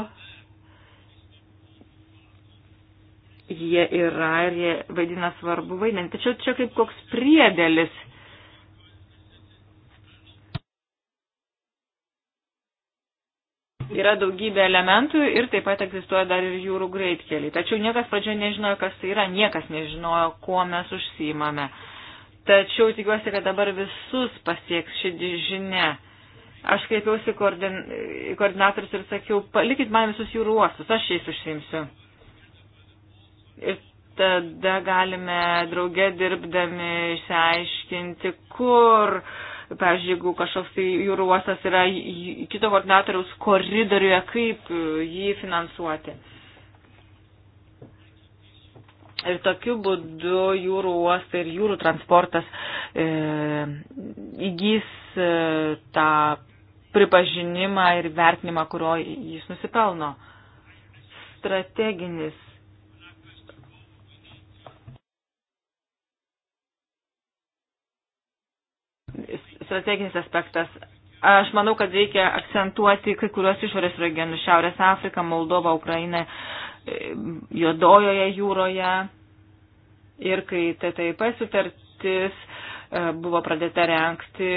jie yra ir jie vaidina svarbu vaidmenį. Tačiau čia kaip koks priedėlis Yra daugybė elementų ir taip pat egzistuoja dar ir jūrų greitkeliai. Tačiau niekas pradžioje nežinojo, kas tai yra, niekas nežinojo, kuo mes užsiimame. Tačiau tikiuosi, kad dabar visus pasieks ši žinia. Aš kreipiausi koordin... koordinatorius ir sakiau, palikit man visus jūrų uostus, aš jais užsiimsiu. Ir tada galime drauge dirbdami išsiaiškinti, kur uh, pavyzdžiui, jeigu kažkoks tai jūrų uostas yra kito koordinatoriaus koridoriuje, kaip e, jį finansuoti. Ir tokiu būdu jūrų uostai ir jūrų transportas e, įgys e, tą pripažinimą ir vertinimą, kurio jis nusipelno. Strateginis strateginis aspektas. Aš manau, kad reikia akcentuoti kai kuriuos išorės regionus - Šiaurės Afrika, Moldova, Ukraina, e, Jodojoje jūroje. Ir kai TTIP sutartis e, buvo pradėta renkti,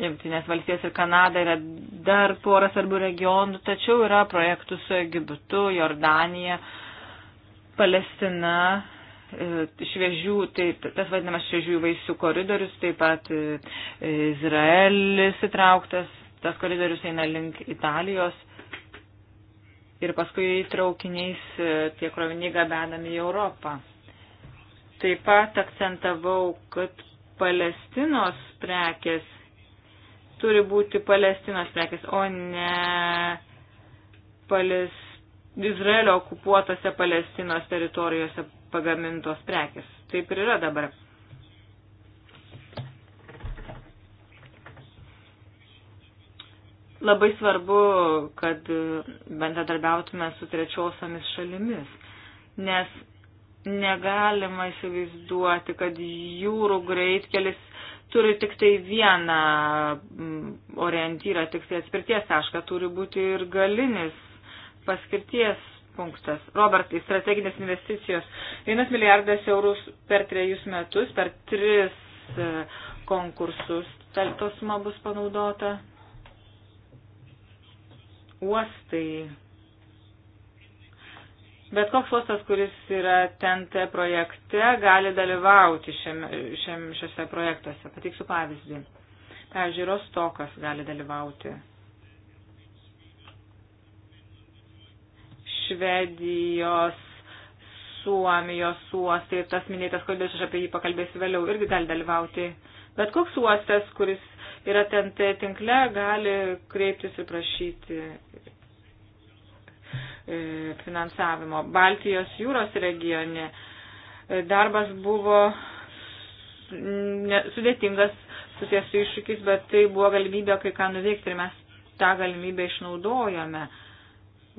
Jungtinės valstijos ir Kanada yra dar pora svarbių regionų, tačiau yra projektų su Egiptu, Jordanija, Palestina, E, šviežių, tai tas vadinamas šviežių vaisių koridorius, taip pat e, Izraelis įtrauktas, tas koridorius eina link Italijos ir paskui traukiniais e, tie kroviniai gabenami į Europą. Taip pat akcentavau, kad Palestinos prekės turi būti Palestinos prekės, o ne Palis, Izraelio okupuotose Palestinos teritorijose pagamintos prekės. Taip ir yra dabar. Labai svarbu, kad bendradarbiautume su trečiosiomis šalimis, nes negalima įsivaizduoti, kad jūrų greitkelis turi tik tai vieną orientyrą, tik tai atspirties tašką, turi būti ir galinis paskirties punktas. Robertai, strateginės investicijos. Vienas milijardas eurus per trejus metus, per tris e, konkursus. Tos suma bus panaudota. Uostai. Bet koks uostas, kuris yra TNT projekte, gali dalyvauti šiame, šiame, šiuose projektuose. Pateiksiu pavyzdį. Pavyzdžiui, Rostokas gali dalyvauti Švedijos, Suomijos uostai ir tas minėtas koridorius, aš apie jį pakalbėsiu vėliau, irgi gali dalyvauti. Bet koks uostas, kuris yra ten tinkle, gali kreiptis ir prašyti e, finansavimo. Baltijos jūros regione e, darbas buvo sudėtingas, susijęs su iššūkis, bet tai buvo galimybė kai ką nuveikti ir mes tą galimybę išnaudojame.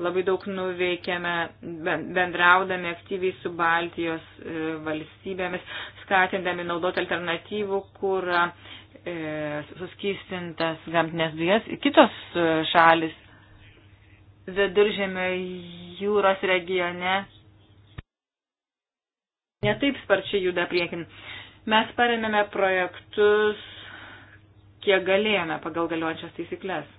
Labai daug nuveikėme bendraudami aktyviai su Baltijos e, valstybėmis, skatindami naudoti alternatyvų kūrą, e, suskystintas gamtinės dujas. Kitos e, šalis viduržėmio jūros regione netaip sparčiai juda priekin. Mes paremėme projektus, kiek galėjome pagal galiojančias taisyklės.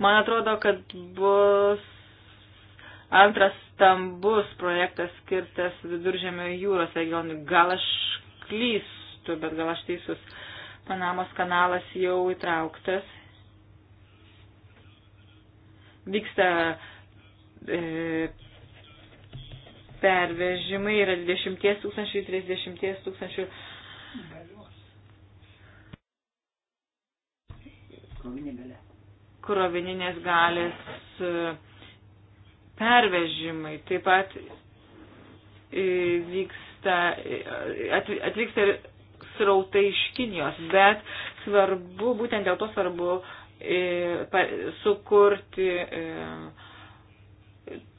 Man atrodo, kad bus antras stambus projektas skirtas viduržėmio jūros regionui. Gal aš klystu, bet gal aš teisus. Panamos kanalas jau įtrauktas. Vyksta e, pervežimai, yra 20 tūkstančių, 30 tūkstančių. Kovinė galia krovininės galės e, pervežimai. Taip pat e, vyksta, e, atvyksta ir srautai iš Kinijos, bet svarbu, būtent dėl to svarbu sukurti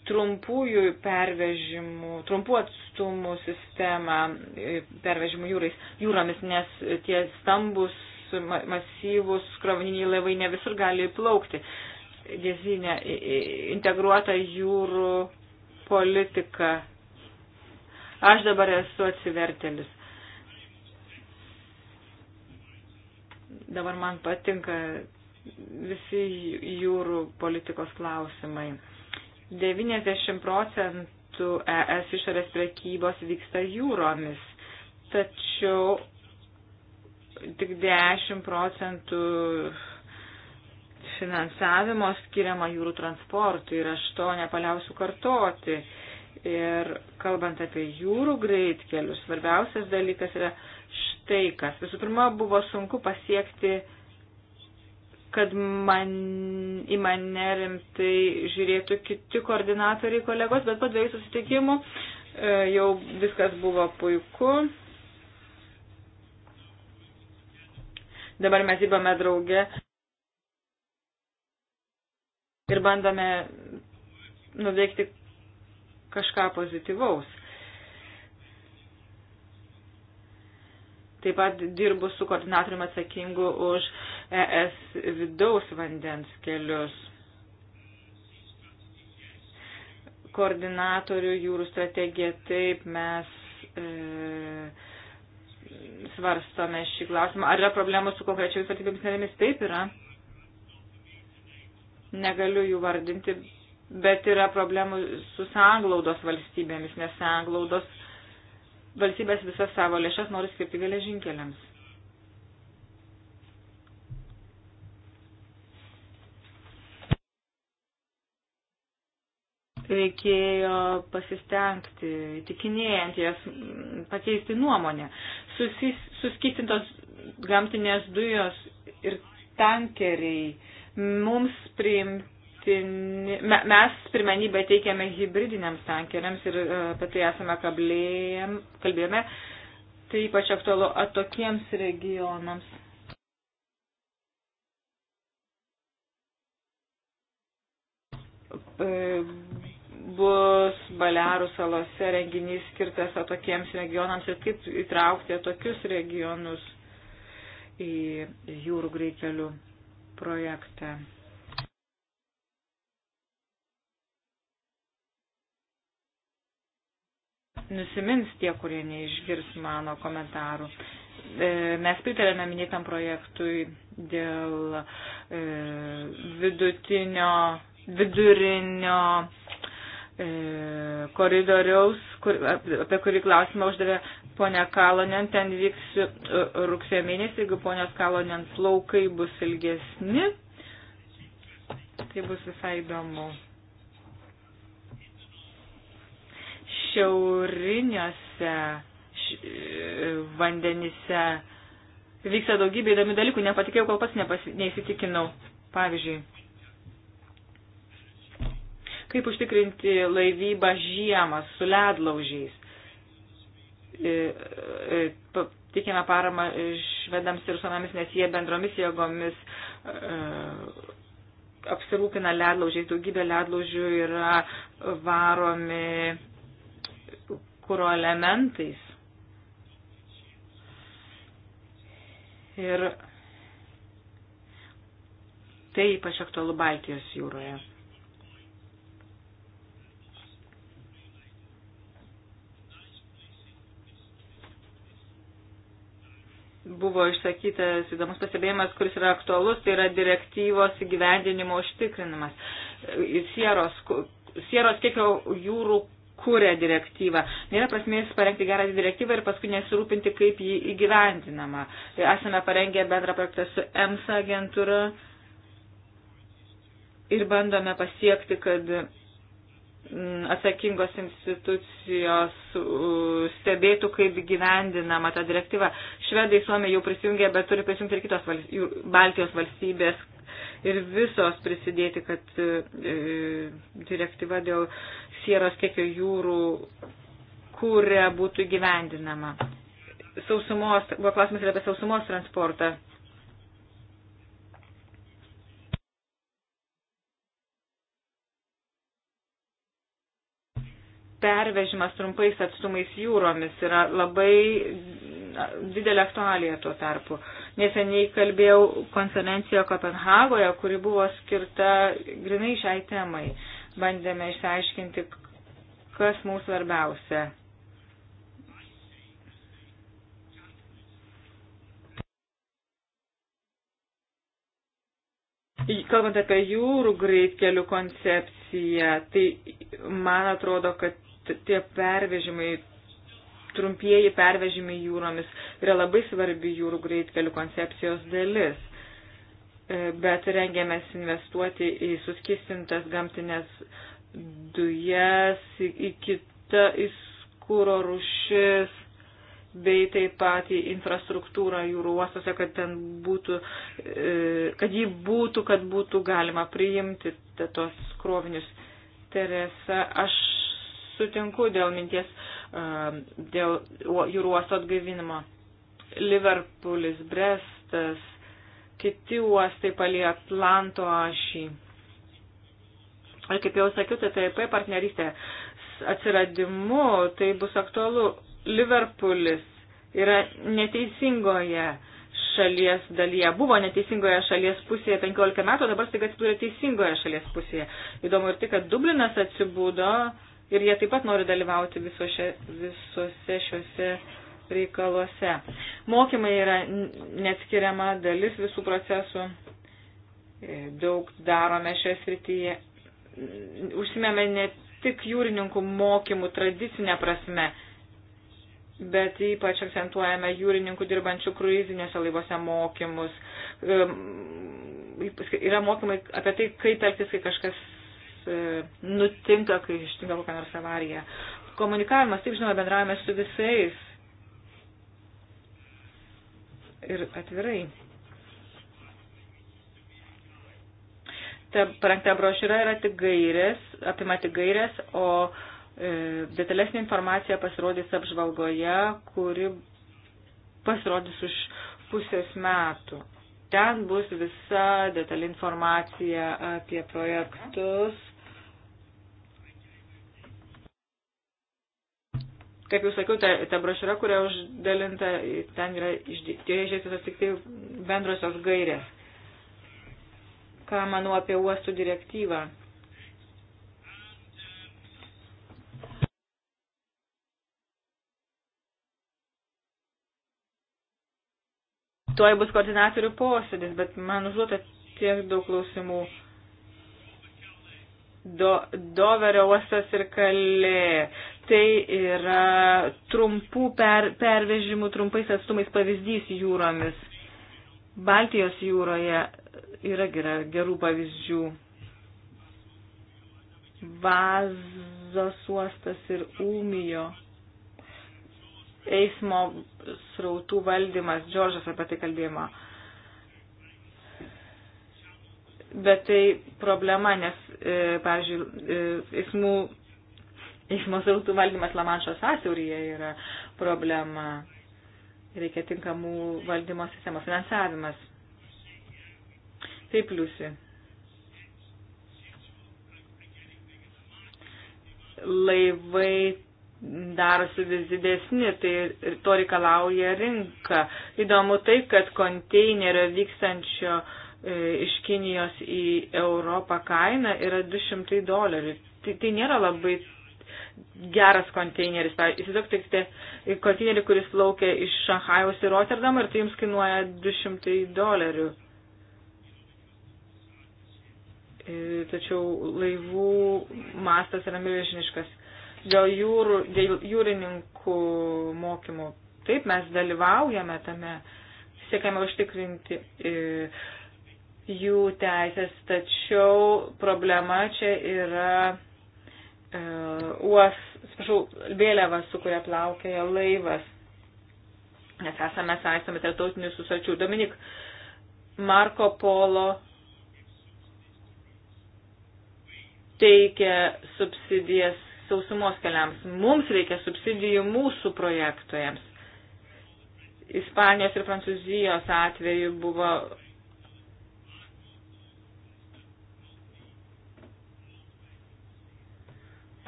trumpųjų pervežimų, trumpų atstumų sistemą pervežimų jūrais, jūromis, nes tie stambus masyvūs krovininiai laivai ne visur gali plaukti. Gezinė integruota jūrų politika. Aš dabar esu atsivertelis. Dabar man patinka visi jūrų politikos klausimai. 90 procentų ES išorės prekybos vyksta jūromis, tačiau tik 10 procentų finansavimo skiriama jūrų transportui ir aš to nepaliausiu kartoti. Ir kalbant apie jūrų greitkelius, svarbiausias dalykas yra štai kas. Visų pirma, buvo sunku pasiekti, kad man, į mane rimtai žiūrėtų kiti koordinatoriai kolegos, bet po dviejų susitikimų e, jau viskas buvo puiku Dabar mes įbame draugę ir bandome nuveikti kažką pozityvaus. Taip pat dirbu su koordinatoriumi atsakingu už ES vidaus vandens kelius. Koordinatorių jūrų strategija taip mes e, svarstome šį klausimą. Ar yra problemų su konkrečiais valstybėmis narėmis? Taip yra. Negaliu jų vardinti, bet yra problemų su sanglaudos valstybėmis, nes sanglaudos valstybės visas savo lėšas nori skirti geležinkeliams. reikėjo pasistengti, tikinėjant jas pakeisti nuomonę. Susis, suskistintos gamtinės dujos ir tankeriai mums priimtini, me, mes pirmenybę teikiame hybridiniams tankeriams ir e, apie tai esame kablėjom, kalbėjome, tai ypač aktualu atokiems regionams. E, bus Balearų salose renginys skirtas atokiems regionams ir kaip įtraukti tokius regionus į jūrų greikelių projektą. Nusimins tie, kurie neišgirs mano komentarų. E, mes pritarėme minėtam projektui dėl e, vidutinio, vidurinio E, koridoriaus, kur, apie kurį klausimą uždavė ponia Kalonen, ten vyks e, rugsėjo mėnesį, jeigu ponios Kalonen plaukai bus ilgesni, tai bus visai įdomu. Šiauriniuose e, vandenyse vyksta daugybė įdomių dalykų, nepatikėjau, kol pats nepas, neįsitikinau. Pavyzdžiui, kaip užtikrinti laivybą žiemą su ledlaužiais. E, e, Tikime paramą švedams ir suomiams, nes jie bendromis jėgomis e, apsirūpina ledlaužiais. Daugybė ledlaužių yra varomi kūro elementais. Ir tai ypač aktualu Baltijos jūroje. buvo išsakytas įdomus pastebėjimas, kuris yra aktualus, tai yra direktyvos įgyvendinimo užtikrinimas. Sieros, sieros kiekio jūrų kūrė direktyvą. Nėra prasmės parengti gerą direktyvą ir paskui nesirūpinti, kaip jį įgyvendinama. Tai esame parengę bendrą projektą su EMSA agentūra ir bandome pasiekti, kad Mm, atsakingos institucijos stebėtų, kaip gyvendinama ta direktyva. Švedai, Suomija jau prisijungė, bet turi prisijungti ir kitos valstybės, Baltijos valstybės ir visos prisidėti, kad e, e, direktyva dėl sieros kiekio jūrų kūrė būtų gyvendinama. Sausumos, buvo klausimas ir apie sausumos transportą. pervežimas trumpais atstumais jūromis yra labai didelė aktualija tuo tarpu. Neseniai kalbėjau konferencijoje Kopenhagoje, kuri buvo skirta grinai šiai temai. Bandėme išsiaiškinti, kas mūsų svarbiausia. Kalbant apie jūrų greitkelių koncepciją, tai man atrodo, kad tie pervežimai, trumpieji pervežimai jūromis yra labai svarbi jūrų greitkelių koncepcijos dalis. E, bet rengiamės investuoti į suskistintas gamtinės dujas, į kitą įskūro rušis, bei taip pat į infrastruktūrą jūrų uostose, kad ten būtų, e, kad jį būtų, kad būtų galima priimti tos krovinius. Teresa, aš sutinku dėl minties, ehm, dėl jūrų uosto atgaivinimo. Liverpoolis, Brestas, kiti uostai palie Atlanto ašį. Ir kaip jau sakiau, tai taip partnerystė atsiradimu, tai bus aktualu. Liverpoolis yra neteisingoje šalies dalyje. Buvo neteisingoje šalies pusėje 15 metų, dabar staiga atsidūrė teisingoje šalies pusėje. Įdomu ir tai, kad Dublinas atsibudo, uh, ir jie taip pat nori dalyvauti visose, visose šiuose reikaluose. Mokymai yra neatskiriama dalis visų procesų, e, daug darome šioje srityje. Užsimėme ne tik jūrininkų mokymų tradicinę prasme, bet ypač akcentuojame jūrininkų dirbančių kruizinėse laivose mokymus. E, yra mokymai apie tai, kaip elgtis, kai kažkas E, nutinka, kai ištinka kokią nors avariją. Komunikavimas, taip žinoma, bendravime su visais. Ir atvirai. Ta parengta brošiūra yra tik gairės, apima tik gairės, o e, detalesnė informacija pasirodys apžvalgoje, kuri pasirodys už pusės metų. Ten bus visa detali informacija apie projektus, Kaip jau sakiau, ta, ta brošiūra, kuria uždalinta, ten yra išdėstytos tik tai bendrosios gairės. Ką manau apie uostų direktyvą? Tuoj bus koordinatorių posėdis, bet man užduota tiek daug klausimų. Do, Doverio uostas ir kalė. Tai yra trumpų per, pervežimų, trumpais atstumais pavyzdys jūromis. Baltijos jūroje yra gera, gerų pavyzdžių. Vazos uostas ir Umijo eismo srautų valdymas, Džordžas apie tai kalbėjimo. Bet tai problema, nes, e, pavyzdžiui, e, eismų Išmo srautų valdymas Lamanšo sąsiauryje yra problema. Reikia tinkamų valdymo sistemos finansavimas. Taip, Liusi. Laivai darosi vis didesni, tai to reikalauja rinka. Įdomu tai, kad konteinerio vykstančio e, iš Kinijos į Europą kaina yra 200 dolerių. Tai, tai nėra labai geras konteineris. Įsivaizduokite konteinerį, kuris plaukia iš Šanhajaus į Rotterdamą ir tai jums kainuoja 200 dolerių. E, tačiau laivų mastas yra milžiniškas. Dėl, jūrų, dėl jūrininkų mokymų. Taip, mes dalyvaujame tame, siekiame užtikrinti e, jų teisės, tačiau problema čia yra Uh, uos, atsiprašau, vėliavas, su kuria plaukėja laivas, nes esame saistomi tarptautinių susalčių. Dominik, Marko Polo teikia subsidijas sausumos keliams. Mums reikia subsidijų mūsų projektojams. Ispanijos ir Prancūzijos atveju buvo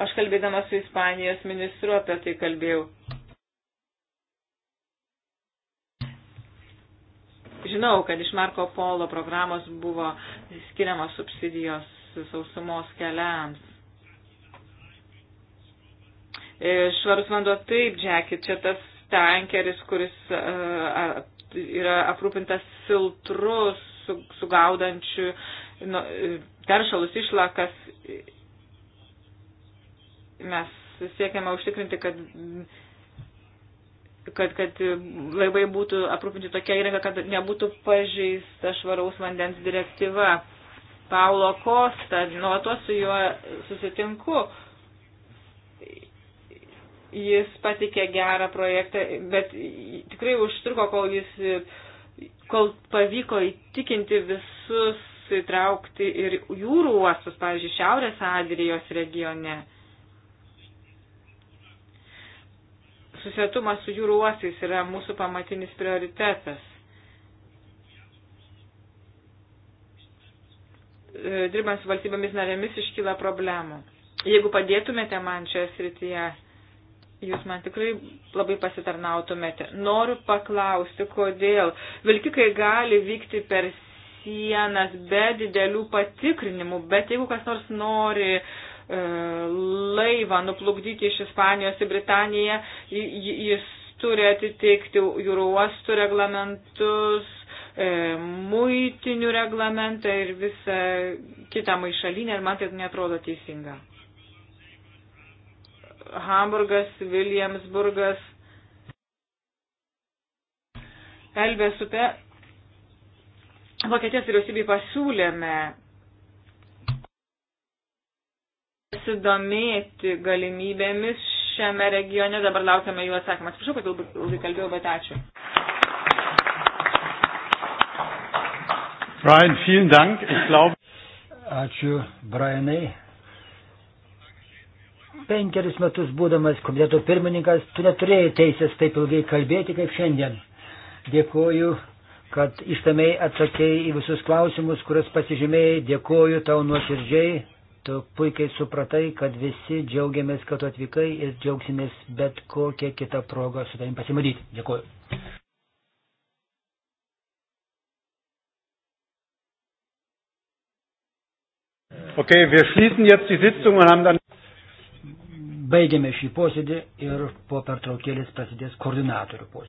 Aš kalbėdama su Ispanijos ministru apie tai kalbėjau. Žinau, kad iš Marko Polo programos buvo skiriamos subsidijos sausumos keliams. E, švarus vanduo taip, Džeki, čia tas tankeris, kuris uh, yra aprūpintas filtru su, sugaudančiu nu, e, teršalus išlakas Mes siekiame užtikrinti, kad, kad, kad laivai būtų aprūpinti tokia įranga, kad nebūtų pažeista švaraus vandens direktyva. Paulo Kosta, nuolatos su juo susitinku, jis patikė gerą projektą, bet tikrai užtruko, kol jis, kol pavyko įtikinti visus įtraukti ir jūrų uostus, pavyzdžiui, Šiaurės Adrijos regione. susietumas su jūrų uostais yra mūsų pamatinis prioritetas. E, dirbant su valstybėmis narėmis iškyla problemų. Jeigu padėtumėte man šioje srityje, jūs man tikrai labai pasitarnautumėte. Noriu paklausti, kodėl vilkikai gali vykti per sienas be didelių patikrinimų, bet jeigu kas nors nori uh, E, laivą nuplukdyti iš Ispanijos į Britaniją, jis turi atitikti jūro uostų reglamentus, e, muitinių reglamentą ir visą kitą maišalinę ir man tai netrodo teisinga. Hamburgas, Williamsburgas, Elbės upe. Vokietijos vyriausybei pasiūlėme pasidomėti galimybėmis šiame regione. Dabar laukiame jų atsakymą. Atsiprašau, kad galbūt ilgai kalbėjau, bet ačiū. Brian, vielen Dank. Ich glaube. Ačiū, Brianai. Penkeris metus būdamas komiteto pirmininkas, tu neturėjai teisės taip ilgai kalbėti kaip šiandien. Dėkuoju, kad ištamei atsakėjai į visus klausimus, kuriuos pasižymėjai. Dėkuoju tau nuoširdžiai Tu puikiai supratai, kad visi džiaugiamės, kad tu atvykai ir džiaugsimės bet kokią kitą progą su tavim pasimatyti. Dėkuoju. Okay, wir schließen jetzt die Sitzung und haben dann. Baigėme šį posėdį ir po pertraukėlės prasidės koordinatorių posėdį.